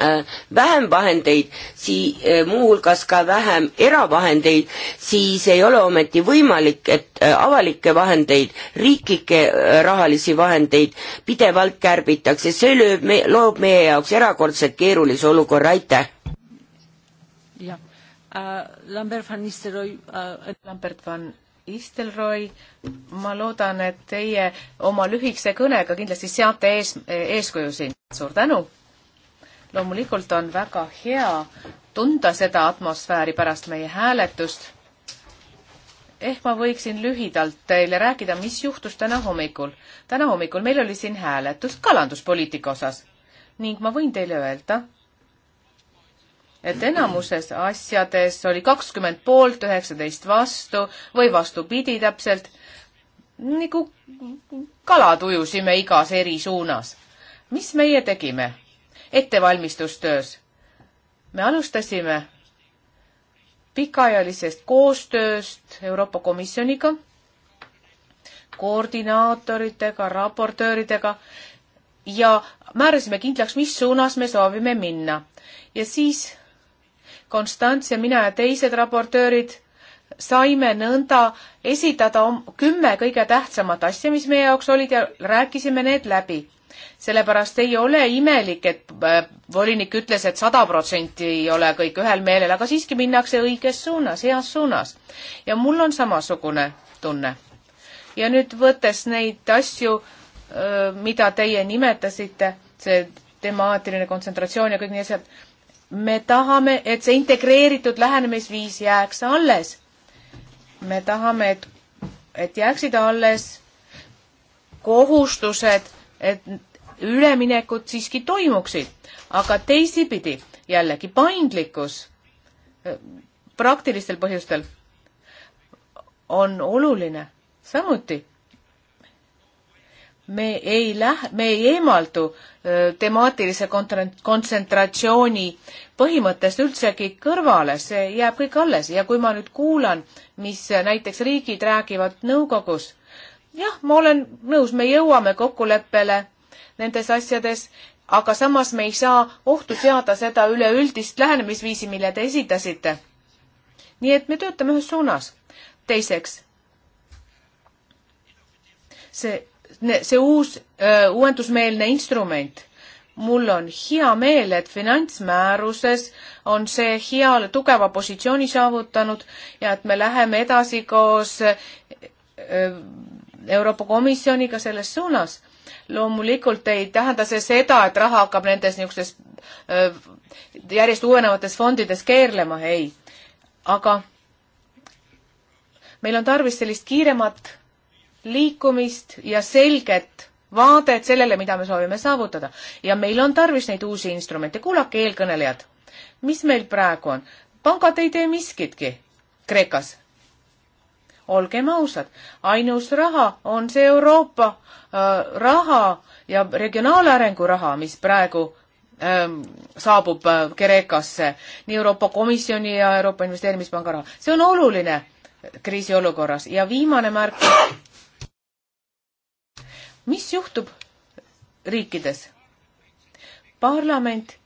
Äh, vähem vahendeid, sii-, äh, muuhulgas ka vähem eravahendeid, siis ei ole ometi võimalik, et äh, avalikke vahendeid, riiklikke rahalisi vahendeid pidevalt kärbitakse, see lööb me-, loob meie jaoks erakordselt keerulise olukorra, aitäh! jah äh,, Lambert van Nistelrooy äh,, Lambert van Istelrooy, ma loodan, et teie oma lühikese kõnega kindlasti seate ees, eeskuju siin, suur tänu! loomulikult on väga hea tunda seda atmosfääri pärast meie hääletust. ehk ma võiksin lühidalt teile rääkida, mis juhtus täna hommikul. täna hommikul meil oli siin hääletus kalanduspoliitika osas ning ma võin teile öelda, et enamuses asjades oli kakskümmend poolt, üheksateist vastu või vastupidi täpselt, nagu kalad ujusime igas eri suunas. mis meie tegime? ettevalmistustöös. me alustasime pikaajalisest koostööst Euroopa Komisjoniga, koordinaatoritega, raportööridega ja määrasime kindlaks, mis suunas me soovime minna. ja siis Konstants ja mina ja teised raportöörid saime nõnda esitada kümme kõige tähtsamat asja, mis meie jaoks olid ja rääkisime need läbi sellepärast ei ole imelik, et äh, volinik ütles et, et sada protsenti ei ole kõik ühel meelel, aga siiski minnakse õiges suunas, heas suunas. ja mul on samasugune tunne. ja nüüd võttes neid asju, äh, mida teie nimetasite, see temaatiline kontsentratsioon ja kõik nii asjad, me tahame, et see integreeritud lähenemisviis jääks alles. me tahame, et, et jääksid alles kohustused et üleminekud siiski toimuksid, aga teisipidi jällegi paindlikkus eh, praktilistel põhjustel on oluline samuti. me ei lähe, me ei eemaldu eh, temaatilise kontsentratsiooni põhimõttest üldsegi kõrvale, see jääb kõik alles ja kui ma nüüd kuulan, mis näiteks riigid räägivad nõukogus jah, ma olen nõus, me jõuame kokkuleppele nendes asjades, aga samas me ei saa ohtu seada seda üleüldist lähenemisviisi, mille te esitasite. nii et me töötame ühes suunas. teiseks, see, see uus öö, uuendusmeelne instrument mul on hea meel, et finantsmääruses on see hea tugeva positsiooni saavutanud ja et me läheme edasi koos Euroopa Komisjoniga selles suunas. loomulikult ei tähenda see seda, et raha hakkab nendes niisugustes järjest uuenevates fondides keerlema, ei. aga meil on tarvis sellist kiiremat liikumist ja selget vaadet sellele, mida me soovime saavutada. ja meil on tarvis neid uusi instrumente. kuulake, eelkõnelejad, mis meil praegu on? pangad ei tee miskitki Kreekas olgem ausad, ainus raha on see Euroopa äh, raha ja regionaalarengu raha, mis praegu ähm, saabub äh, Kreekasse, nii Euroopa Komisjoni ja Euroopa Investeerimispanga raha. see on oluline kriisiolukorras ja viimane märkus. mis juhtub riikides? parlament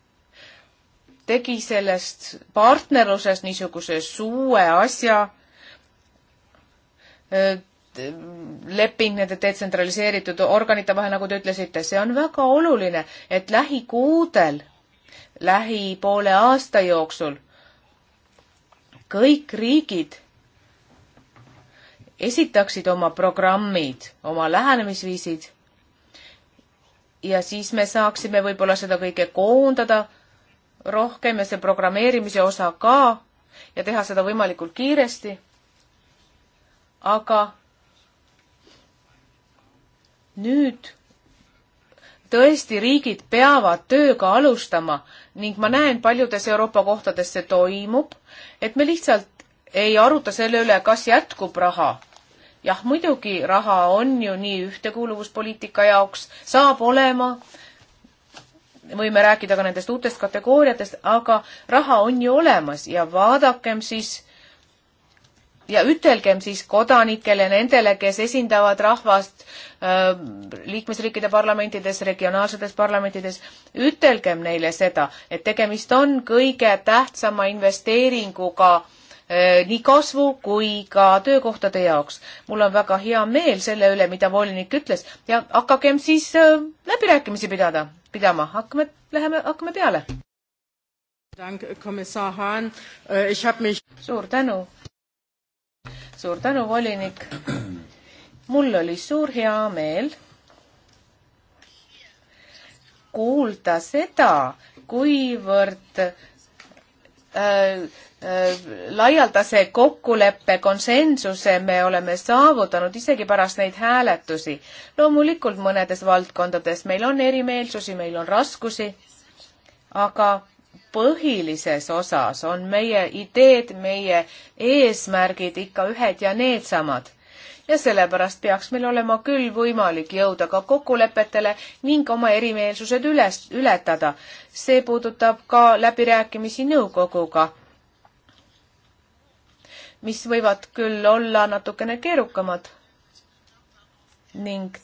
tegi sellest partnerlusest niisuguse suue asja leping nende detsentraliseeritud organite vahel, nagu te ütlesite, see on väga oluline, et lähikuudel, lähi poole aasta jooksul kõik riigid esitaksid oma programmid, oma lähenemisviisid ja siis me saaksime võib-olla seda kõike koondada rohkem ja see programmeerimise osa ka ja teha seda võimalikult kiiresti aga nüüd tõesti riigid peavad tööga alustama ning ma näen paljudes Euroopa kohtades see toimub, et me lihtsalt ei aruta selle üle, kas jätkub raha. jah, muidugi raha on ju nii ühtekuuluvuspoliitika jaoks, saab olema, võime rääkida ka nendest uutest kategooriatest, aga raha on ju olemas ja vaadakem siis ja ütelgem siis kodanikele, nendele, kes esindavad rahvast äh, liikmesriikide parlamentides, regionaalsetes parlamentides, ütelgem neile seda, et tegemist on kõige tähtsama investeeringuga äh, nii kasvu kui ka töökohtade jaoks. mul on väga hea meel selle üle, mida volinik ütles ja hakakem siis äh, läbirääkimisi pidada, pidama, hakkame, läheme, hakkame peale. Äh, suur tänu suur tänu, volinik. mul oli suur hea meel kuulda seda, kuivõrd äh, äh laialdase kokkuleppe, konsensuse me oleme saavutanud isegi pärast neid hääletusi. loomulikult mõnedes valdkondades meil on erimeelsusi, meil on raskusi, aga põhilises osas on meie ideed, meie eesmärgid ikka ühed ja needsamad ja sellepärast peaks meil olema küll võimalik jõuda ka kokkulepetele ning oma erimeelsused üles, ületada. see puudutab ka läbirääkimisi nõukoguga, mis võivad küll olla natukene keerukamad ning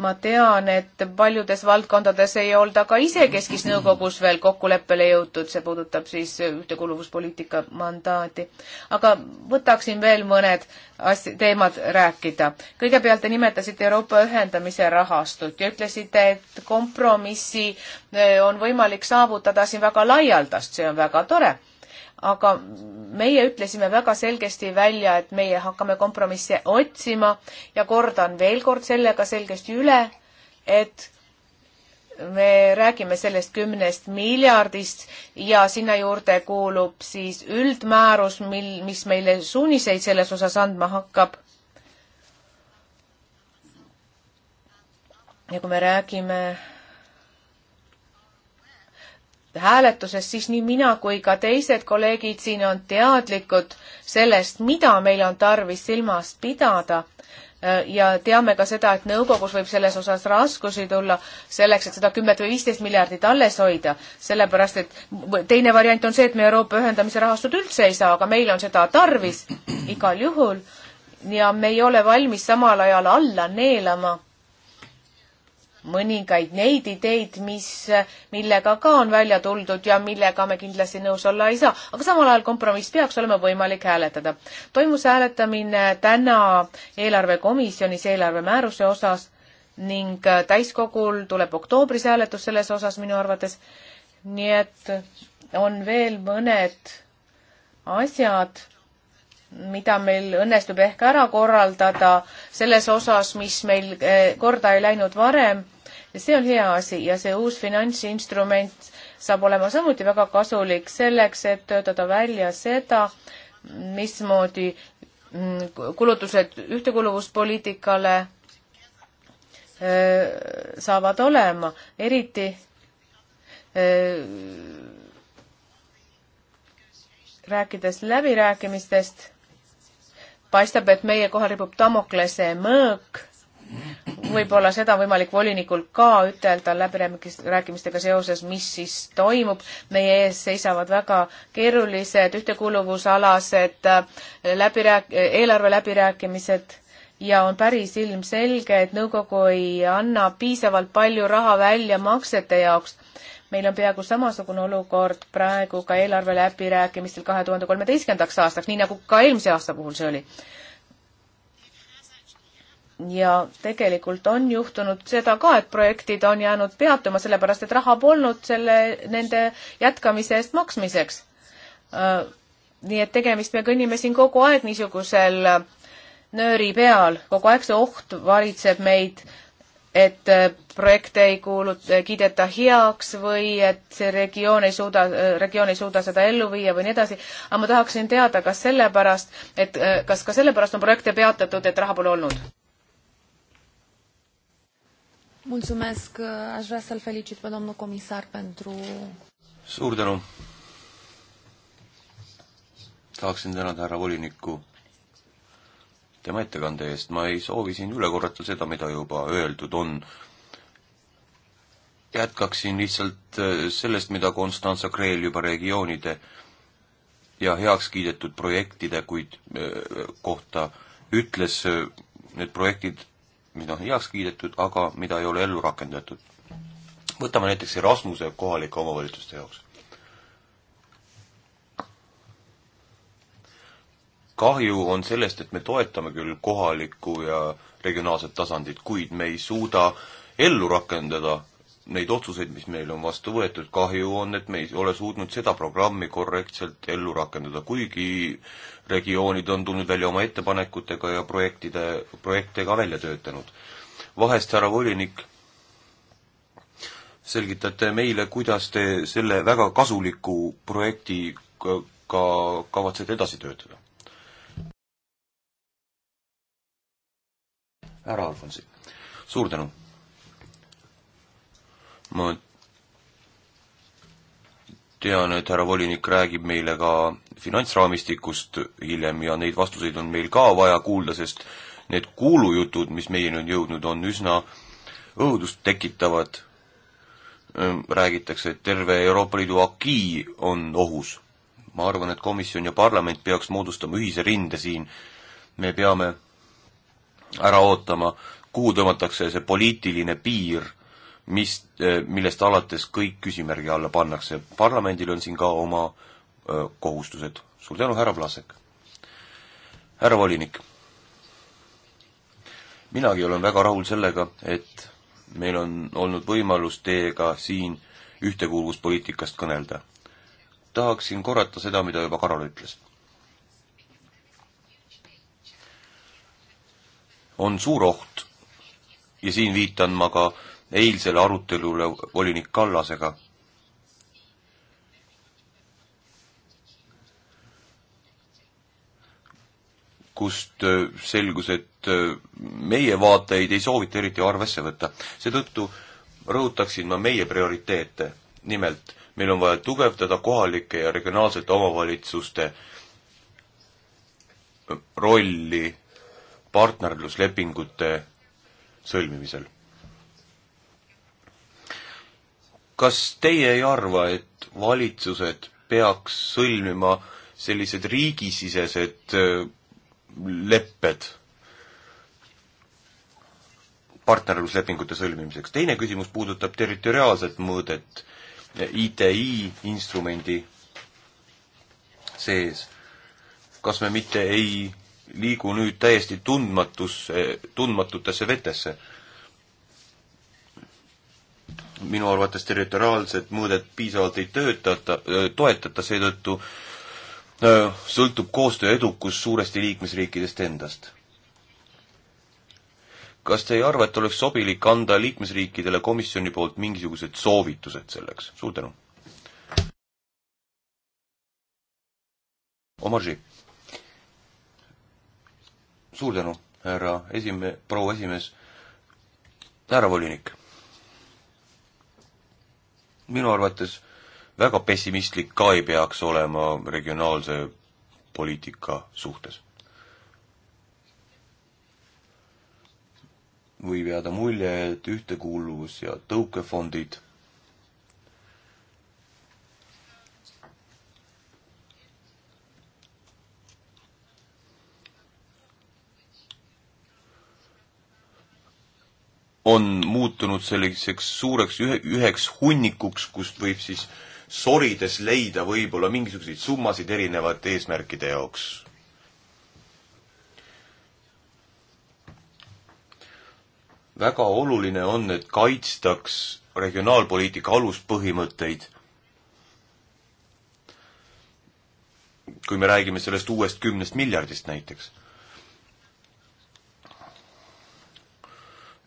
ma tean, et paljudes valdkondades ei olda ka isekeskis nõukogus veel kokkuleppele jõutud, see puudutab siis ühtekuluvuspoliitika mandaati. aga võtaksin veel mõned as-, teemad rääkida. kõigepealt te nimetasite Euroopa ühendamise rahastut ja ütlesite, et kompromissi eh, on võimalik saavutada siin väga laialdast, see on väga tore aga meie ütlesime väga selgesti välja, et meie hakkame kompromisse otsima ja kordan veel kord selle ka selgesti üle, et me räägime sellest kümnest miljardist ja sinna juurde kuulub siis üldmäärus, mil, mis meile suuniseid selles osas andma hakkab. ja kui me räägime hääletuses, siis nii mina kui ka teised kolleegid siin on teadlikud sellest, mida meil on tarvis silmas pidada äh, ja teame ka seda, et nõukogus võib selles osas raskusi tulla selleks, et seda kümmet või viisteist miljardit alles hoida, sellepärast et teine variant on see, et me Euroopa ühendamise rahastut üldse ei saa, aga meil on seda tarvis igal juhul ja me ei ole valmis samal ajal alla neelama mõningaid neid ideid, mis, millega ka on välja tuldud ja millega me kindlasti nõus olla ei saa, aga samal ajal kompromiss peaks olema võimalik hääletada. toimus hääletamine täna eelarvekomisjonis eelarve määruse osas ning äh, täiskogul tuleb oktoobris hääletus selles osas minu arvates. nii et on veel mõned asjad mida meil õnnestub ehk ära korraldada selles osas, mis meil äh, korda ei läinud varem see on hea asi ja see uus finantsinstrument saab olema samuti väga kasulik selleks, et töötada välja seda, mismoodi mm, kulutused ühtekuluvuspoliitikale saavad olema, eriti rääkides läbirääkimistest, paistab, et meie kohal ripub Damoklese mõõk võib-olla seda on võimalik volinikul ka ütelda läbirääkimistega seoses, mis siis toimub. meie ees seisavad väga keerulised ühtekuuluvusalased äh, läbirääk-, eelarve läbirääkimised ja on päris ilmselge, et nõukogu ei anna piisavalt palju raha välja maksete jaoks meil on peaaegu samasugune olukord praegu ka eelarve läbirääkimistel kahe tuhande kolmeteistkümnendaks aastaks, nii nagu ka eelmise aasta puhul see oli ja tegelikult on juhtunud seda ka, et projektid on jäänud peatuma, sellepärast et raha polnud selle, nende jätkamise eest maksmiseks. Äh, nii et tegemist, me kõnnime siin kogu aeg niisugusel äh, nööri peal, kogu aeg see oht valitseb meid, et äh, projekte ei kuulut-, kiideta heaks või et see regioon ei suuda, regioon ei suuda seda ellu viia või nii edasi, aga ma tahaksin teada, kas sellepärast, et kas ka sellepärast on projekte peatatud, et raha pole olnud? mulțumesc, uh, aș vrea să-l felicit pe domnul comisar pentru... suur tänu! tahaksin tänada härra volinikku tema ettekande eest, ma ei soovi siin üle korrata seda, mida juba öeldud on. jätkaksin lihtsalt äh, sellest, mida Konstanza Kreel juba regioonide ja heaks kiidetud projektide kuid, äh, kohta ütles, äh, need projektid mida on heaks kiidetud, aga mida ei ole ellu rakendatud. võtame näiteks Erasmuse kohalike omavalitsuste jaoks. kahju on sellest, et me toetame küll kohalikku ja regionaalset tasandit, kuid me ei suuda ellu rakendada neid otsuseid, mis meil on vastu võetud, kahju on, et me ei ole suutnud seda programmi korrektselt ellu rakendada, kuigi regioonid on tulnud välja oma ettepanekutega ja projektide, projekte ka välja töötanud. vahest, härra volinik, selgitate meile, kuidas te selle väga kasuliku projektiga ka kavatsete edasi töötada? härra Alfonsi, suur tänu! ma tean, et härra volinik räägib meile ka finantsraamistikust hiljem ja neid vastuseid on meil ka vaja kuulda, sest need kuulujutud, mis meieni on jõudnud, on üsna õudust tekitavad. Ehm, räägitakse, et terve Euroopa Liidu aki on ohus. ma arvan, et komisjon ja parlament peaks moodustama ühise rinde siin. me peame ära ootama, kuhu tõmmatakse see poliitiline piir mis, äh, millest alates kõik küsimärgi alla pannakse. parlamendil on siin ka oma öö, äh, kohustused. suur tänu, härra Vlasek! härra volinik, minagi olen väga rahul sellega, et meil on olnud võimalus teiega siin ühtekuuluvuspoliitikast kõnelda. tahaksin korrata seda, mida juba Karol ütles. on suur oht ja siin viitan ma ka äh, eilsele arutelule volinik Kallasega. kust äh, selgus, et äh, meie vaateid ei soovita eriti arvesse võtta. seetõttu rõhutaksin ma meie prioriteete. nimelt, meil on vaja tugevdada kohalike ja regionaalsete omavalitsuste äh, rolli partnerluslepingute sõlmimisel kas teie ei arva, et valitsused peaks sõlmima sellised riigisisesed äh, lepped partnerluslepingute sõlmimiseks. teine küsimus puudutab territoriaalset mõõdet ITI instrumendi sees. kas me mitte ei liigu nüüd täiesti tundmatusse, tundmatutesse vetesse? minu arvates territoriaalset mõõdet piisavalt ei töötata, toetata, seetõttu sõltub koostöö edukus suuresti liikmesriikidest endast. kas te ei arva, et oleks sobilik anda liikmesriikidele komisjoni poolt mingisugused soovitused selleks? suur tänu! Omarži. suur tänu, härra esime-, proua esimees, härra volinik minu arvates väga pessimistlik ka ei peaks olema regionaalse poliitika suhtes. võib jääda mulje, et ühtekuuluvus ja tõukefondid on muutunud selliseks suureks ühe, üheks hunnikuks, kust võib siis sorides leida võib-olla mingisuguseid summasid erinevate eesmärkide jaoks. väga oluline on, et kaitstaks regionaalpoliitika aluspõhimõtteid. kui me räägime sellest uuest kümnest miljardist näiteks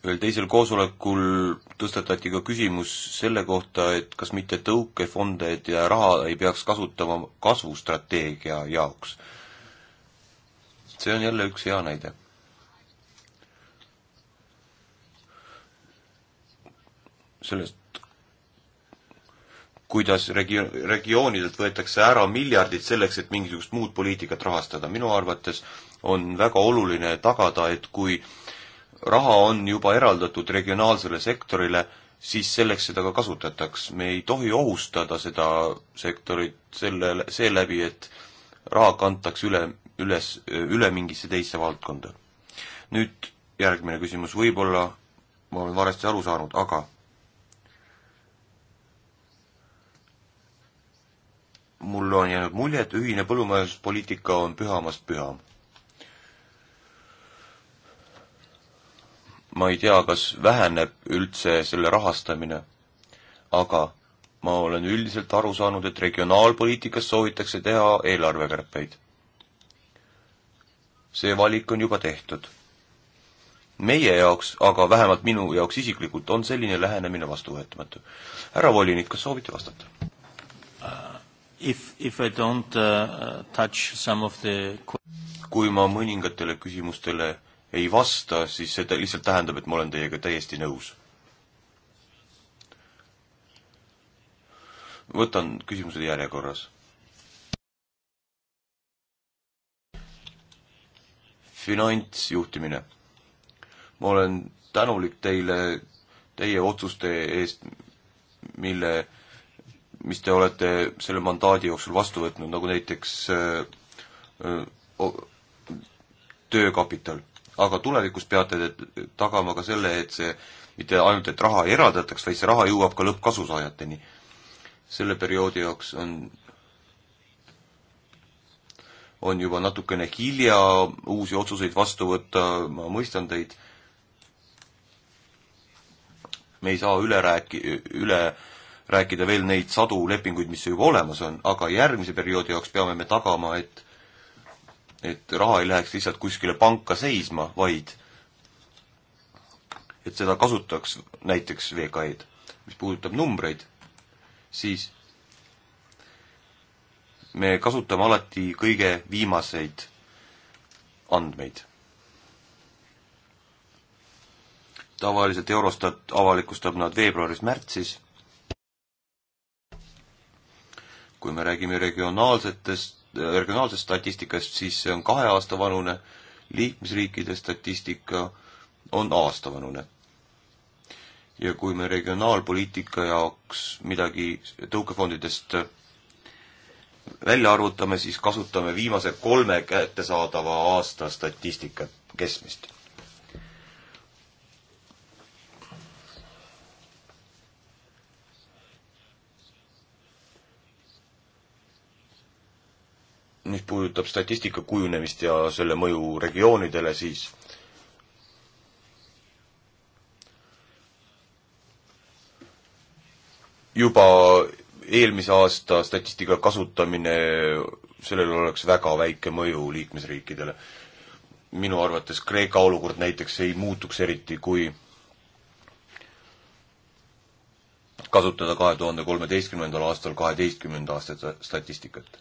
ühel teisel koosolekul tõstatati ka küsimus selle kohta, et kas mitte tõukefonde ja raha ei peaks kasutama kasvustrateegia jaoks. see on jälle üks hea näide. sellest, kuidas regio-, regioonidelt võetakse ära miljardid selleks, et mingisugust muud poliitikat rahastada, minu arvates on väga oluline tagada, et kui äh, raha on juba eraldatud regionaalsele sektorile, siis selleks seda ka kasutataks. me ei tohi ohustada seda sektorit selle, seeläbi, et raha kantakse üle, üles, üle mingisse teisse valdkonda. nüüd järgmine küsimus, võib-olla ma olen valesti aru saanud, aga mulle on jäänud mulje, et ühine põllumajanduspoliitika on pühamast püham ma ei tea, kas väheneb üldse selle rahastamine, aga ma olen üldiselt aru saanud, et regionaalpoliitikas soovitakse teha eelarvekärpeid. see valik on juba tehtud. meie jaoks, aga vähemalt minu jaoks isiklikult, on selline lähenemine vastuvõetamatu. härra volinik, kas soovite vastata uh,? If, if I don't uh, touch some of the kui ma mõningatele küsimustele ei vasta, siis see lihtsalt tähendab, et ma olen teiega täiesti nõus. võtan küsimused järjekorras. finantsjuhtimine. ma olen tänulik teile teie otsuste eest, mille, mis te olete selle mandaadi jooksul vastu võtnud, nagu näiteks öö, äh, öö, äh, töökapital aga tulevikus peate te tagama ka selle, et see mitte ainult, et raha eraldatakse, vaid see raha jõuab ka lõppkasusaajateni. selle perioodi jaoks on, on juba natukene hilja uusi otsuseid vastu võtta, ma mõistan teid, me ei saa üle rääki-, üle rääkida veel neid sadu lepinguid, mis juba olemas on, aga järgmise perioodi jaoks peame me tagama, et et raha ei läheks lihtsalt kuskile panka seisma, vaid et seda kasutaks näiteks VKE-d. mis puudutab numbreid, siis me kasutame alati kõige viimaseid andmeid. tavaliselt Eurostat avalikustab nad veebruaris-märtsis. kui me räägime regionaalsetest regionaalsest statistikast, siis see on kahe aasta vanune, liikmesriikide statistika on aastavanune. ja kui me regionaalpoliitika jaoks midagi tõukefondidest välja arvutame, siis kasutame viimase kolme kättesaadava aasta statistikat keskmist mis puudutab statistika kujunemist ja selle mõju regioonidele, siis juba eelmise aasta statistika kasutamine, sellel oleks väga väike mõju liikmesriikidele. minu arvates Kreeka olukord näiteks ei muutuks eriti, kui kasutada kahe tuhande kolmeteistkümnendal aastal kaheteistkümnenda aasta statistikat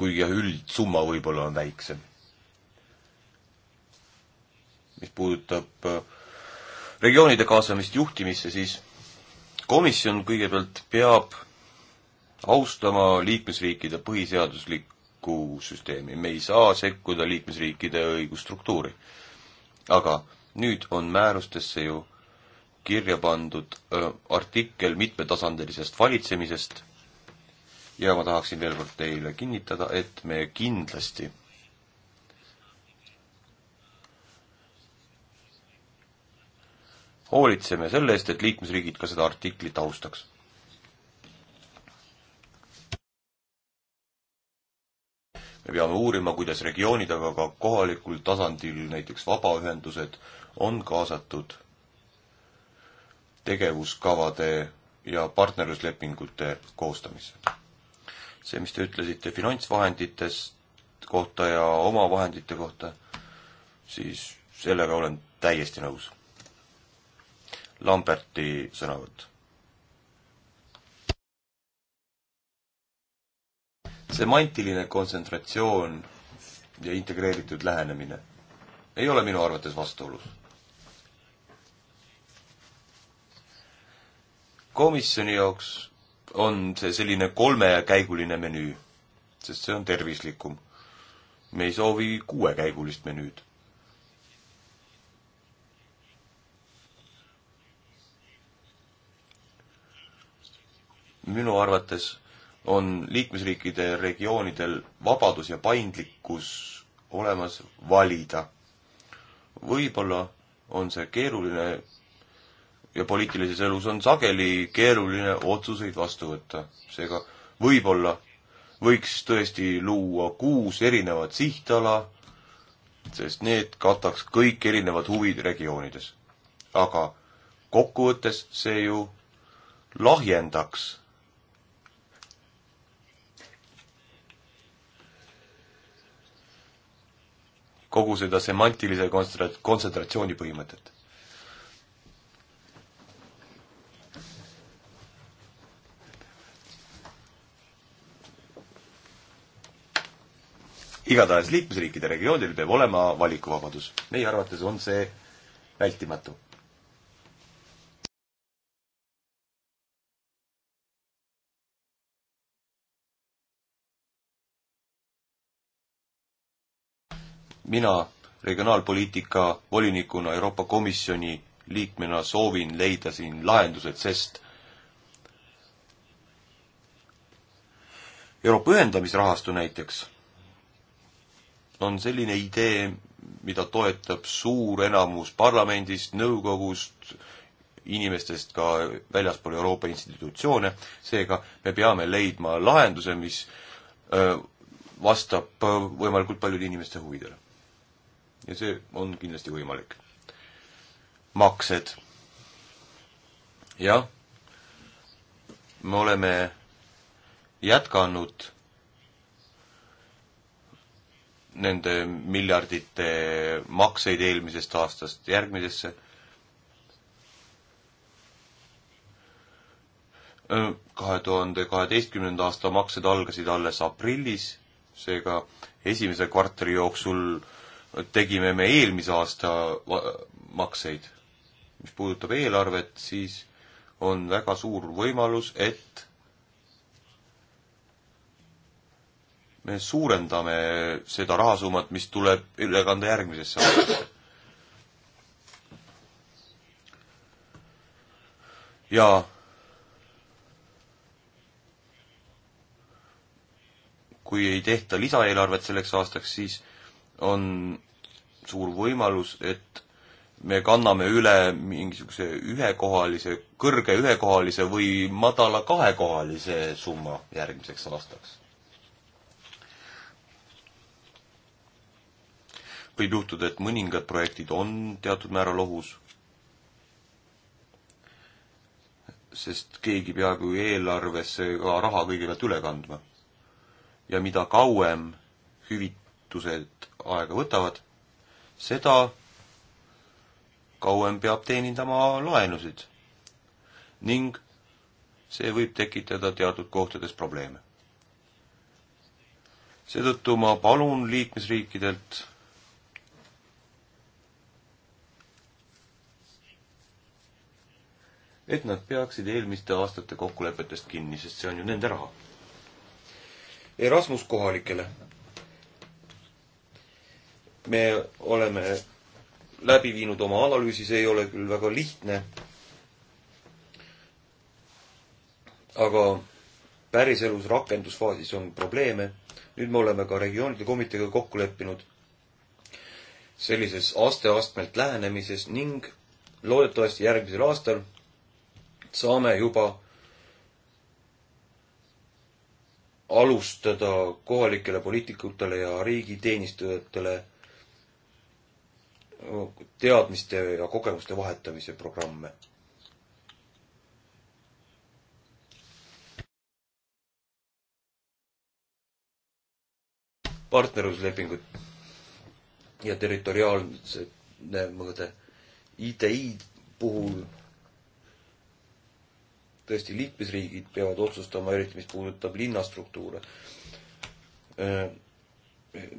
kuigi jah, üldsumma võib-olla on väiksem. mis puudutab äh, regioonide kaasamist juhtimisse, siis komisjon kõigepealt peab austama liikmesriikide põhiseaduslikku süsteemi, me ei saa sekkuda liikmesriikide õigusstruktuuri. aga nüüd on määrustesse ju kirja pandud öö, äh, artikkel mitmetasandilisest valitsemisest ja ma tahaksin veel kord teile kinnitada, et me kindlasti hoolitseme selle eest, et liikmesriigid ka seda artiklit austaks. me peame uurima, kuidas regioonid, aga ka kohalikul tasandil näiteks vabaühendused on kaasatud tegevuskavade ja partnerluslepingute koostamisse see, mis te ütlesite finantsvahenditest kohta ja omavahendite kohta, siis sellega olen täiesti nõus. Lamberti sõnavõtt. semantiline kontsentratsioon ja integreeritud lähenemine ei ole minu arvates vastuolus. komisjoni jaoks on see selline kolmekäiguline menüü, sest see on tervislikum. me ei soovi kuuekäigulist menüüd. minu arvates on liikmesriikide regioonidel vabadus ja paindlikkus olemas valida. võib-olla on see keeruline ja poliitilises elus on sageli keeruline otsuseid vastu võtta. seega võib-olla võiks tõesti luua kuus erinevat sihtala, sest need kataks kõik erinevad huvid regioonides. aga kokkuvõttes see ju lahjendaks kogu seda semantilise kontsentratsiooni põhimõtet igatahes liikmesriikide regioonil peab olema valikuvabadus. meie arvates on see vältimatu. mina regionaalpoliitika volinikuna Euroopa Komisjoni liikmena soovin leida siin lahendused, sest Euroopa ühendamisrahastu näiteks on selline idee, mida toetab suur enamus parlamendist, nõukogust, inimestest ka väljaspool Euroopa institutsioone, seega me peame leidma lahenduse, mis vastab võimalikult paljude inimeste huvidele. ja see on kindlasti võimalik. maksed. jah, me oleme jätkanud nende miljardite makseid eelmisest aastast järgmisesse. kahe tuhande kaheteistkümnenda aasta maksed algasid alles aprillis, seega esimese kvartali jooksul tegime me eelmise aasta makseid. mis puudutab eelarvet, siis on väga suur võimalus, et me suurendame seda rahasummat, mis tuleb üle kanda järgmisesse aastasse. ja kui ei tehta lisaeelarvet selleks aastaks, siis on suur võimalus, et me kanname üle mingisuguse ühekohalise, kõrge ühekohalise või madala kahekohalise summa järgmiseks aastaks võib juhtuda, et mõningad projektid on teatud määral ohus, sest keegi peab ju eelarvesse ka raha kõigepealt üle kandma. ja mida kauem hüvitused aega võtavad, seda kauem peab teenindama laenusid ning see võib tekitada teatud kohtades probleeme. seetõttu ma palun liikmesriikidelt et nad peaksid eelmiste aastate kokkulepetest kinni, sest see on ju nende raha. Erasmus kohalikele. me oleme läbi viinud oma analüüsi, see ei ole küll väga lihtne, aga päriselus rakendusfaasis on probleeme, nüüd me oleme ka regioonide komiteega kokku leppinud sellises aste-astmelt lähenemises ning loodetavasti järgmisel aastal saame juba alustada kohalikele poliitikutele ja riigiteenistujatele teadmiste ja kogemuste vahetamise programme. partnerluslepingud ja territoriaalne mõõde. ITI puhul tõesti liikmesriigid peavad otsustama, eriti mis puudutab linnastruktuure. Ehm,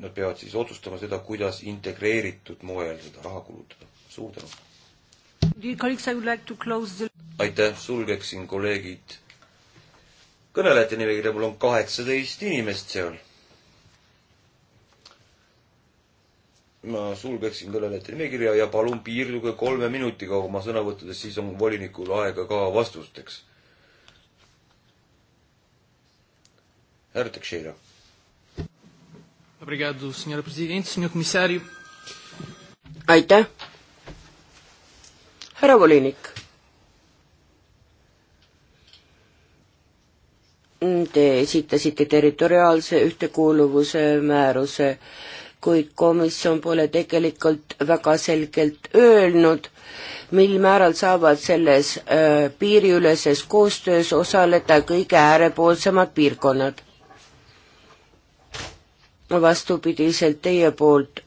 nad peavad siis otsustama seda, kuidas integreeritud moel seda raha kulutada. suur tänu! aitäh, sulgeksin kolleegid. kõnelejate nimekirja mul on kaheksateist inimest seal. ma sulgeksin kõnelejate nimekirja ja palun piirduge kolme minutiga oma sõnavõttudes, siis on volinikul aega ka vastusteks härra Teixeira. aitäh, härra volinik. Te esitasite territoriaalse ühtekuuluvuse määruse, kuid komisjon pole tegelikult väga selgelt öelnud, mil määral saavad selles öö, äh, piiriüleses koostöös osaleda kõige äärepoolsemad piirkonnad vastupidiselt teie poolt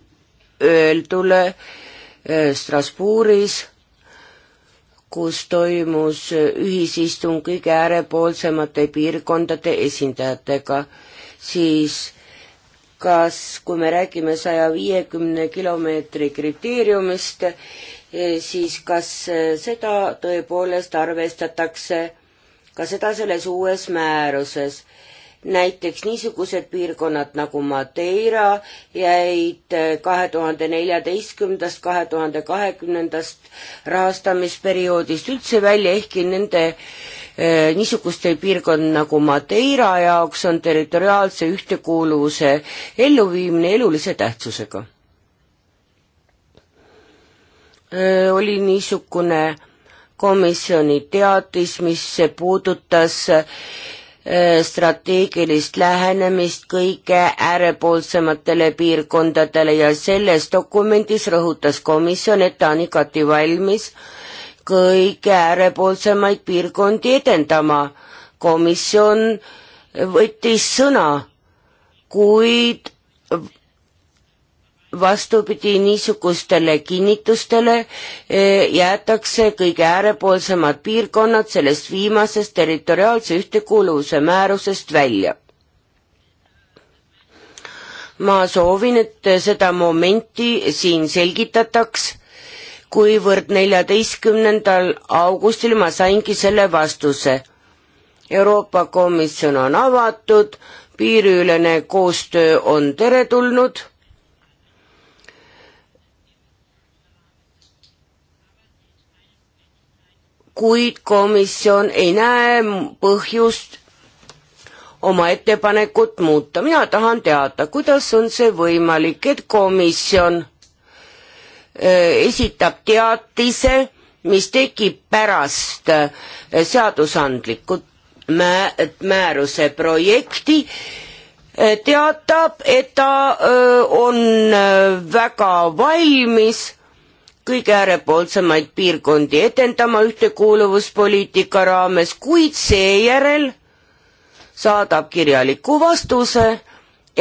öeldule eh, Strasbourgis, kus toimus ühisistung kõige äärepoolsemate piirkondade esindajatega, siis kas, kui me räägime saja viiekümne kilomeetri kriteeriumist, eh, siis kas eh, seda tõepoolest arvestatakse ka seda selles uues määruses näiteks niisugused piirkonnad nagu Madeira jäid eh, kahe tuhande neljateistkümnendast, kahe tuhande kahekümnendast rahastamisperioodist üldse välja, ehkki nende eh, niisugustel piirkond nagu Madeira jaoks on territoriaalse ühtekuuluvuse elluviimine elulise tähtsusega eh,. oli niisugune komisjoni teatis, mis puudutas Äh, strateegilist lähenemist kõige äärepoolsematele piirkondadele ja selles dokumendis rõhutas komisjon, et ta on igati valmis kõige äärepoolsemaid piirkondi edendama. komisjon võttis sõna, kuid vastupidi niisugustele kinnitustele eh, jäetakse kõige äärepoolsemad piirkonnad sellest viimasest territoriaalse ühtekuuluvuse määrusest välja. ma soovin, et seda momenti siin selgitataks, kuivõrd neljateistkümnendal augustil ma saingi selle vastuse. Euroopa Komisjon on avatud, piiriülene koostöö on teretulnud kuid komisjon ei näe põhjust oma ettepanekut muuta. mina tahan teada, kuidas on see võimalik, et komisjon äh, esitab teatise, mis tekib pärast äh, seadusandliku määruse projekti, äh, teatab, et ta on väga valmis kõige äärepoolsemaid piirkondi edendama ühtekuuluvuspoliitika raames, kuid seejärel saadab kirjaliku vastuse,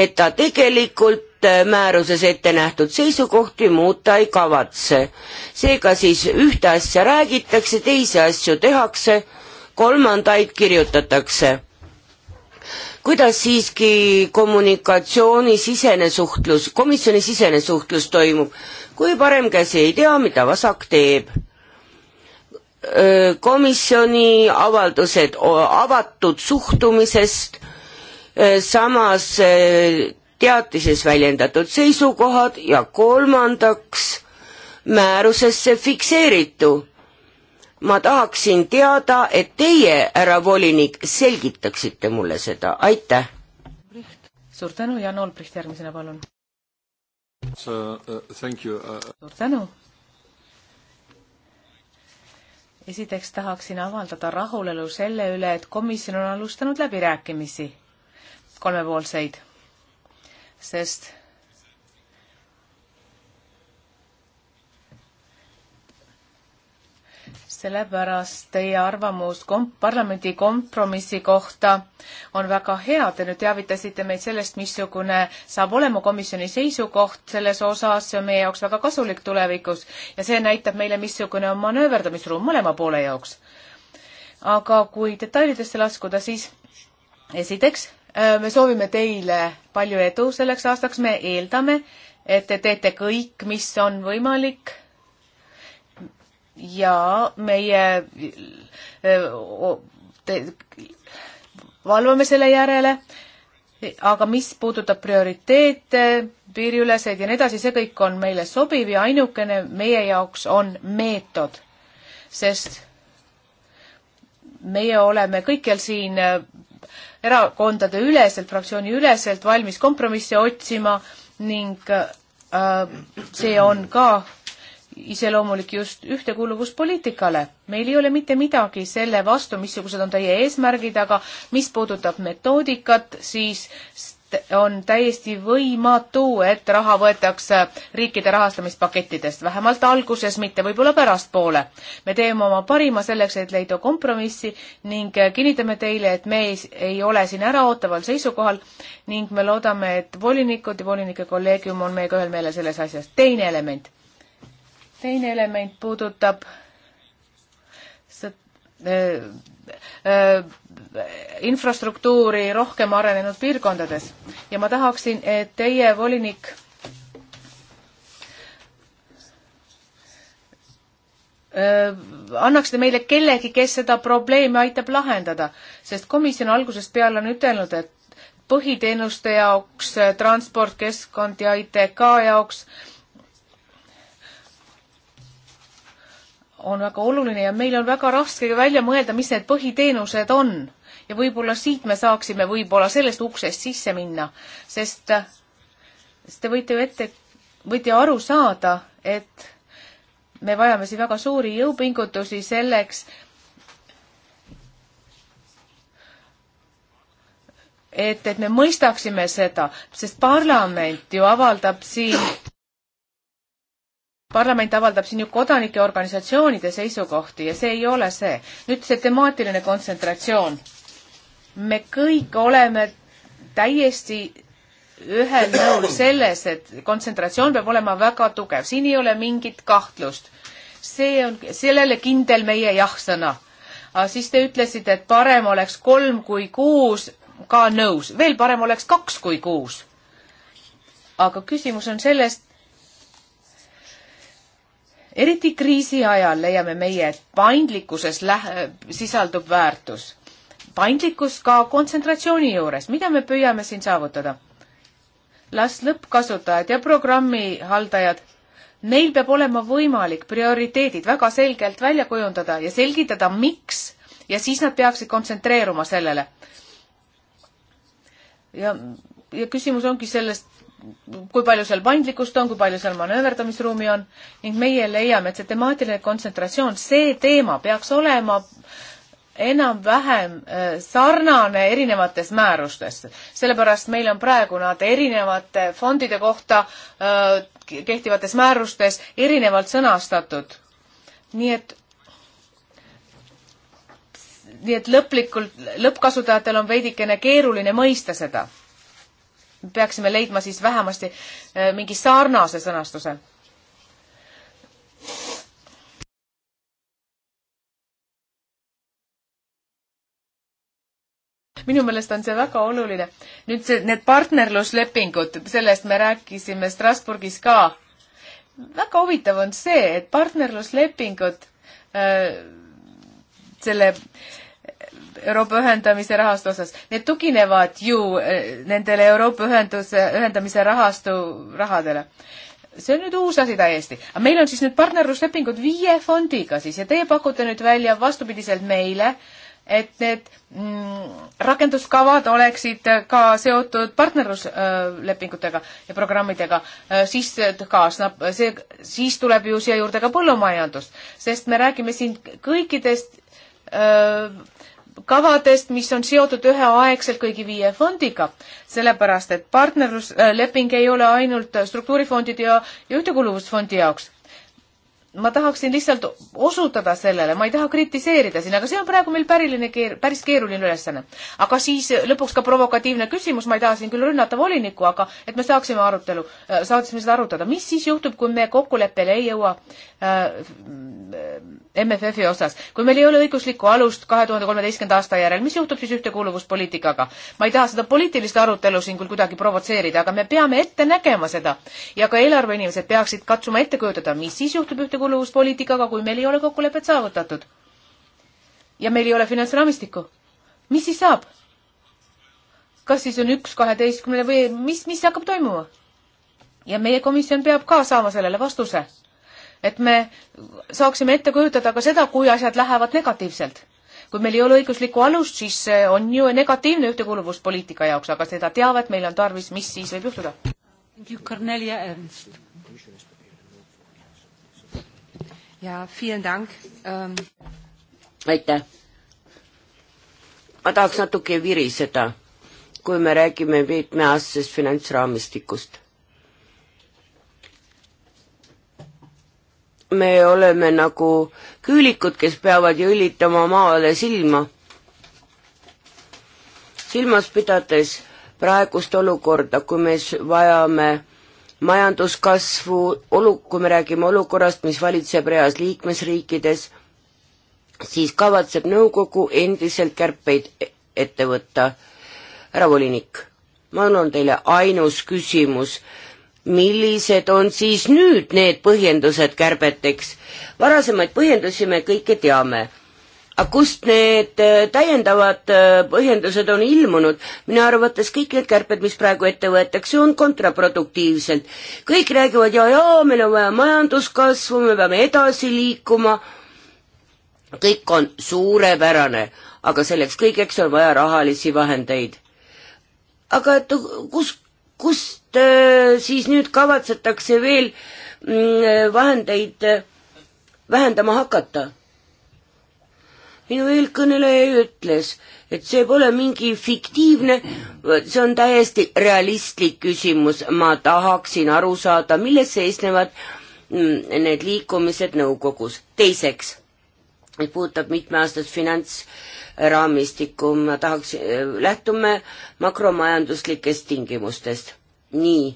et ta tegelikult äh, määruses ette nähtud seisukohti muuta ei kavatse. seega siis ühte asja räägitakse, teisi asju tehakse, kolmandaid kirjutatakse kuidas siiski kommunikatsioonisisene suhtlus, komisjoni sisene suhtlus toimub, kui parem käsi ei tea, mida vasak teeb? komisjoni avaldused avatud suhtumisest, samas teatises väljendatud seisukohad ja kolmandaks määrusesse fikseeritu ma tahaksin teada, et teie, härra volinik, selgitaksite mulle seda, aitäh. suur tänu, Jan Olbricht järgmisena, palun. Uh, uh, suur tänu. esiteks tahaksin avaldada rahulolu selle üle, et komisjon on alustanud läbirääkimisi, kolmepoolseid, sest sellepärast teie arvamus kom-, parlamendi kompromissi kohta on väga hea, te nüüd teavitasite meid sellest, missugune saab olema komisjoni seisukoht selles osas, see on meie jaoks väga kasulik tulevikus ja see näitab meile, missugune on manööverdamisruum mõlema poole jaoks. aga kui detailidesse laskuda, siis esiteks, äh, me soovime teile palju edu selleks aastaks, me eeldame, et te teete kõik, mis on võimalik ja meie te, valvame selle järele, aga mis puudutab prioriteete, piiriüleseid ja nii edasi, see kõik on meile sobiv ja ainukene meie jaoks on meetod, sest meie oleme kõikjal siin erakondade üleselt, fraktsiooni üleselt valmis kompromisse otsima ning äh, see on ka iseloomulik just ühtekuuluvuspoliitikale. meil ei ole mitte midagi selle vastu, missugused on teie eesmärgid, aga mis puudutab metoodikat, siis on täiesti võimatu, et raha võetakse riikide rahastamispakettidest, vähemalt alguses mitte, võib-olla pärastpoole. me teeme oma parima selleks, et leida kompromissi ning kinnitame teile, et me ei, ei ole siin äraootaval seisukohal ning me loodame, et volinikud ja volinike kolleegium on meiega ühel meelel selles asjas. teine element teine element puudutab äh, äh, infrastruktuuri rohkem arenenud piirkondades ja ma tahaksin, et teie volinik äh, annaksite meile kellegi, kes seda probleemi aitab lahendada, sest komisjon algusest peale on ütelnud, et põhiteenuste jaoks, transport, keskkond ja ITK jaoks on väga oluline ja meil on väga raske välja mõelda, mis need põhiteenused on. ja võib-olla siit me saaksime võib-olla sellest uksest sisse minna, sest, sest te võite ju ette, võite ju aru saada, et me vajame siin väga suuri jõupingutusi selleks, et, et me mõistaksime seda, sest parlament ju avaldab siin parlament avaldab siin ju kodanike organisatsioonide seisukohti ja see ei ole see. nüüd see temaatiline kontsentratsioon. me kõik oleme täiesti ühel nõul selles, et kontsentratsioon peab olema väga tugev, siin ei ole mingit kahtlust. see on, sellele kindel meie jah-sõna. aga siis te ütlesite, et parem oleks kolm kui kuus, ka nõus, veel parem oleks kaks kui kuus. aga küsimus on selles, eriti kriisi ajal leiame meie, et paindlikkuses lähe, sisaldub väärtus. paindlikkus ka kontsentratsiooni juures, mida me püüame siin saavutada? las lõppkasutajad ja programmihaldajad, neil peab olema võimalik prioriteedid väga selgelt välja kujundada ja selgitada, miks ja siis nad peaksid kontsentreeruma sellele. ja, ja küsimus ongi sellest, kui palju seal paindlikkust on, kui palju seal manööverdamisruumi on ning meie leiame, et see temaatiline kontsentratsioon, see teema peaks olema enam-vähem äh, sarnane erinevates määrustes, sellepärast meil on praegu nad erinevate fondide kohta äh, kehtivates määrustes erinevalt sõnastatud. nii et nii et lõplikult, lõppkasutajatel on veidikene keeruline mõista seda peaksime leidma siis vähemasti eh, mingi sarnase sõnastuse. minu meelest on see väga oluline. nüüd see, need partnerluslepingud, sellest me rääkisime Strasbourgis ka. väga huvitav on see, et partnerluslepingud äh, selle äh, Euroopa ühendamise rahastu osas, need tuginevad ju eh, nendele Euroopa ühenduse, ühendamise rahastu rahadele. see on nüüd uus asi täiesti, aga meil on siis nüüd partnerluslepingud viie fondiga siis ja teie pakute nüüd välja vastupidiselt meile, et need mm, rakenduskavad oleksid ka seotud partnerluslepingutega ja programmidega, eh, siis kaasneb see, siis tuleb ju siia juurde ka põllumajandus, sest me räägime siin kõikidest öö, eh, kavadest, mis on seotud üheaegselt kõigi viie fondiga, sellepärast et partnerlusleping äh, ei ole ainult struktuurifondide ja, ja ühtekuuluvusfondi jaoks ma tahaksin lihtsalt osutada sellele, ma ei taha kritiseerida siin, aga see on praegu meil päriline keer-, päris keeruline ülesanne. aga siis lõpuks ka provokatiivne küsimus, ma ei taha siin küll rünnata volinikku, aga et me saaksime arutelu, äh, saaksime seda arutada, mis siis juhtub, kui me kokkuleppele ei jõua äh, MFF-i osas, kui meil ei ole õiguslikku alust kahe tuhande kolmeteistkümnenda aasta järel, mis juhtub siis ühtekuuluvuspoliitikaga? ma ei taha seda poliitilist arutelu siin küll kuidagi provotseerida, aga me peame ette nägema seda ja ka eelarveinimesed peaksid katsuma ette kujutada, mis siis juhtub ühtekuuluvuspoliitikaga ühtekuuluvuspoliitikaga, kui meil ei ole kokkulepet saavutatud. ja meil ei ole finantsraamistikku. mis siis saab? kas siis on üks kaheteistkümnele või mis, mis hakkab toimuma? ja meie komisjon peab ka saama sellele vastuse. et me saaksime ette kujutada ka seda, kui asjad lähevad negatiivselt. kui meil ei ole õiguslikku alust, siis on ju negatiivne ühtekuuluvuspoliitika jaoks, aga seda teavet meil on tarvis, mis siis võib juhtuda. Cornelia Ernst ja vielen dank ähm.... aitäh. ma tahaks natuke viriseda, kui me räägime mitmeaastasest finantsraamistikust. me oleme nagu küülikud, kes peavad jõlitama maale silma. silmas pidades praegust olukorda, kui me vajame majanduskasvu, olu-, kui me räägime olukorrast, mis valitseb reas liikmesriikides, siis kavatseb nõukogu endiselt kärpeid e-, ette võtta. härra volinik, mul on teile ainus küsimus, millised on siis nüüd need põhjendused kärbeteks? varasemaid põhjendusi me kõike teame aga kust need äh, täiendavad äh, põhjendused on ilmunud? minu arvates kõik need kärped, mis praegu ette võetakse, on kontraproduktiivsed. kõik räägivad ja, ja meil on vaja majanduskasvu, me peame edasi liikuma. kõik on suurepärane, aga selleks kõigeks on vaja rahalisi vahendeid. aga et kus, kust äh, siis nüüd kavatsetakse veel mm, vahendeid vähendama hakata? minu eelkõneleja ütles, et see pole mingi fiktiivne, see on täiesti realistlik küsimus, ma tahaksin aru saada, milles seisnevad mm, need liikumised nõukogus. teiseks, mis puudutab mitmeaastast finantsraamistikku, ma tahaks, äh, lähtume makromajanduslikest tingimustest. nii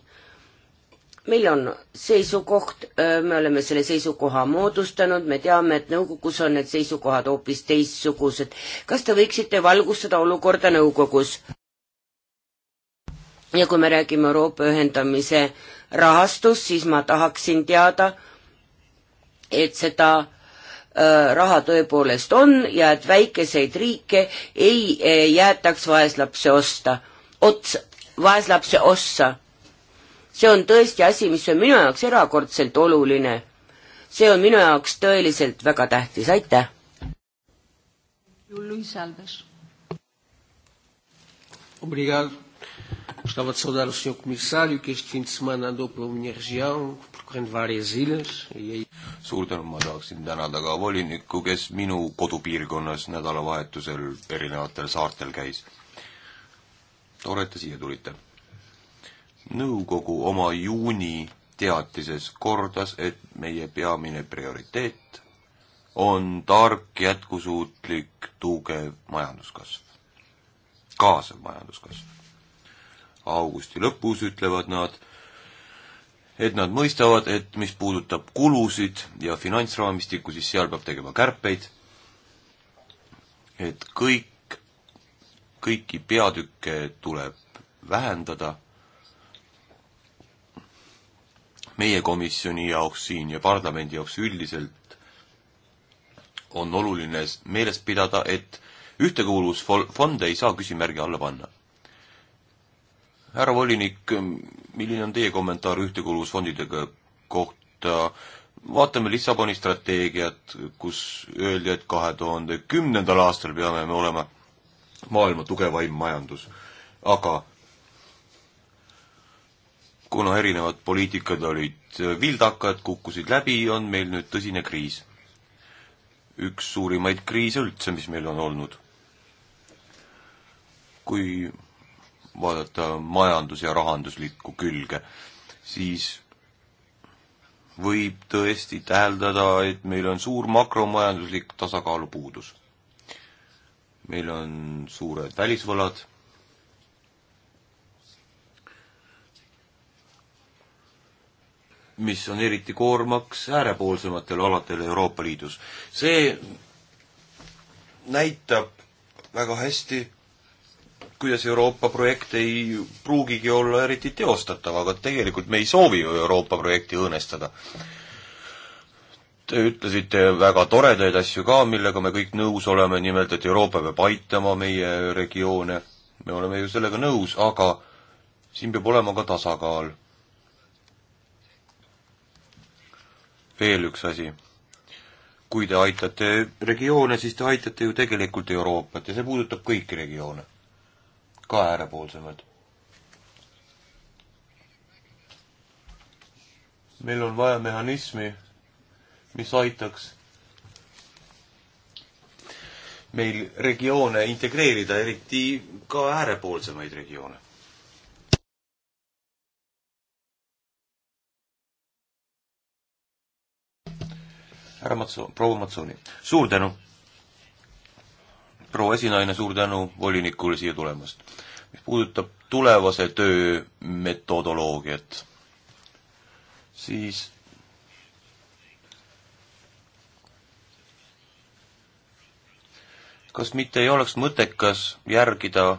meil on seisukoht, me oleme selle seisukoha moodustanud, me teame, et nõukogus on need seisukohad hoopis teistsugused. kas te võiksite valgustada olukorda nõukogus? ja kui me räägime Euroopa ühendamise rahastust, siis ma tahaksin teada, et seda raha tõepoolest on ja et väikeseid riike ei jäetaks vaeslapse osta, ots, vaeslapse ossa see on tõesti asi, mis on minu jaoks erakordselt oluline. see on minu jaoks tõeliselt väga tähtis, aitäh. Luis Alves. Obrigado. Gostava de saudar o Sr. Comissário, que este fim de semana andou pela minha região, percorrendo várias ilhas. E... suur tänu, ma tahaksin tänada ka volinikku, kes minu kodupiirkonnas nädalavahetusel erinevatel saartel käis. tore, et te siia tulite nõukogu oma juuni teatises kordas, et meie peamine prioriteet on tark, jätkusuutlik, tugev majanduskasv, kaasav majanduskasv. augusti lõpus ütlevad nad, et nad mõistavad, et mis puudutab kulusid ja finantsraamistikku, siis seal peab tegema kärpeid, et kõik, kõiki peatükke tuleb vähendada meie komisjoni jaoks siin ja parlamendi jaoks üldiselt on oluline meeles pidada, et ühtekuuluvusfonde ei saa küsimärgi alla panna. härra volinik, milline on teie kommentaar ühtekuuluvusfondidega kohta? vaatame Lissaboni strateegiat, kus öeldi, et kahe tuhande kümnendal aastal peame me olema maailma tugevaim majandus. aga kuna erinevad poliitikad olid äh, vildakad, kukkusid läbi, on meil nüüd tõsine kriis. üks suurimaid kriise üldse, mis meil on olnud. kui vaadata majandus- ja rahanduslikku külge, siis võib tõesti täheldada, et meil on suur makromajanduslik tasakaalu puudus. meil on suured välisvõlad mis on eriti koormaks äärepoolsematel aladel Euroopa Liidus. see näitab väga hästi, kuidas Euroopa projekt ei pruugigi olla eriti teostatav, aga tegelikult me ei soovi ju Euroopa projekti õõnestada. Te ütlesite väga toredaid asju ka, millega me kõik nõus oleme, nimelt et Euroopa peab aitama meie regioone, me oleme ju sellega nõus, aga siin peab olema ka tasakaal veel üks asi. kui te aitate regioone, siis te aitate ju tegelikult Euroopat ja see puudutab kõiki regioone, ka äärepoolsemaid. meil on vaja mehhanismi, mis aitaks meil regioone integreerida, eriti ka äärepoolsemaid regioone. härra Matso-, proua Matsooni, suur tänu! proua esinaine, suur tänu volinikule siia tulemast. mis puudutab tulevase töö metodoloogiat, siis kas mitte ei oleks mõttekas järgida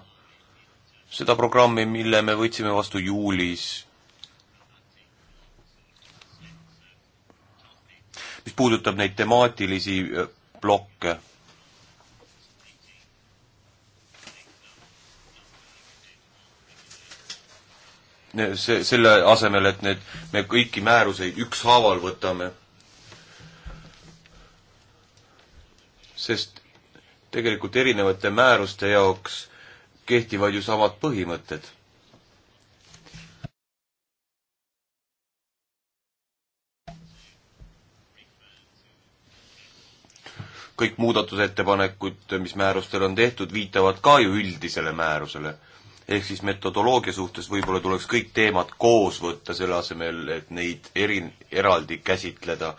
seda programmi, mille me võtsime vastu juulis mis puudutab neid temaatilisi plokke. see, selle asemel, et need, me kõiki määruseid ükshaaval võtame. sest tegelikult erinevate määruste jaoks kehtivad ju samad põhimõtted kõik muudatusettepanekud, mis määrustel on tehtud, viitavad ka ju üldisele määrusele. ehk siis metodoloogia suhtes võib-olla tuleks kõik teemad koos võtta, selle asemel, et neid eri, eraldi käsitleda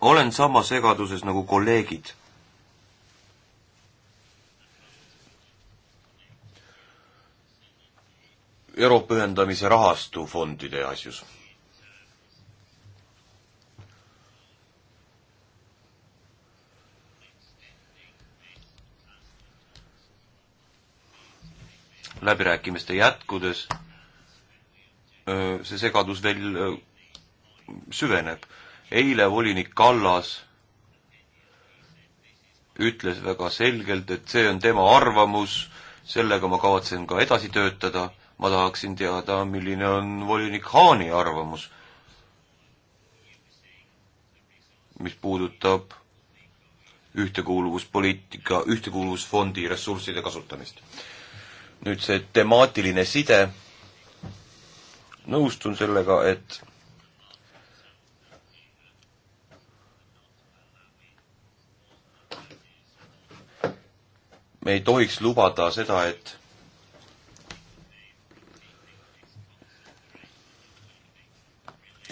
olen sama segaduses nagu kolleegid. Euroopa ühendamise rahastu fondide asjus läbirääkimiste jätkudes see segadus veel süveneb. eile volinik Kallas ütles väga selgelt, et see on tema arvamus, sellega ma kavatsen ka edasi töötada, ma tahaksin teada, milline on volinik Haani arvamus, mis puudutab ühtekuuluvuspoliitika, ühtekuuluvusfondi ressursside kasutamist nüüd see temaatiline side, nõustun sellega, et me ei tohiks lubada seda, et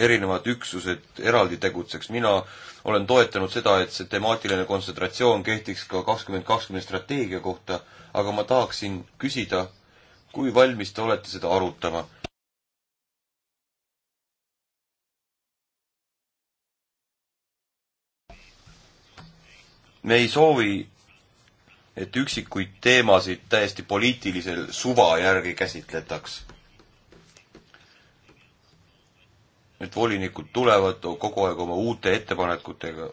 erinevad üksused eraldi tegutseks, mina olen toetanud seda, et see temaatiline kontsentratsioon kehtiks ka kakskümmend kakskümmend strateegia kohta, aga ma tahaksin küsida, kui valmis te olete seda arutama? me ei soovi, et üksikuid teemasid täiesti poliitilisel suva järgi käsitletaks Need volinikud tulevad kogu aeg oma uute ettepanekutega.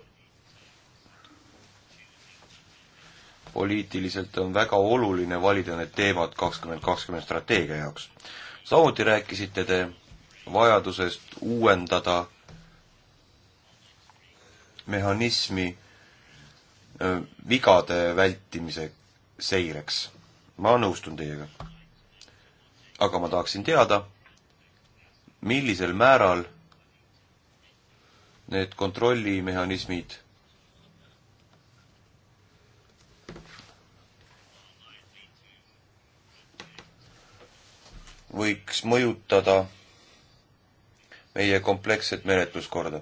poliitiliselt on väga oluline valida need teemad kakskümmend kakskümmend strateegia jaoks. samuti rääkisite te vajadusest uuendada mehhanismi vigade vältimise seireks. ma nõustun teiega. aga ma tahaksin teada, millisel määral need kontrollimehhanismid võiks mõjutada meie kompleksset menetluskorda.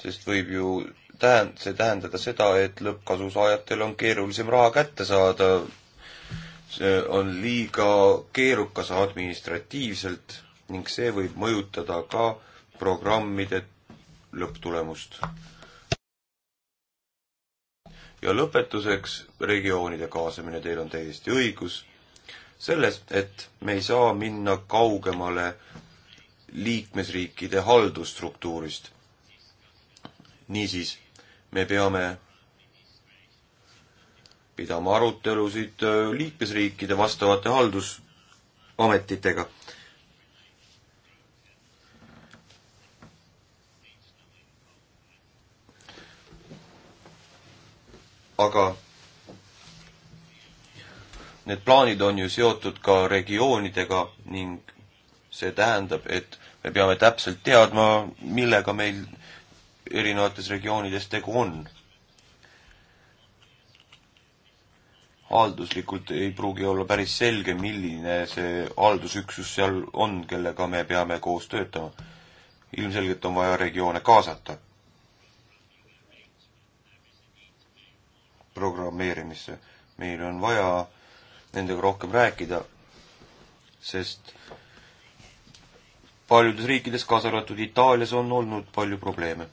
sest võib ju tähend-, see tähendada seda, et lõppkasusaajatel on keerulisem raha kätte saada, see on liiga keerukas administratiivselt ning see võib mõjutada ka programmide lõpptulemust. ja lõpetuseks regioonide kaasamine, teil on täiesti õigus selles, et me ei saa minna kaugemale liikmesriikide haldusstruktuurist. niisiis, me peame pidama arutelusid äh, liikmesriikide vastavate haldusametitega aga need plaanid on ju seotud ka regioonidega ning see tähendab, et me peame täpselt teadma, millega meil erinevates regioonides tegu on. halduslikult ei pruugi olla päris selge, milline see haldusüksus seal on, kellega me peame koos töötama. ilmselgelt on vaja regioone kaasata programmeerimisse. meil on vaja nendega rohkem rääkida, sest paljudes riikides, kaasa arvatud Itaalias, on olnud palju probleeme.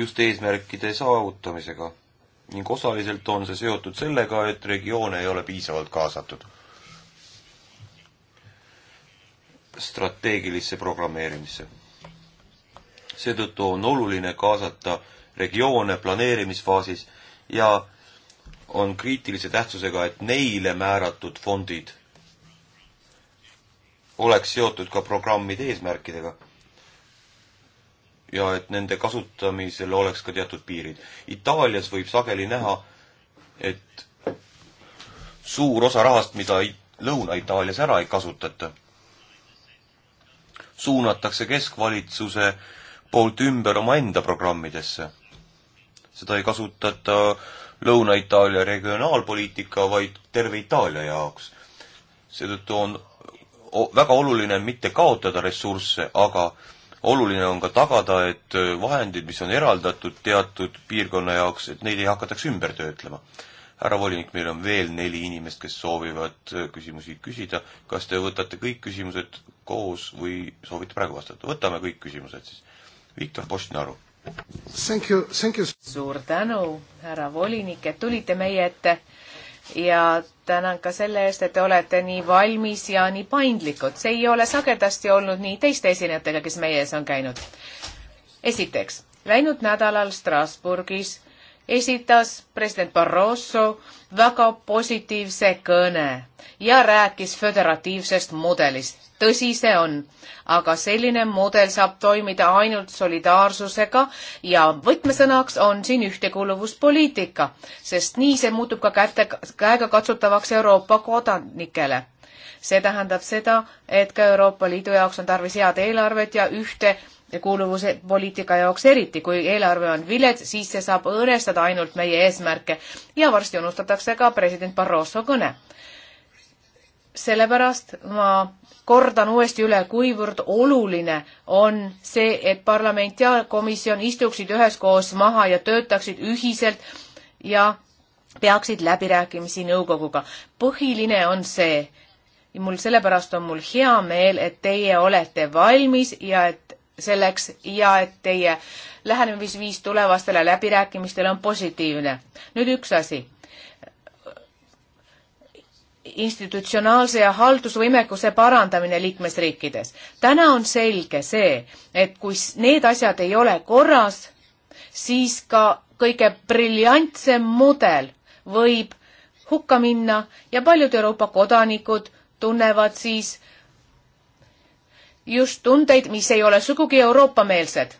just eesmärkide saavutamisega ning osaliselt on see seotud sellega, et regioone ei ole piisavalt kaasatud strateegilisse programmeerimisse seetõttu on oluline kaasata regioone planeerimisfaasis ja on kriitilise tähtsusega, et neile määratud fondid oleks seotud ka programmide eesmärkidega. ja et nende kasutamisel oleks ka teatud piirid. Itaalias võib sageli näha, et suur osa rahast, mida Lõuna-Itaalias ära ei kasutata, suunatakse keskvalitsuse poolt ümber omaenda programmidesse. seda ei kasutata Lõuna-Itaalia regionaalpoliitika, vaid terve Itaalia jaoks. seetõttu on väga oluline mitte kaotada ressursse, aga oluline on ka tagada, et vahendid, mis on eraldatud teatud piirkonna jaoks, et neid ei hakataks ümber töötlema. härra volinik, meil on veel neli inimest, kes soovivad küsimusi küsida. kas te võtate kõik küsimused koos või soovite praegu vastata? võtame kõik küsimused siis. Viktor Postnaru. Thank you, thank you. suur tänu, härra volinik, et tulite meie ette ja tänan ka selle eest, et te olete nii valmis ja nii paindlikud. see ei ole sagedasti olnud nii teiste esinejatega, kes meie ees on käinud. esiteks, läinud nädalal Strasburgis esitas president Barroso väga positiivse kõne ja rääkis föderatiivsest mudelist. tõsi see on, aga selline mudel saab toimida ainult solidaarsusega ja võtmesõnaks on siin ühtekuuluvuspoliitika, sest nii see muutub ka kätte, käegakatsutavaks Euroopa kodanikele see tähendab seda, et ka Euroopa Liidu jaoks on tarvis head eelarvet ja ühte ja kuuluvuse poliitika jaoks eriti, kui eelarve on vilets, siis see saab õõnestada ainult meie eesmärke ja varsti unustatakse ka president Barroso kõne. sellepärast ma kordan uuesti üle, kuivõrd oluline on see, et parlament ja komisjon istuksid üheskoos maha ja töötaksid ühiselt ja peaksid läbirääkimisi nõukoguga. põhiline on see, mul sellepärast on mul hea meel, et teie olete valmis ja et selleks ja et teie lähenemisviis tulevastele läbirääkimistele on positiivne. nüüd üks asi. institutsionaalse ja haldusvõimekuse parandamine liikmesriikides. täna on selge see, et kui need asjad ei ole korras, siis ka kõige briljantsem mudel võib hukka minna ja paljud Euroopa kodanikud tunnevad siis äh, just tundeid, mis ei ole sugugi Euroopa-meelsed,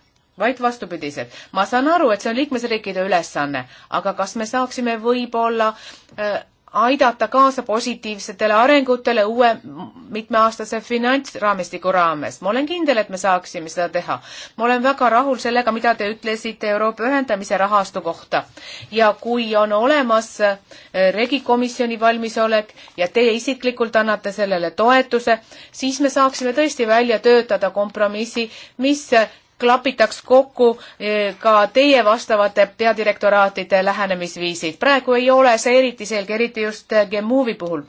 vaid vastupidised. ma saan aru, et see on liikmesriikide ülesanne, aga kas me saaksime võib-olla äh, aidata kaasa positiivsetele arengutele uue mitmeaastase finantsraamistiku raames. ma olen kindel, et me saaksime seda teha. ma olen väga rahul sellega, mida te ütlesite Euroopa ühendamise rahastu kohta. ja kui on olemas eh, regikomisjoni valmisolek ja teie isiklikult annate sellele toetuse, siis me saaksime tõesti välja töötada kompromissi, mis klapitaks kokku e, ka teie vastavate peadirektoraatide lähenemisviisid. praegu ei ole see eriti selge, eriti just e, Gemovi puhul.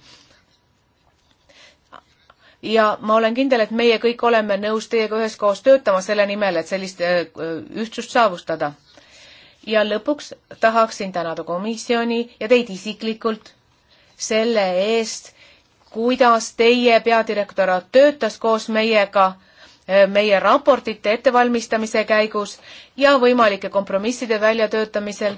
ja ma olen kindel, et meie kõik oleme nõus teiega üheskoos töötama selle nimel, et sellist e, ühtsust saavutada. ja lõpuks tahaksin tänada komisjoni ja teid isiklikult selle eest, kuidas teie peadirektoraat töötas koos meiega Äh, meie raportite ettevalmistamise käigus ja võimalike kompromisside väljatöötamisel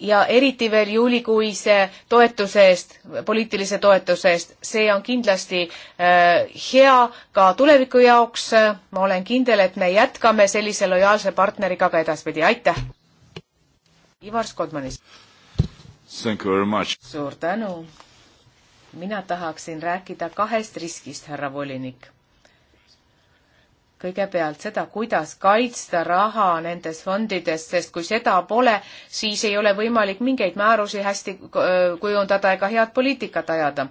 ja eriti veel juulikuise toetuse eest, poliitilise toetuse eest. see on kindlasti äh, hea ka tuleviku jaoks. ma olen kindel, et me jätkame sellise lojaalse partneriga ka edaspidi. aitäh! Ivar Skodmanis. suur tänu! mina tahaksin rääkida kahest riskist, härra volinik kõigepealt seda, kuidas kaitsta raha nendes fondides, sest kui seda pole, siis ei ole võimalik mingeid määrusi hästi äh, kujundada ega head poliitikat ajada.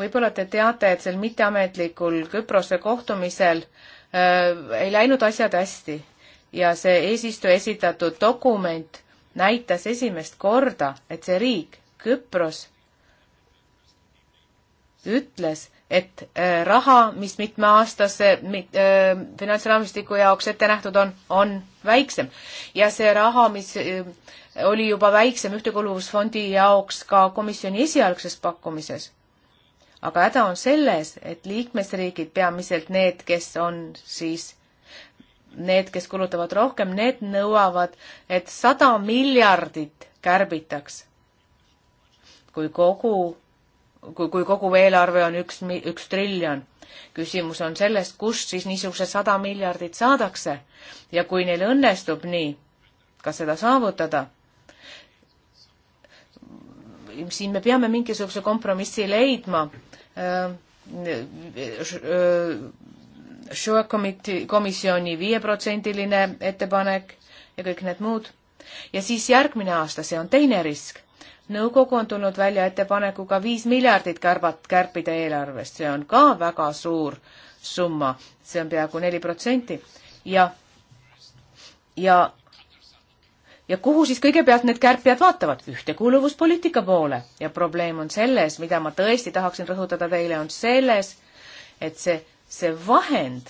võib-olla te teate, et sel mitteametlikul Küprose kohtumisel äh, ei läinud asjad hästi ja see eesistuja esitatud dokument näitas esimest korda, et see riik, Küpros, ütles, et äh, raha, mis mitmeaastase mit, äh, finantsraamistiku jaoks ette nähtud on, on väiksem. ja see raha, mis äh, oli juba väiksem Ühtekuuluvusfondi jaoks ka komisjoni esialgses pakkumises. aga häda on selles, et liikmesriigid, peamiselt need, kes on siis need, kes kulutavad rohkem, need nõuavad, et sada miljardit kärbitaks. kui kogu kui, kui kogu eelarve on üks, üks triljon. küsimus on selles, kust siis niisugused sada miljardit saadakse ja kui neil õnnestub nii, ka seda saavutada, siin me peame mingisuguse kompromissi leidma. Äh, äh, sure committee, komisjoni viieprotsendiline ettepanek ja kõik need muud. ja siis järgmine aasta, see on teine risk nõukogu on tulnud välja ettepanekuga viis miljardit kärbat kärpida eelarvest, see on ka väga suur summa, see on peaaegu neli protsenti ja, ja, ja kuhu siis kõigepealt need kärpijad vaatavad? ühtekuuluvuspoliitika poole ja probleem on selles, mida ma tõesti tahaksin rõhutada teile, on selles, et see, see vahend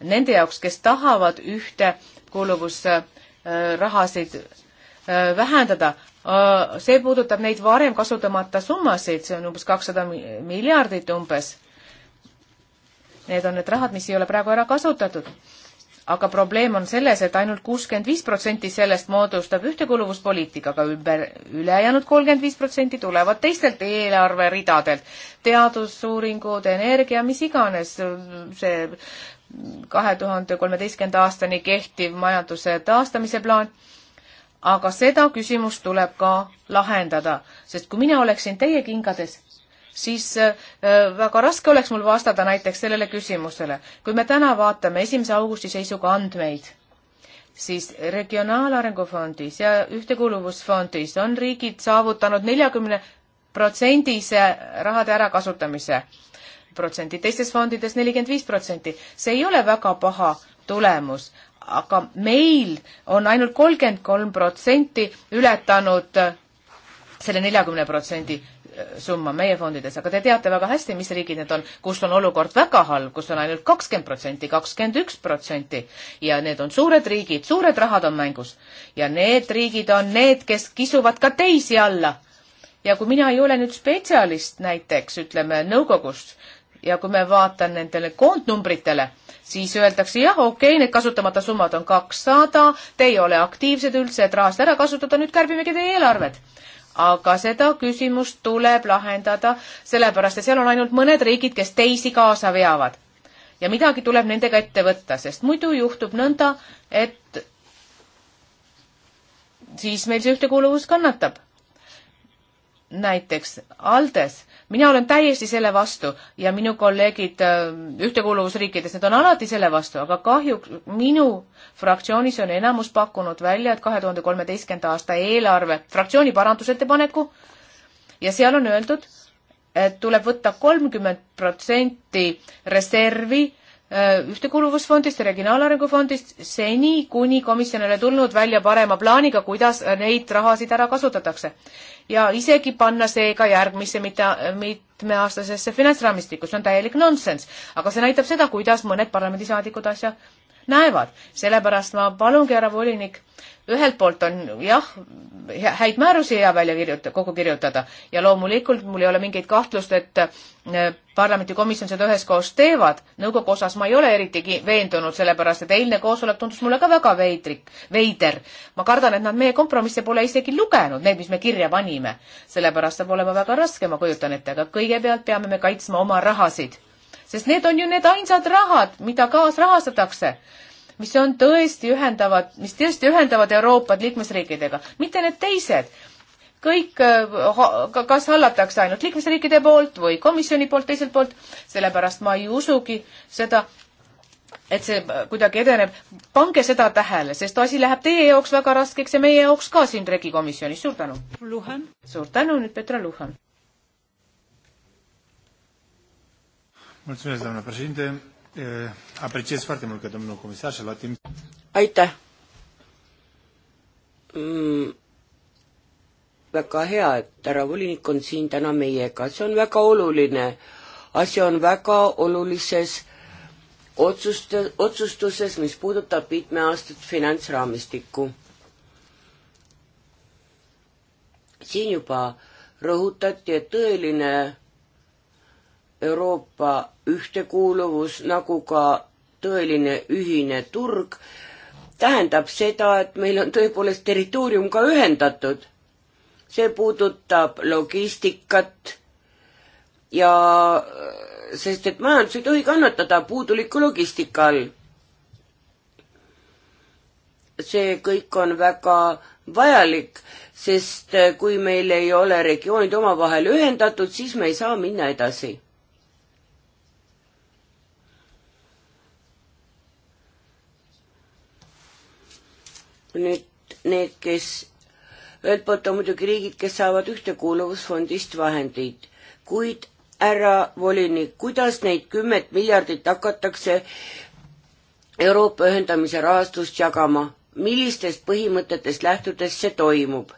nende jaoks, kes tahavad ühtekuuluvusrahasid äh, vähendada, Äh, see puudutab neid varem kasutamata summasid, see on umbes kakssada miljardit umbes. Need on need rahad, mis ei ole praegu ära kasutatud. aga probleem on selles, et ainult kuuskümmend viis protsenti sellest moodustab ühtekuluvuspoliitikaga ümber, ülejäänud kolmkümmend viis protsenti tulevad teistelt eelarveridadelt, teadusuuringud, energia, mis iganes, see kahe tuhande kolmeteistkümnenda aastani kehtiv majanduse taastamise plaan aga seda küsimust tuleb ka lahendada, sest kui mina oleksin teie kingades, siis äh, väga raske oleks mul vastada näiteks sellele küsimusele. kui me täna vaatame esimese augusti seisuga andmeid, siis Regionaalarengu Fondis ja Ühtekuuluvusfondis on riigid saavutanud neljakümne protsendise rahade ärakasutamise protsendi, teistes fondides nelikümmend viis protsenti. see ei ole väga paha tulemus, aga meil on ainult kolmkümmend kolm protsenti ületanud äh, selle neljakümne protsendi äh, summa meie fondides, aga te teate väga hästi, mis riigid need on, kus on olukord väga halb, kus on ainult kakskümmend protsenti, kakskümmend üks protsenti ja need on suured riigid, suured rahad on mängus ja need riigid on need, kes kisuvad ka teisi alla. ja kui mina ei ole nüüd spetsialist näiteks, ütleme nõukogust ja kui me vaatan nendele koondnumbritele, siis öeldakse jah, okei okay,, need kasutamata summad on kakssada, te ei ole aktiivsed üldse, et rahast ära kasutada, nüüd kärbimegi teie eelarvet. aga seda küsimust tuleb lahendada, sellepärast et seal on ainult mõned riigid, kes teisi kaasa veavad. ja midagi tuleb nendega ette võtta, sest muidu juhtub nõnda, et siis meil see ühtekuuluvus kannatab näiteks Aldes mina olen täiesti selle vastu ja minu kolleegid äh, ühtekuuluvusriikides, need on alati selle vastu, aga kahjuks minu fraktsioonis on enamus pakkunud välja, et kahe tuhande kolmeteistkümnenda aasta eelarve fraktsiooni parandusettepaneku ja seal on öeldud, et tuleb võtta kolmkümmend protsenti reservi Äh, ühtekuuluvusfondist ja regionaalarengu fondist seni, kuni komisjon ei ole tulnud välja parema plaaniga, kuidas neid rahasid ära kasutatakse. ja isegi panna see ka järgmisse mitte, mitmeaastasesse finantsraamistikku, see on täielik nonsenss. aga see näitab seda, kuidas mõned parlamendisaadikud asja näevad. sellepärast ma palungi, härra volinik, ühelt poolt on jah, häid määrusi hea välja kirjuta-, kokku kirjutada ja loomulikult mul ei ole mingit kahtlust, et äh, parlamendikomisjon seda üheskoos teevad. nõukogu osas ma ei ole eritigi veendunud, sellepärast et eilne koosolek tundus mulle ka väga veidrik, veider. ma kardan, et nad meie kompromisse pole isegi lugenud, need, mis me kirja panime. sellepärast saab olema väga raske, ma kujutan ette, aga kõigepealt peame me kaitsma oma rahasid sest need on ju need ainsad rahad, mida kaasrahastatakse, mis on tõesti ühendavad, mis tõesti ühendavad Euroopat liikmesriikidega, mitte need teised kõik äh, kas hallatakse ainult liikmesriikide poolt või komisjoni poolt, teiselt poolt, sellepärast ma ei usugi seda, et see äh, kuidagi edeneb. pange seda tähele, sest asi läheb teie jaoks väga raskeks ja meie jaoks ka siin Regi komisjonis. suur tänu! suur tänu, nüüd Petra Luhan. Mulțumesc, doamna președinte. E, apreciez foarte mult că domnul comisar și-a luat timp. Aitäh! Mm, väga hea, et härra volinik on siin täna meiega, see on väga oluline. asi on väga olulises otsuste, otsustuses, mis puudutab mitmeaastast finantsraamistikku. siin juba rõhutati, et tõeline Euroopa ühtekuuluvus nagu ka tõeline ühine turg tähendab seda, et meil on tõepoolest territoorium ka ühendatud. see puudutab logistikat ja sest et majandus ei tohi kannatada puuduliku logistika all. see kõik on väga vajalik, sest kui meil ei ole regioonid omavahel ühendatud, siis me ei saa minna edasi nüüd need, kes, ühelt poolt on muidugi riigid, kes saavad ühtekuuluvusfondist vahendeid, kuid härra volinik, kuidas neid kümmet miljardit hakatakse Euroopa ühendamise rahastust jagama, millistest põhimõtetest lähtudes see toimub?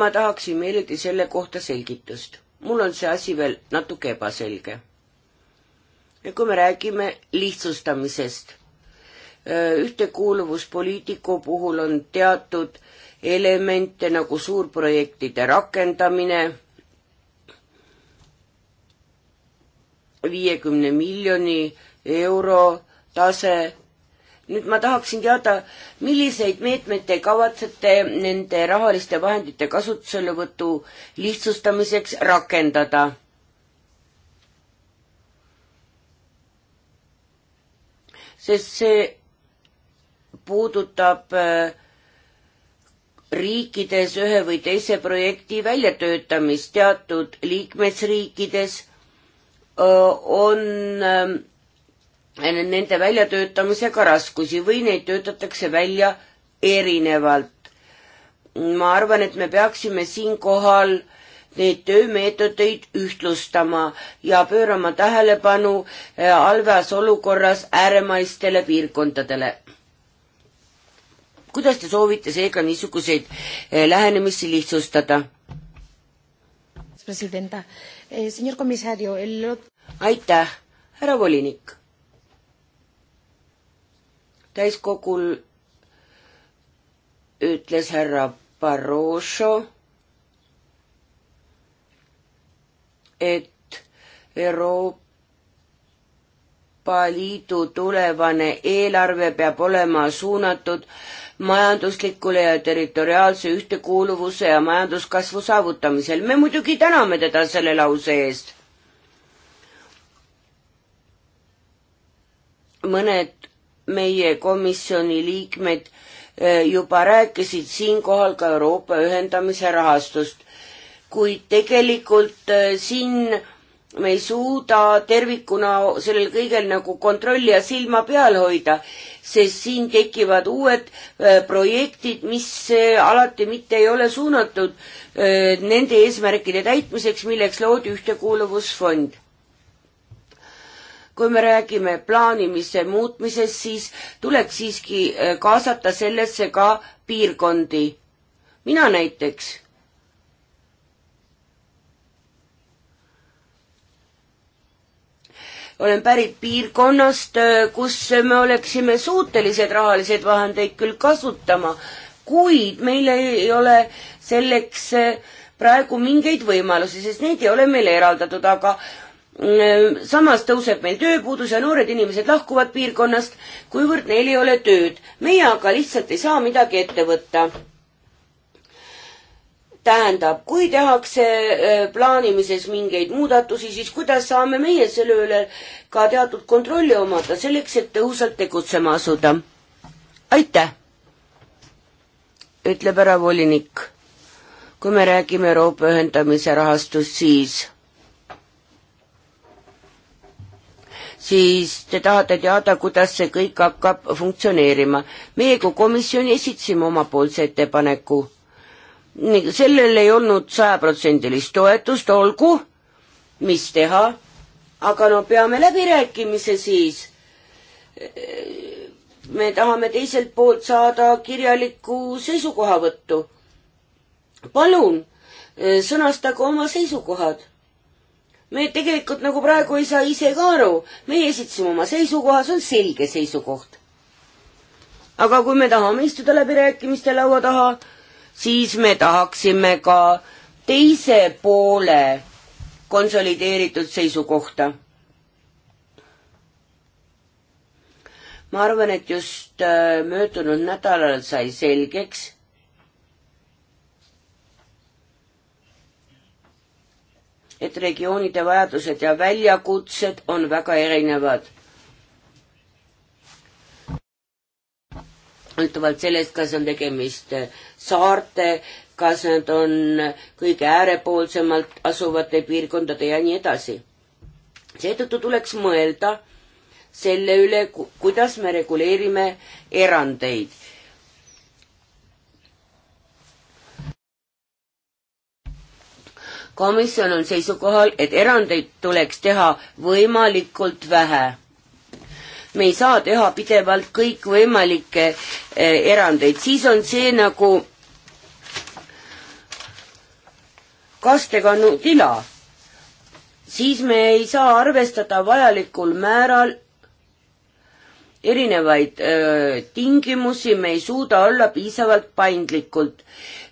ma tahaksin meeleldi selle kohta selgitust, mul on see asi veel natuke ebaselge ja kui me räägime lihtsustamisest, äh, ühtekuuluvuspoliitiku puhul on teatud elemente nagu suurprojektide rakendamine, viiekümne miljoni euro tase. nüüd ma tahaksin teada, milliseid meetmeid te kavatsete nende rahaliste vahendite kasutuselevõtu lihtsustamiseks rakendada? sest see puudutab äh, riikides ühe või teise projekti väljatöötamist teatud liikmesriikides on ähm, nende väljatöötamisega raskusi või neid töötatakse välja erinevalt. ma arvan, et me peaksime siinkohal äh, neid töömeetodeid ühtlustama ja pöörama tähelepanu eh, halvas olukorras ääremaistele piirkondadele. kuidas te soovite seega niisuguseid eh, lähenemisi lihtsustada? Eh, aitäh, härra volinik. täiskogul ütles härra Barroso et Euroopa Liidu tulevane eelarve peab olema suunatud majanduslikule ja territoriaalse ühtekuuluvuse ja majanduskasvu saavutamisel. me muidugi täname teda selle lause eest. mõned meie komisjoni liikmed eh, juba rääkisid siinkohal ka Euroopa ühendamise rahastust kuid tegelikult äh, siin me ei suuda tervikuna sellel kõigel nagu kontrolli ja silma peal hoida, sest siin tekivad uued äh, projektid, mis äh, alati mitte ei ole suunatud nende eesmärkide täitmiseks, milleks loodi ühtekuuluvusfond. kui me räägime plaanimise muutmisest, siis tuleks siiski kaasata sellesse ka piirkondi. mina näiteks olen pärit piirkonnast, äh, kus me oleksime suutelised rahalised vahendeid küll kasutama, kuid meil ei ole selleks äh, praegu mingeid võimalusi, sest neid ei ole meile eraldatud, aga äh, samas tõuseb meil tööpuudus ja noored inimesed lahkuvad piirkonnast, kuivõrd neil ei ole tööd. meie aga lihtsalt ei saa midagi ette võtta tähendab, kui tehakse äh, plaanimises mingeid muudatusi, siis kuidas saame meie selle üle ka teatud kontrolli omada selleks, et tõhusalt tegutsema asuda? aitäh, ütleb härra volinik. kui me räägime Euroopa ühendamise rahastust, siis siis te tahate teada, kuidas see kõik hakkab funktsioneerima. meie kui komisjon esitasime omapoolse ettepaneku sellel ei olnud sajaprotsendilist toetust, olgu, mis teha, aga no peame läbirääkimise siis. me tahame teiselt poolt saada kirjalikku seisukohavõttu. palun, eh, sõnastage oma seisukohad me tegelikult nagu praegu ei saa ise ka aru, meie esitasime oma seisukoha, see on selge seisukoht. aga kui me tahame istuda läbirääkimiste laua taha, siis me tahaksime ka teise poole konsolideeritud seisukohta. ma arvan, et just äh, möödunud nädalal sai selgeks, et regioonide vajadused ja väljakutsed on väga erinevad sõltuvalt sellest, kas on tegemist äh, saarte, kas nad on kõige äärepoolsemalt asuvate piirkondade ja nii edasi. seetõttu tuleks mõelda selle üle, kuidas me reguleerime erandeid. komisjon on seisukohal, et erandeid tuleks teha võimalikult vähe me ei saa teha pidevalt kõikvõimalikke eh, erandeid, siis on see nagu kastega tila. siis me ei saa arvestada vajalikul määral erinevaid öö, eh, tingimusi, me ei suuda olla piisavalt paindlikult.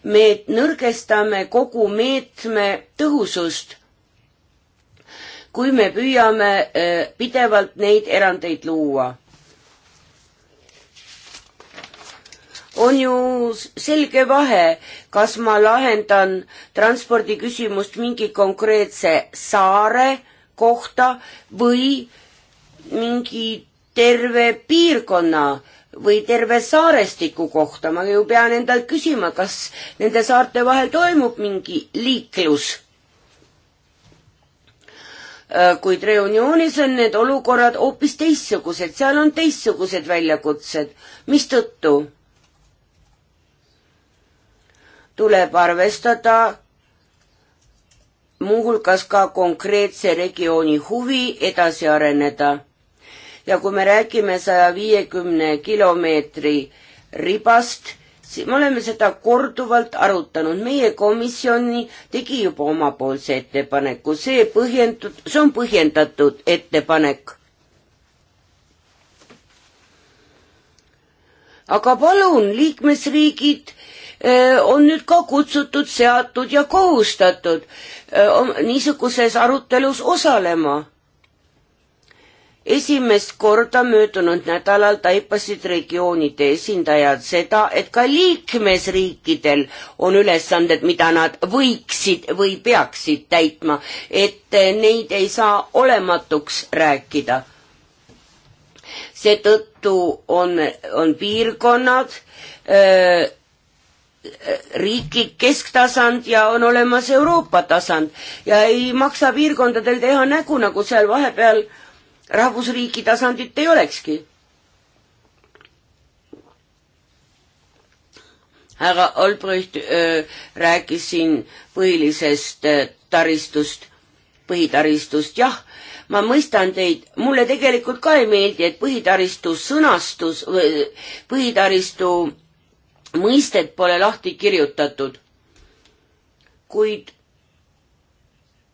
me nõrgestame kogu meetme tõhusust kui me püüame äh, pidevalt neid erandeid luua. on ju selge vahe, kas ma lahendan transpordiküsimust mingi konkreetse saare kohta või mingi terve piirkonna või terve saarestiku kohta, ma ju pean endalt küsima, kas nende saarte vahel toimub mingi liiklus Äh, kuid reunioonis on need olukorrad hoopis teistsugused, seal on teistsugused väljakutsed, mistõttu tuleb arvestada muuhulgas ka konkreetse regiooni huvi edasi areneda. ja kui me räägime saja viiekümne kilomeetri ribast, me oleme seda korduvalt arutanud, meie komisjoni tegi juba omapoolse ettepaneku, see põhjendatud, see on põhjendatud ettepanek. aga palun, liikmesriigid eh, on nüüd ka kutsutud, seatud ja kohustatud eh, niisuguses arutelus osalema esimest korda möödunud nädalal taipasid regioonide esindajad seda, et ka liikmesriikidel on ülesanded, mida nad võiksid või peaksid täitma, et neid ei saa olematuks rääkida. seetõttu on, on piirkonnad öö, riiklik kesktasand ja on olemas Euroopa tasand ja ei maksa piirkondadel teha nägu, nagu seal vahepeal äh, rahvusriigi tasandit ei olekski. härra Olbrecht öö, rääkis siin põhilisest öö, taristust, põhitaristust, jah, ma mõistan teid, mulle tegelikult ka ei meeldi, et põhitaristu sõnastus või põhitaristu mõistet pole lahti kirjutatud. kuid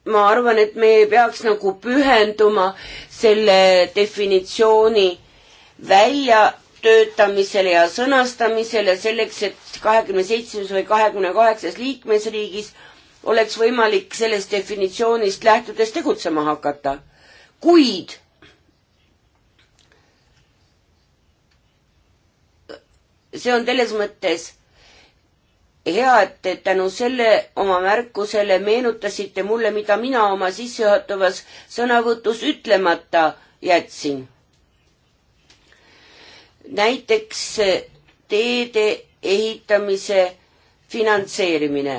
ma arvan, et me ei peaks nagu pühenduma selle definitsiooni väljatöötamisele ja sõnastamisele selleks, et kahekümne seitsmes või kahekümne kaheksas liikmesriigis oleks võimalik sellest definitsioonist lähtudes tegutsema hakata. kuid see on selles mõttes hea, et te tänu selle oma märkusele meenutasite mulle, mida mina oma sissejuhatavas sõnavõtus ütlemata jätsin. näiteks teede ehitamise finantseerimine.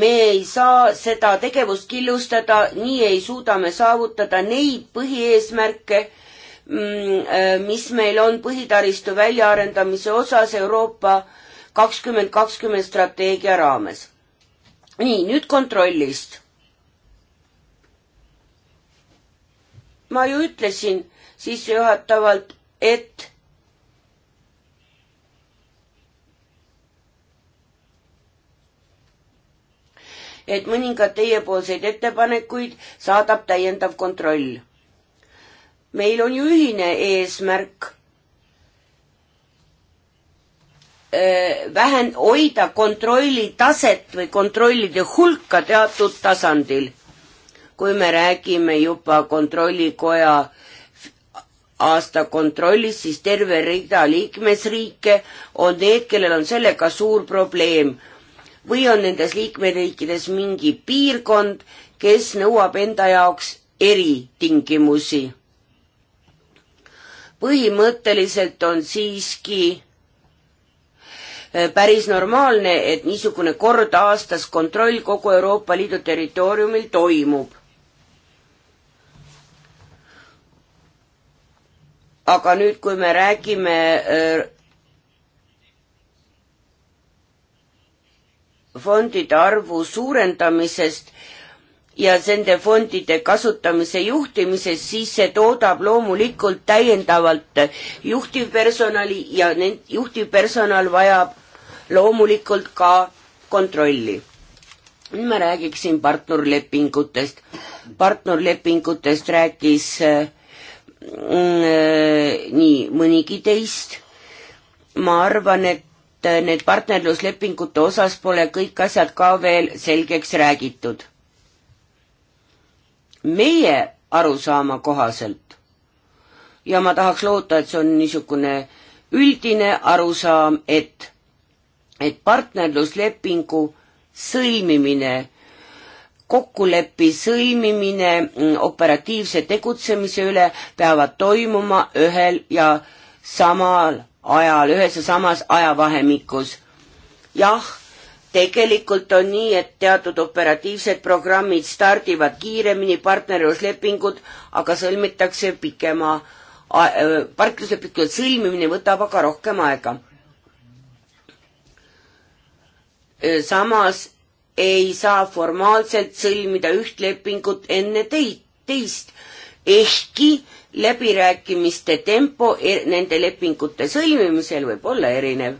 me ei saa seda tegevust killustada, nii ei suuda me saavutada neid põhieesmärke, Mm, äh, mis meil on põhitaristu väljaarendamise osas Euroopa kakskümmend kakskümmend strateegia raames. nii, nüüd kontrollist. ma ju ütlesin sissejuhatavalt, et et mõningad teiepoolseid ettepanekuid saadab täiendav kontroll meil on ju ühine eesmärk vähen-, hoida kontrolli taset või kontrollide hulka teatud tasandil. kui me räägime juba kontrollikoja aastakontrollist, siis terve rida liikmesriike on need, kellel on sellega suur probleem või on nendes liikmeriikides mingi piirkond, kes nõuab enda jaoks eritingimusi põhimõtteliselt on siiski äh, päris normaalne, et niisugune kord aastas kontroll kogu Euroopa Liidu territooriumil toimub. aga nüüd, kui me räägime äh, fondide arvu suurendamisest, ja nende fondide kasutamise juhtimises, siis see toodab loomulikult täiendavalt juhtivpersonali ja need, juhtivpersonal vajab loomulikult ka kontrolli. nüüd ma räägiksin partnerlepingutest. partnerlepingutest rääkis äh, nii mõnigi teist. ma arvan, et need partnerluslepingute osas pole kõik asjad ka veel selgeks räägitud meie arusaama kohaselt. ja ma tahaks loota, et see on niisugune üldine arusaam, et, et partnerluslepingu sõlmimine, kokkuleppi sõlmimine mm, operatiivse tegutsemise üle peavad toimuma ühel ja samal ajal, ühes ja samas ajavahemikus. jah tegelikult on nii, et teatud operatiivsed programmid stardivad kiiremini, partnerluslepingud aga sõlmitakse pikema, partnerluslepingute sõlmimine võtab aga rohkem aega. samas ei saa formaalselt sõlmida üht lepingut enne teid, teist, ehkki läbirääkimiste tempo e-, nende lepingute sõlmimisel võib olla erinev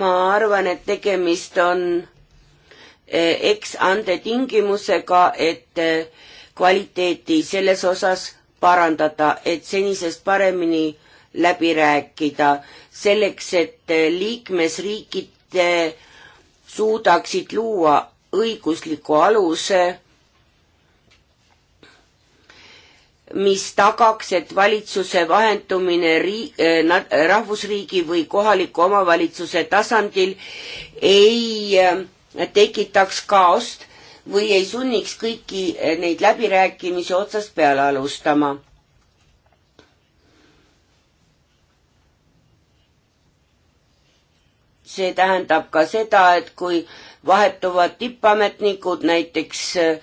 ma arvan, et tegemist on ex-ande eh, tingimusega, et eh, kvaliteeti selles osas parandada, et senisest paremini läbi rääkida, selleks et eh, liikmesriigid suudaksid luua õigusliku aluse mis tagaks, et valitsuse vahendumine rii-, eh, rahvusriigi või kohaliku omavalitsuse tasandil ei eh, tekitaks kaost või ei sunniks kõiki eh, neid läbirääkimisi otsast peale alustama. see tähendab ka seda, et kui vahetuvad tippametnikud näiteks äh,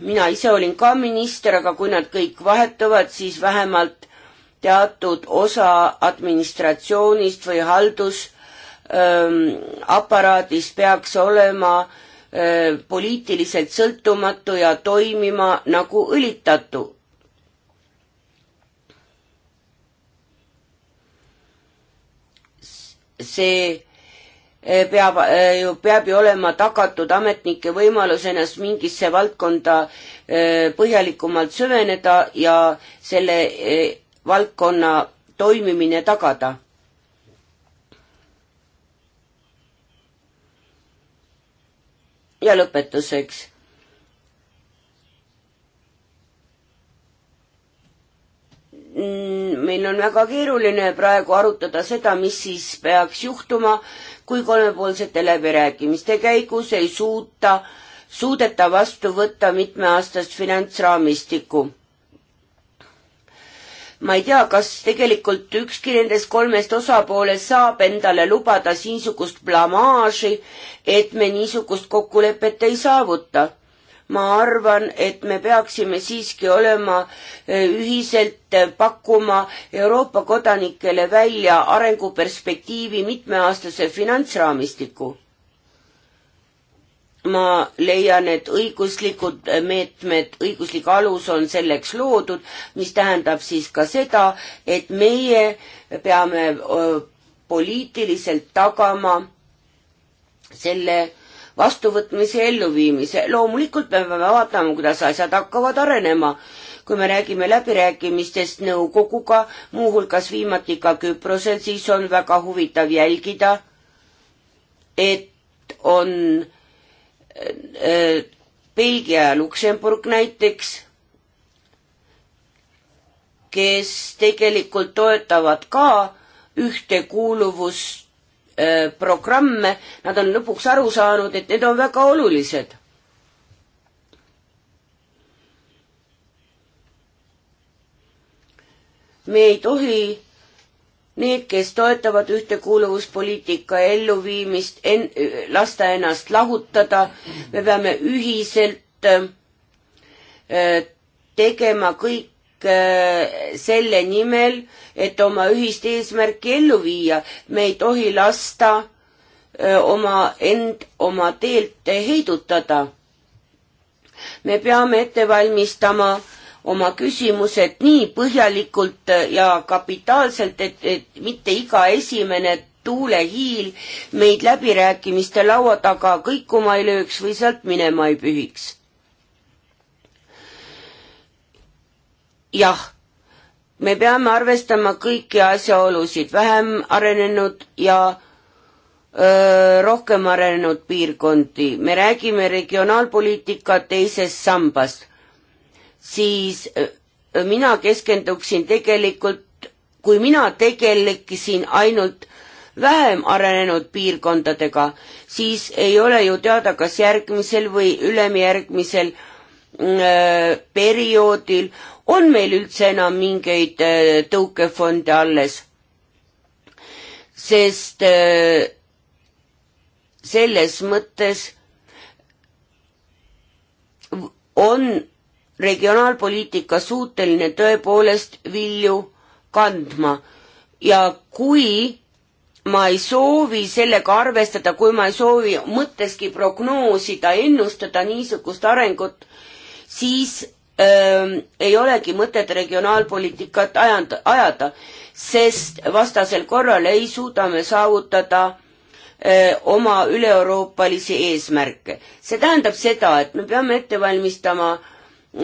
mina ise olin ka minister, aga kui nad kõik vahetuvad, siis vähemalt teatud osa administratsioonist või haldusaparaadist ähm, peaks olema öö, äh, poliitiliselt sõltumatu ja toimima nagu õlitatu see Eh, peab, eh, peab ju olema tagatud ametnike võimalus ennast mingisse valdkonda eh, põhjalikumalt süveneda ja selle valdkonna toimimine tagada. ja lõpetuseks Mm, meil on väga keeruline praegu arutada seda, mis siis peaks juhtuma, kui kolmepoolsete läbirääkimiste käigus ei suuta, suudeta vastu võtta mitmeaastast finantsraamistikku. ma ei tea, kas tegelikult ükski nendest kolmest osapoolest saab endale lubada niisugust blamaaži, et me niisugust kokkulepet ei saavuta ma arvan, et me peaksime siiski olema e, ühiselt e, pakkuma Euroopa kodanikele välja arenguperspektiivi mitmeaastase finantsraamistiku. ma leian, et õiguslikud e, meetmed, õiguslik alus on selleks loodud, mis tähendab siis ka seda, et meie peame poliitiliselt tagama selle vastuvõtmise elluviimise. loomulikult me peame vaatama, kuidas asjad hakkavad arenema. kui me räägime läbirääkimistest nõukoguga, muuhulgas viimati ka Küprosel, siis on väga huvitav jälgida, et on äh, äh, Belgia ja Luksemburg näiteks, kes tegelikult toetavad ka ühtekuuluvust Äh, programme, nad on lõpuks aru saanud, et need on väga olulised. me ei tohi need, kes toetavad ühtekuuluvuspoliitika elluviimist en,, lasta ennast lahutada, me peame ühiselt öö, äh, tegema kõik Äh, selle nimel, et oma ühist eesmärki ellu viia. me ei tohi lasta äh, oma end oma teelt heidutada. me peame ette valmistama oma küsimused nii põhjalikult ja kapitaalselt, et, et mitte iga esimene tuulehiil meid läbirääkimiste laua taga kõikuma ei lööks või sealt minema ei pühiks jah, me peame arvestama kõiki asjaolusid, vähem arenenud ja öö, rohkem arenenud piirkondi, me räägime regionaalpoliitika teisest sambast, siis öö, mina keskenduksin tegelikult, kui mina tegeleksin ainult vähem arenenud piirkondadega, siis ei ole ju teada, kas järgmisel või ülemjärgmisel öö, perioodil öö, on meil üldse enam mingeid äh, tõukefonde alles, sest äh, selles mõttes on regionaalpoliitika suuteline tõepoolest vilju kandma ja kui ma ei soovi sellega arvestada, kui ma ei soovi mõtteski prognoosida, ennustada niisugust arengut, siis ei olegi mõtet regionaalpoliitikat ajanda, ajada, sest vastasel korral ei suuda me saavutada öö, oma üleeuroopalisi eesmärke. see tähendab seda, et me peame ette valmistama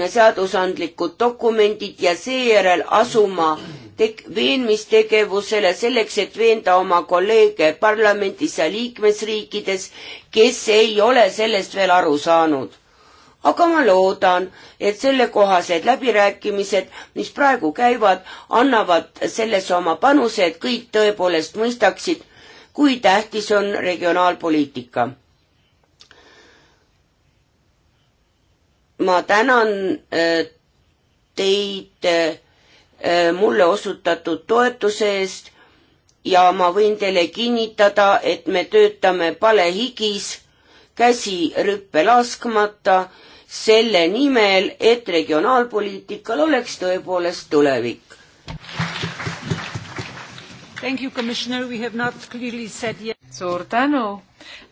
seadusandlikud dokumendid ja seejärel asuma tek-, veenmistegevusele selleks, et veenda oma kolleege parlamendis ja liikmesriikides, kes ei ole sellest veel aru saanud aga ma loodan, et sellekohased läbirääkimised, mis praegu käivad, annavad sellesse oma panuse, et kõik tõepoolest mõistaksid, kui tähtis on regionaalpoliitika. ma tänan äh, teid äh, mulle osutatud toetuse eest ja ma võin teile kinnitada, et me töötame palehigis, käsi rüppe laskmata selle nimel, et regionaalpoliitikal oleks tõepoolest tulevik. suur tänu.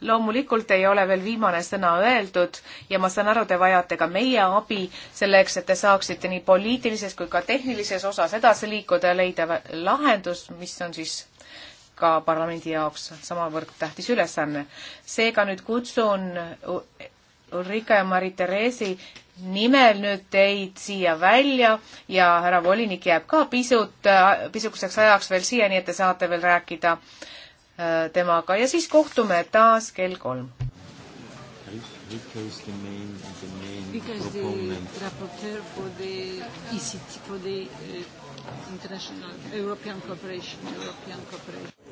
loomulikult ei ole veel viimane sõna öeldud ja ma saan aru, te vajate ka meie abi selleks, et te saaksite nii poliitilises kui ka tehnilises osas edasi liikuda ja leida lahendus, mis on siis ka parlamendi jaoks samavõrd tähtis ülesanne. seega nüüd kutsun Ulrika ja Mari-Theresi nimel nüüd teid siia välja ja härra volinik jääb ka pisut, äh, pisukeseks ajaks veel siia, nii et te saate veel rääkida äh, temaga ja siis kohtume taas kell kolm. Rika is the main, the main Rika is proponent. the rapporteur for the ECT, for the uh, international European cooperation, European cooperation.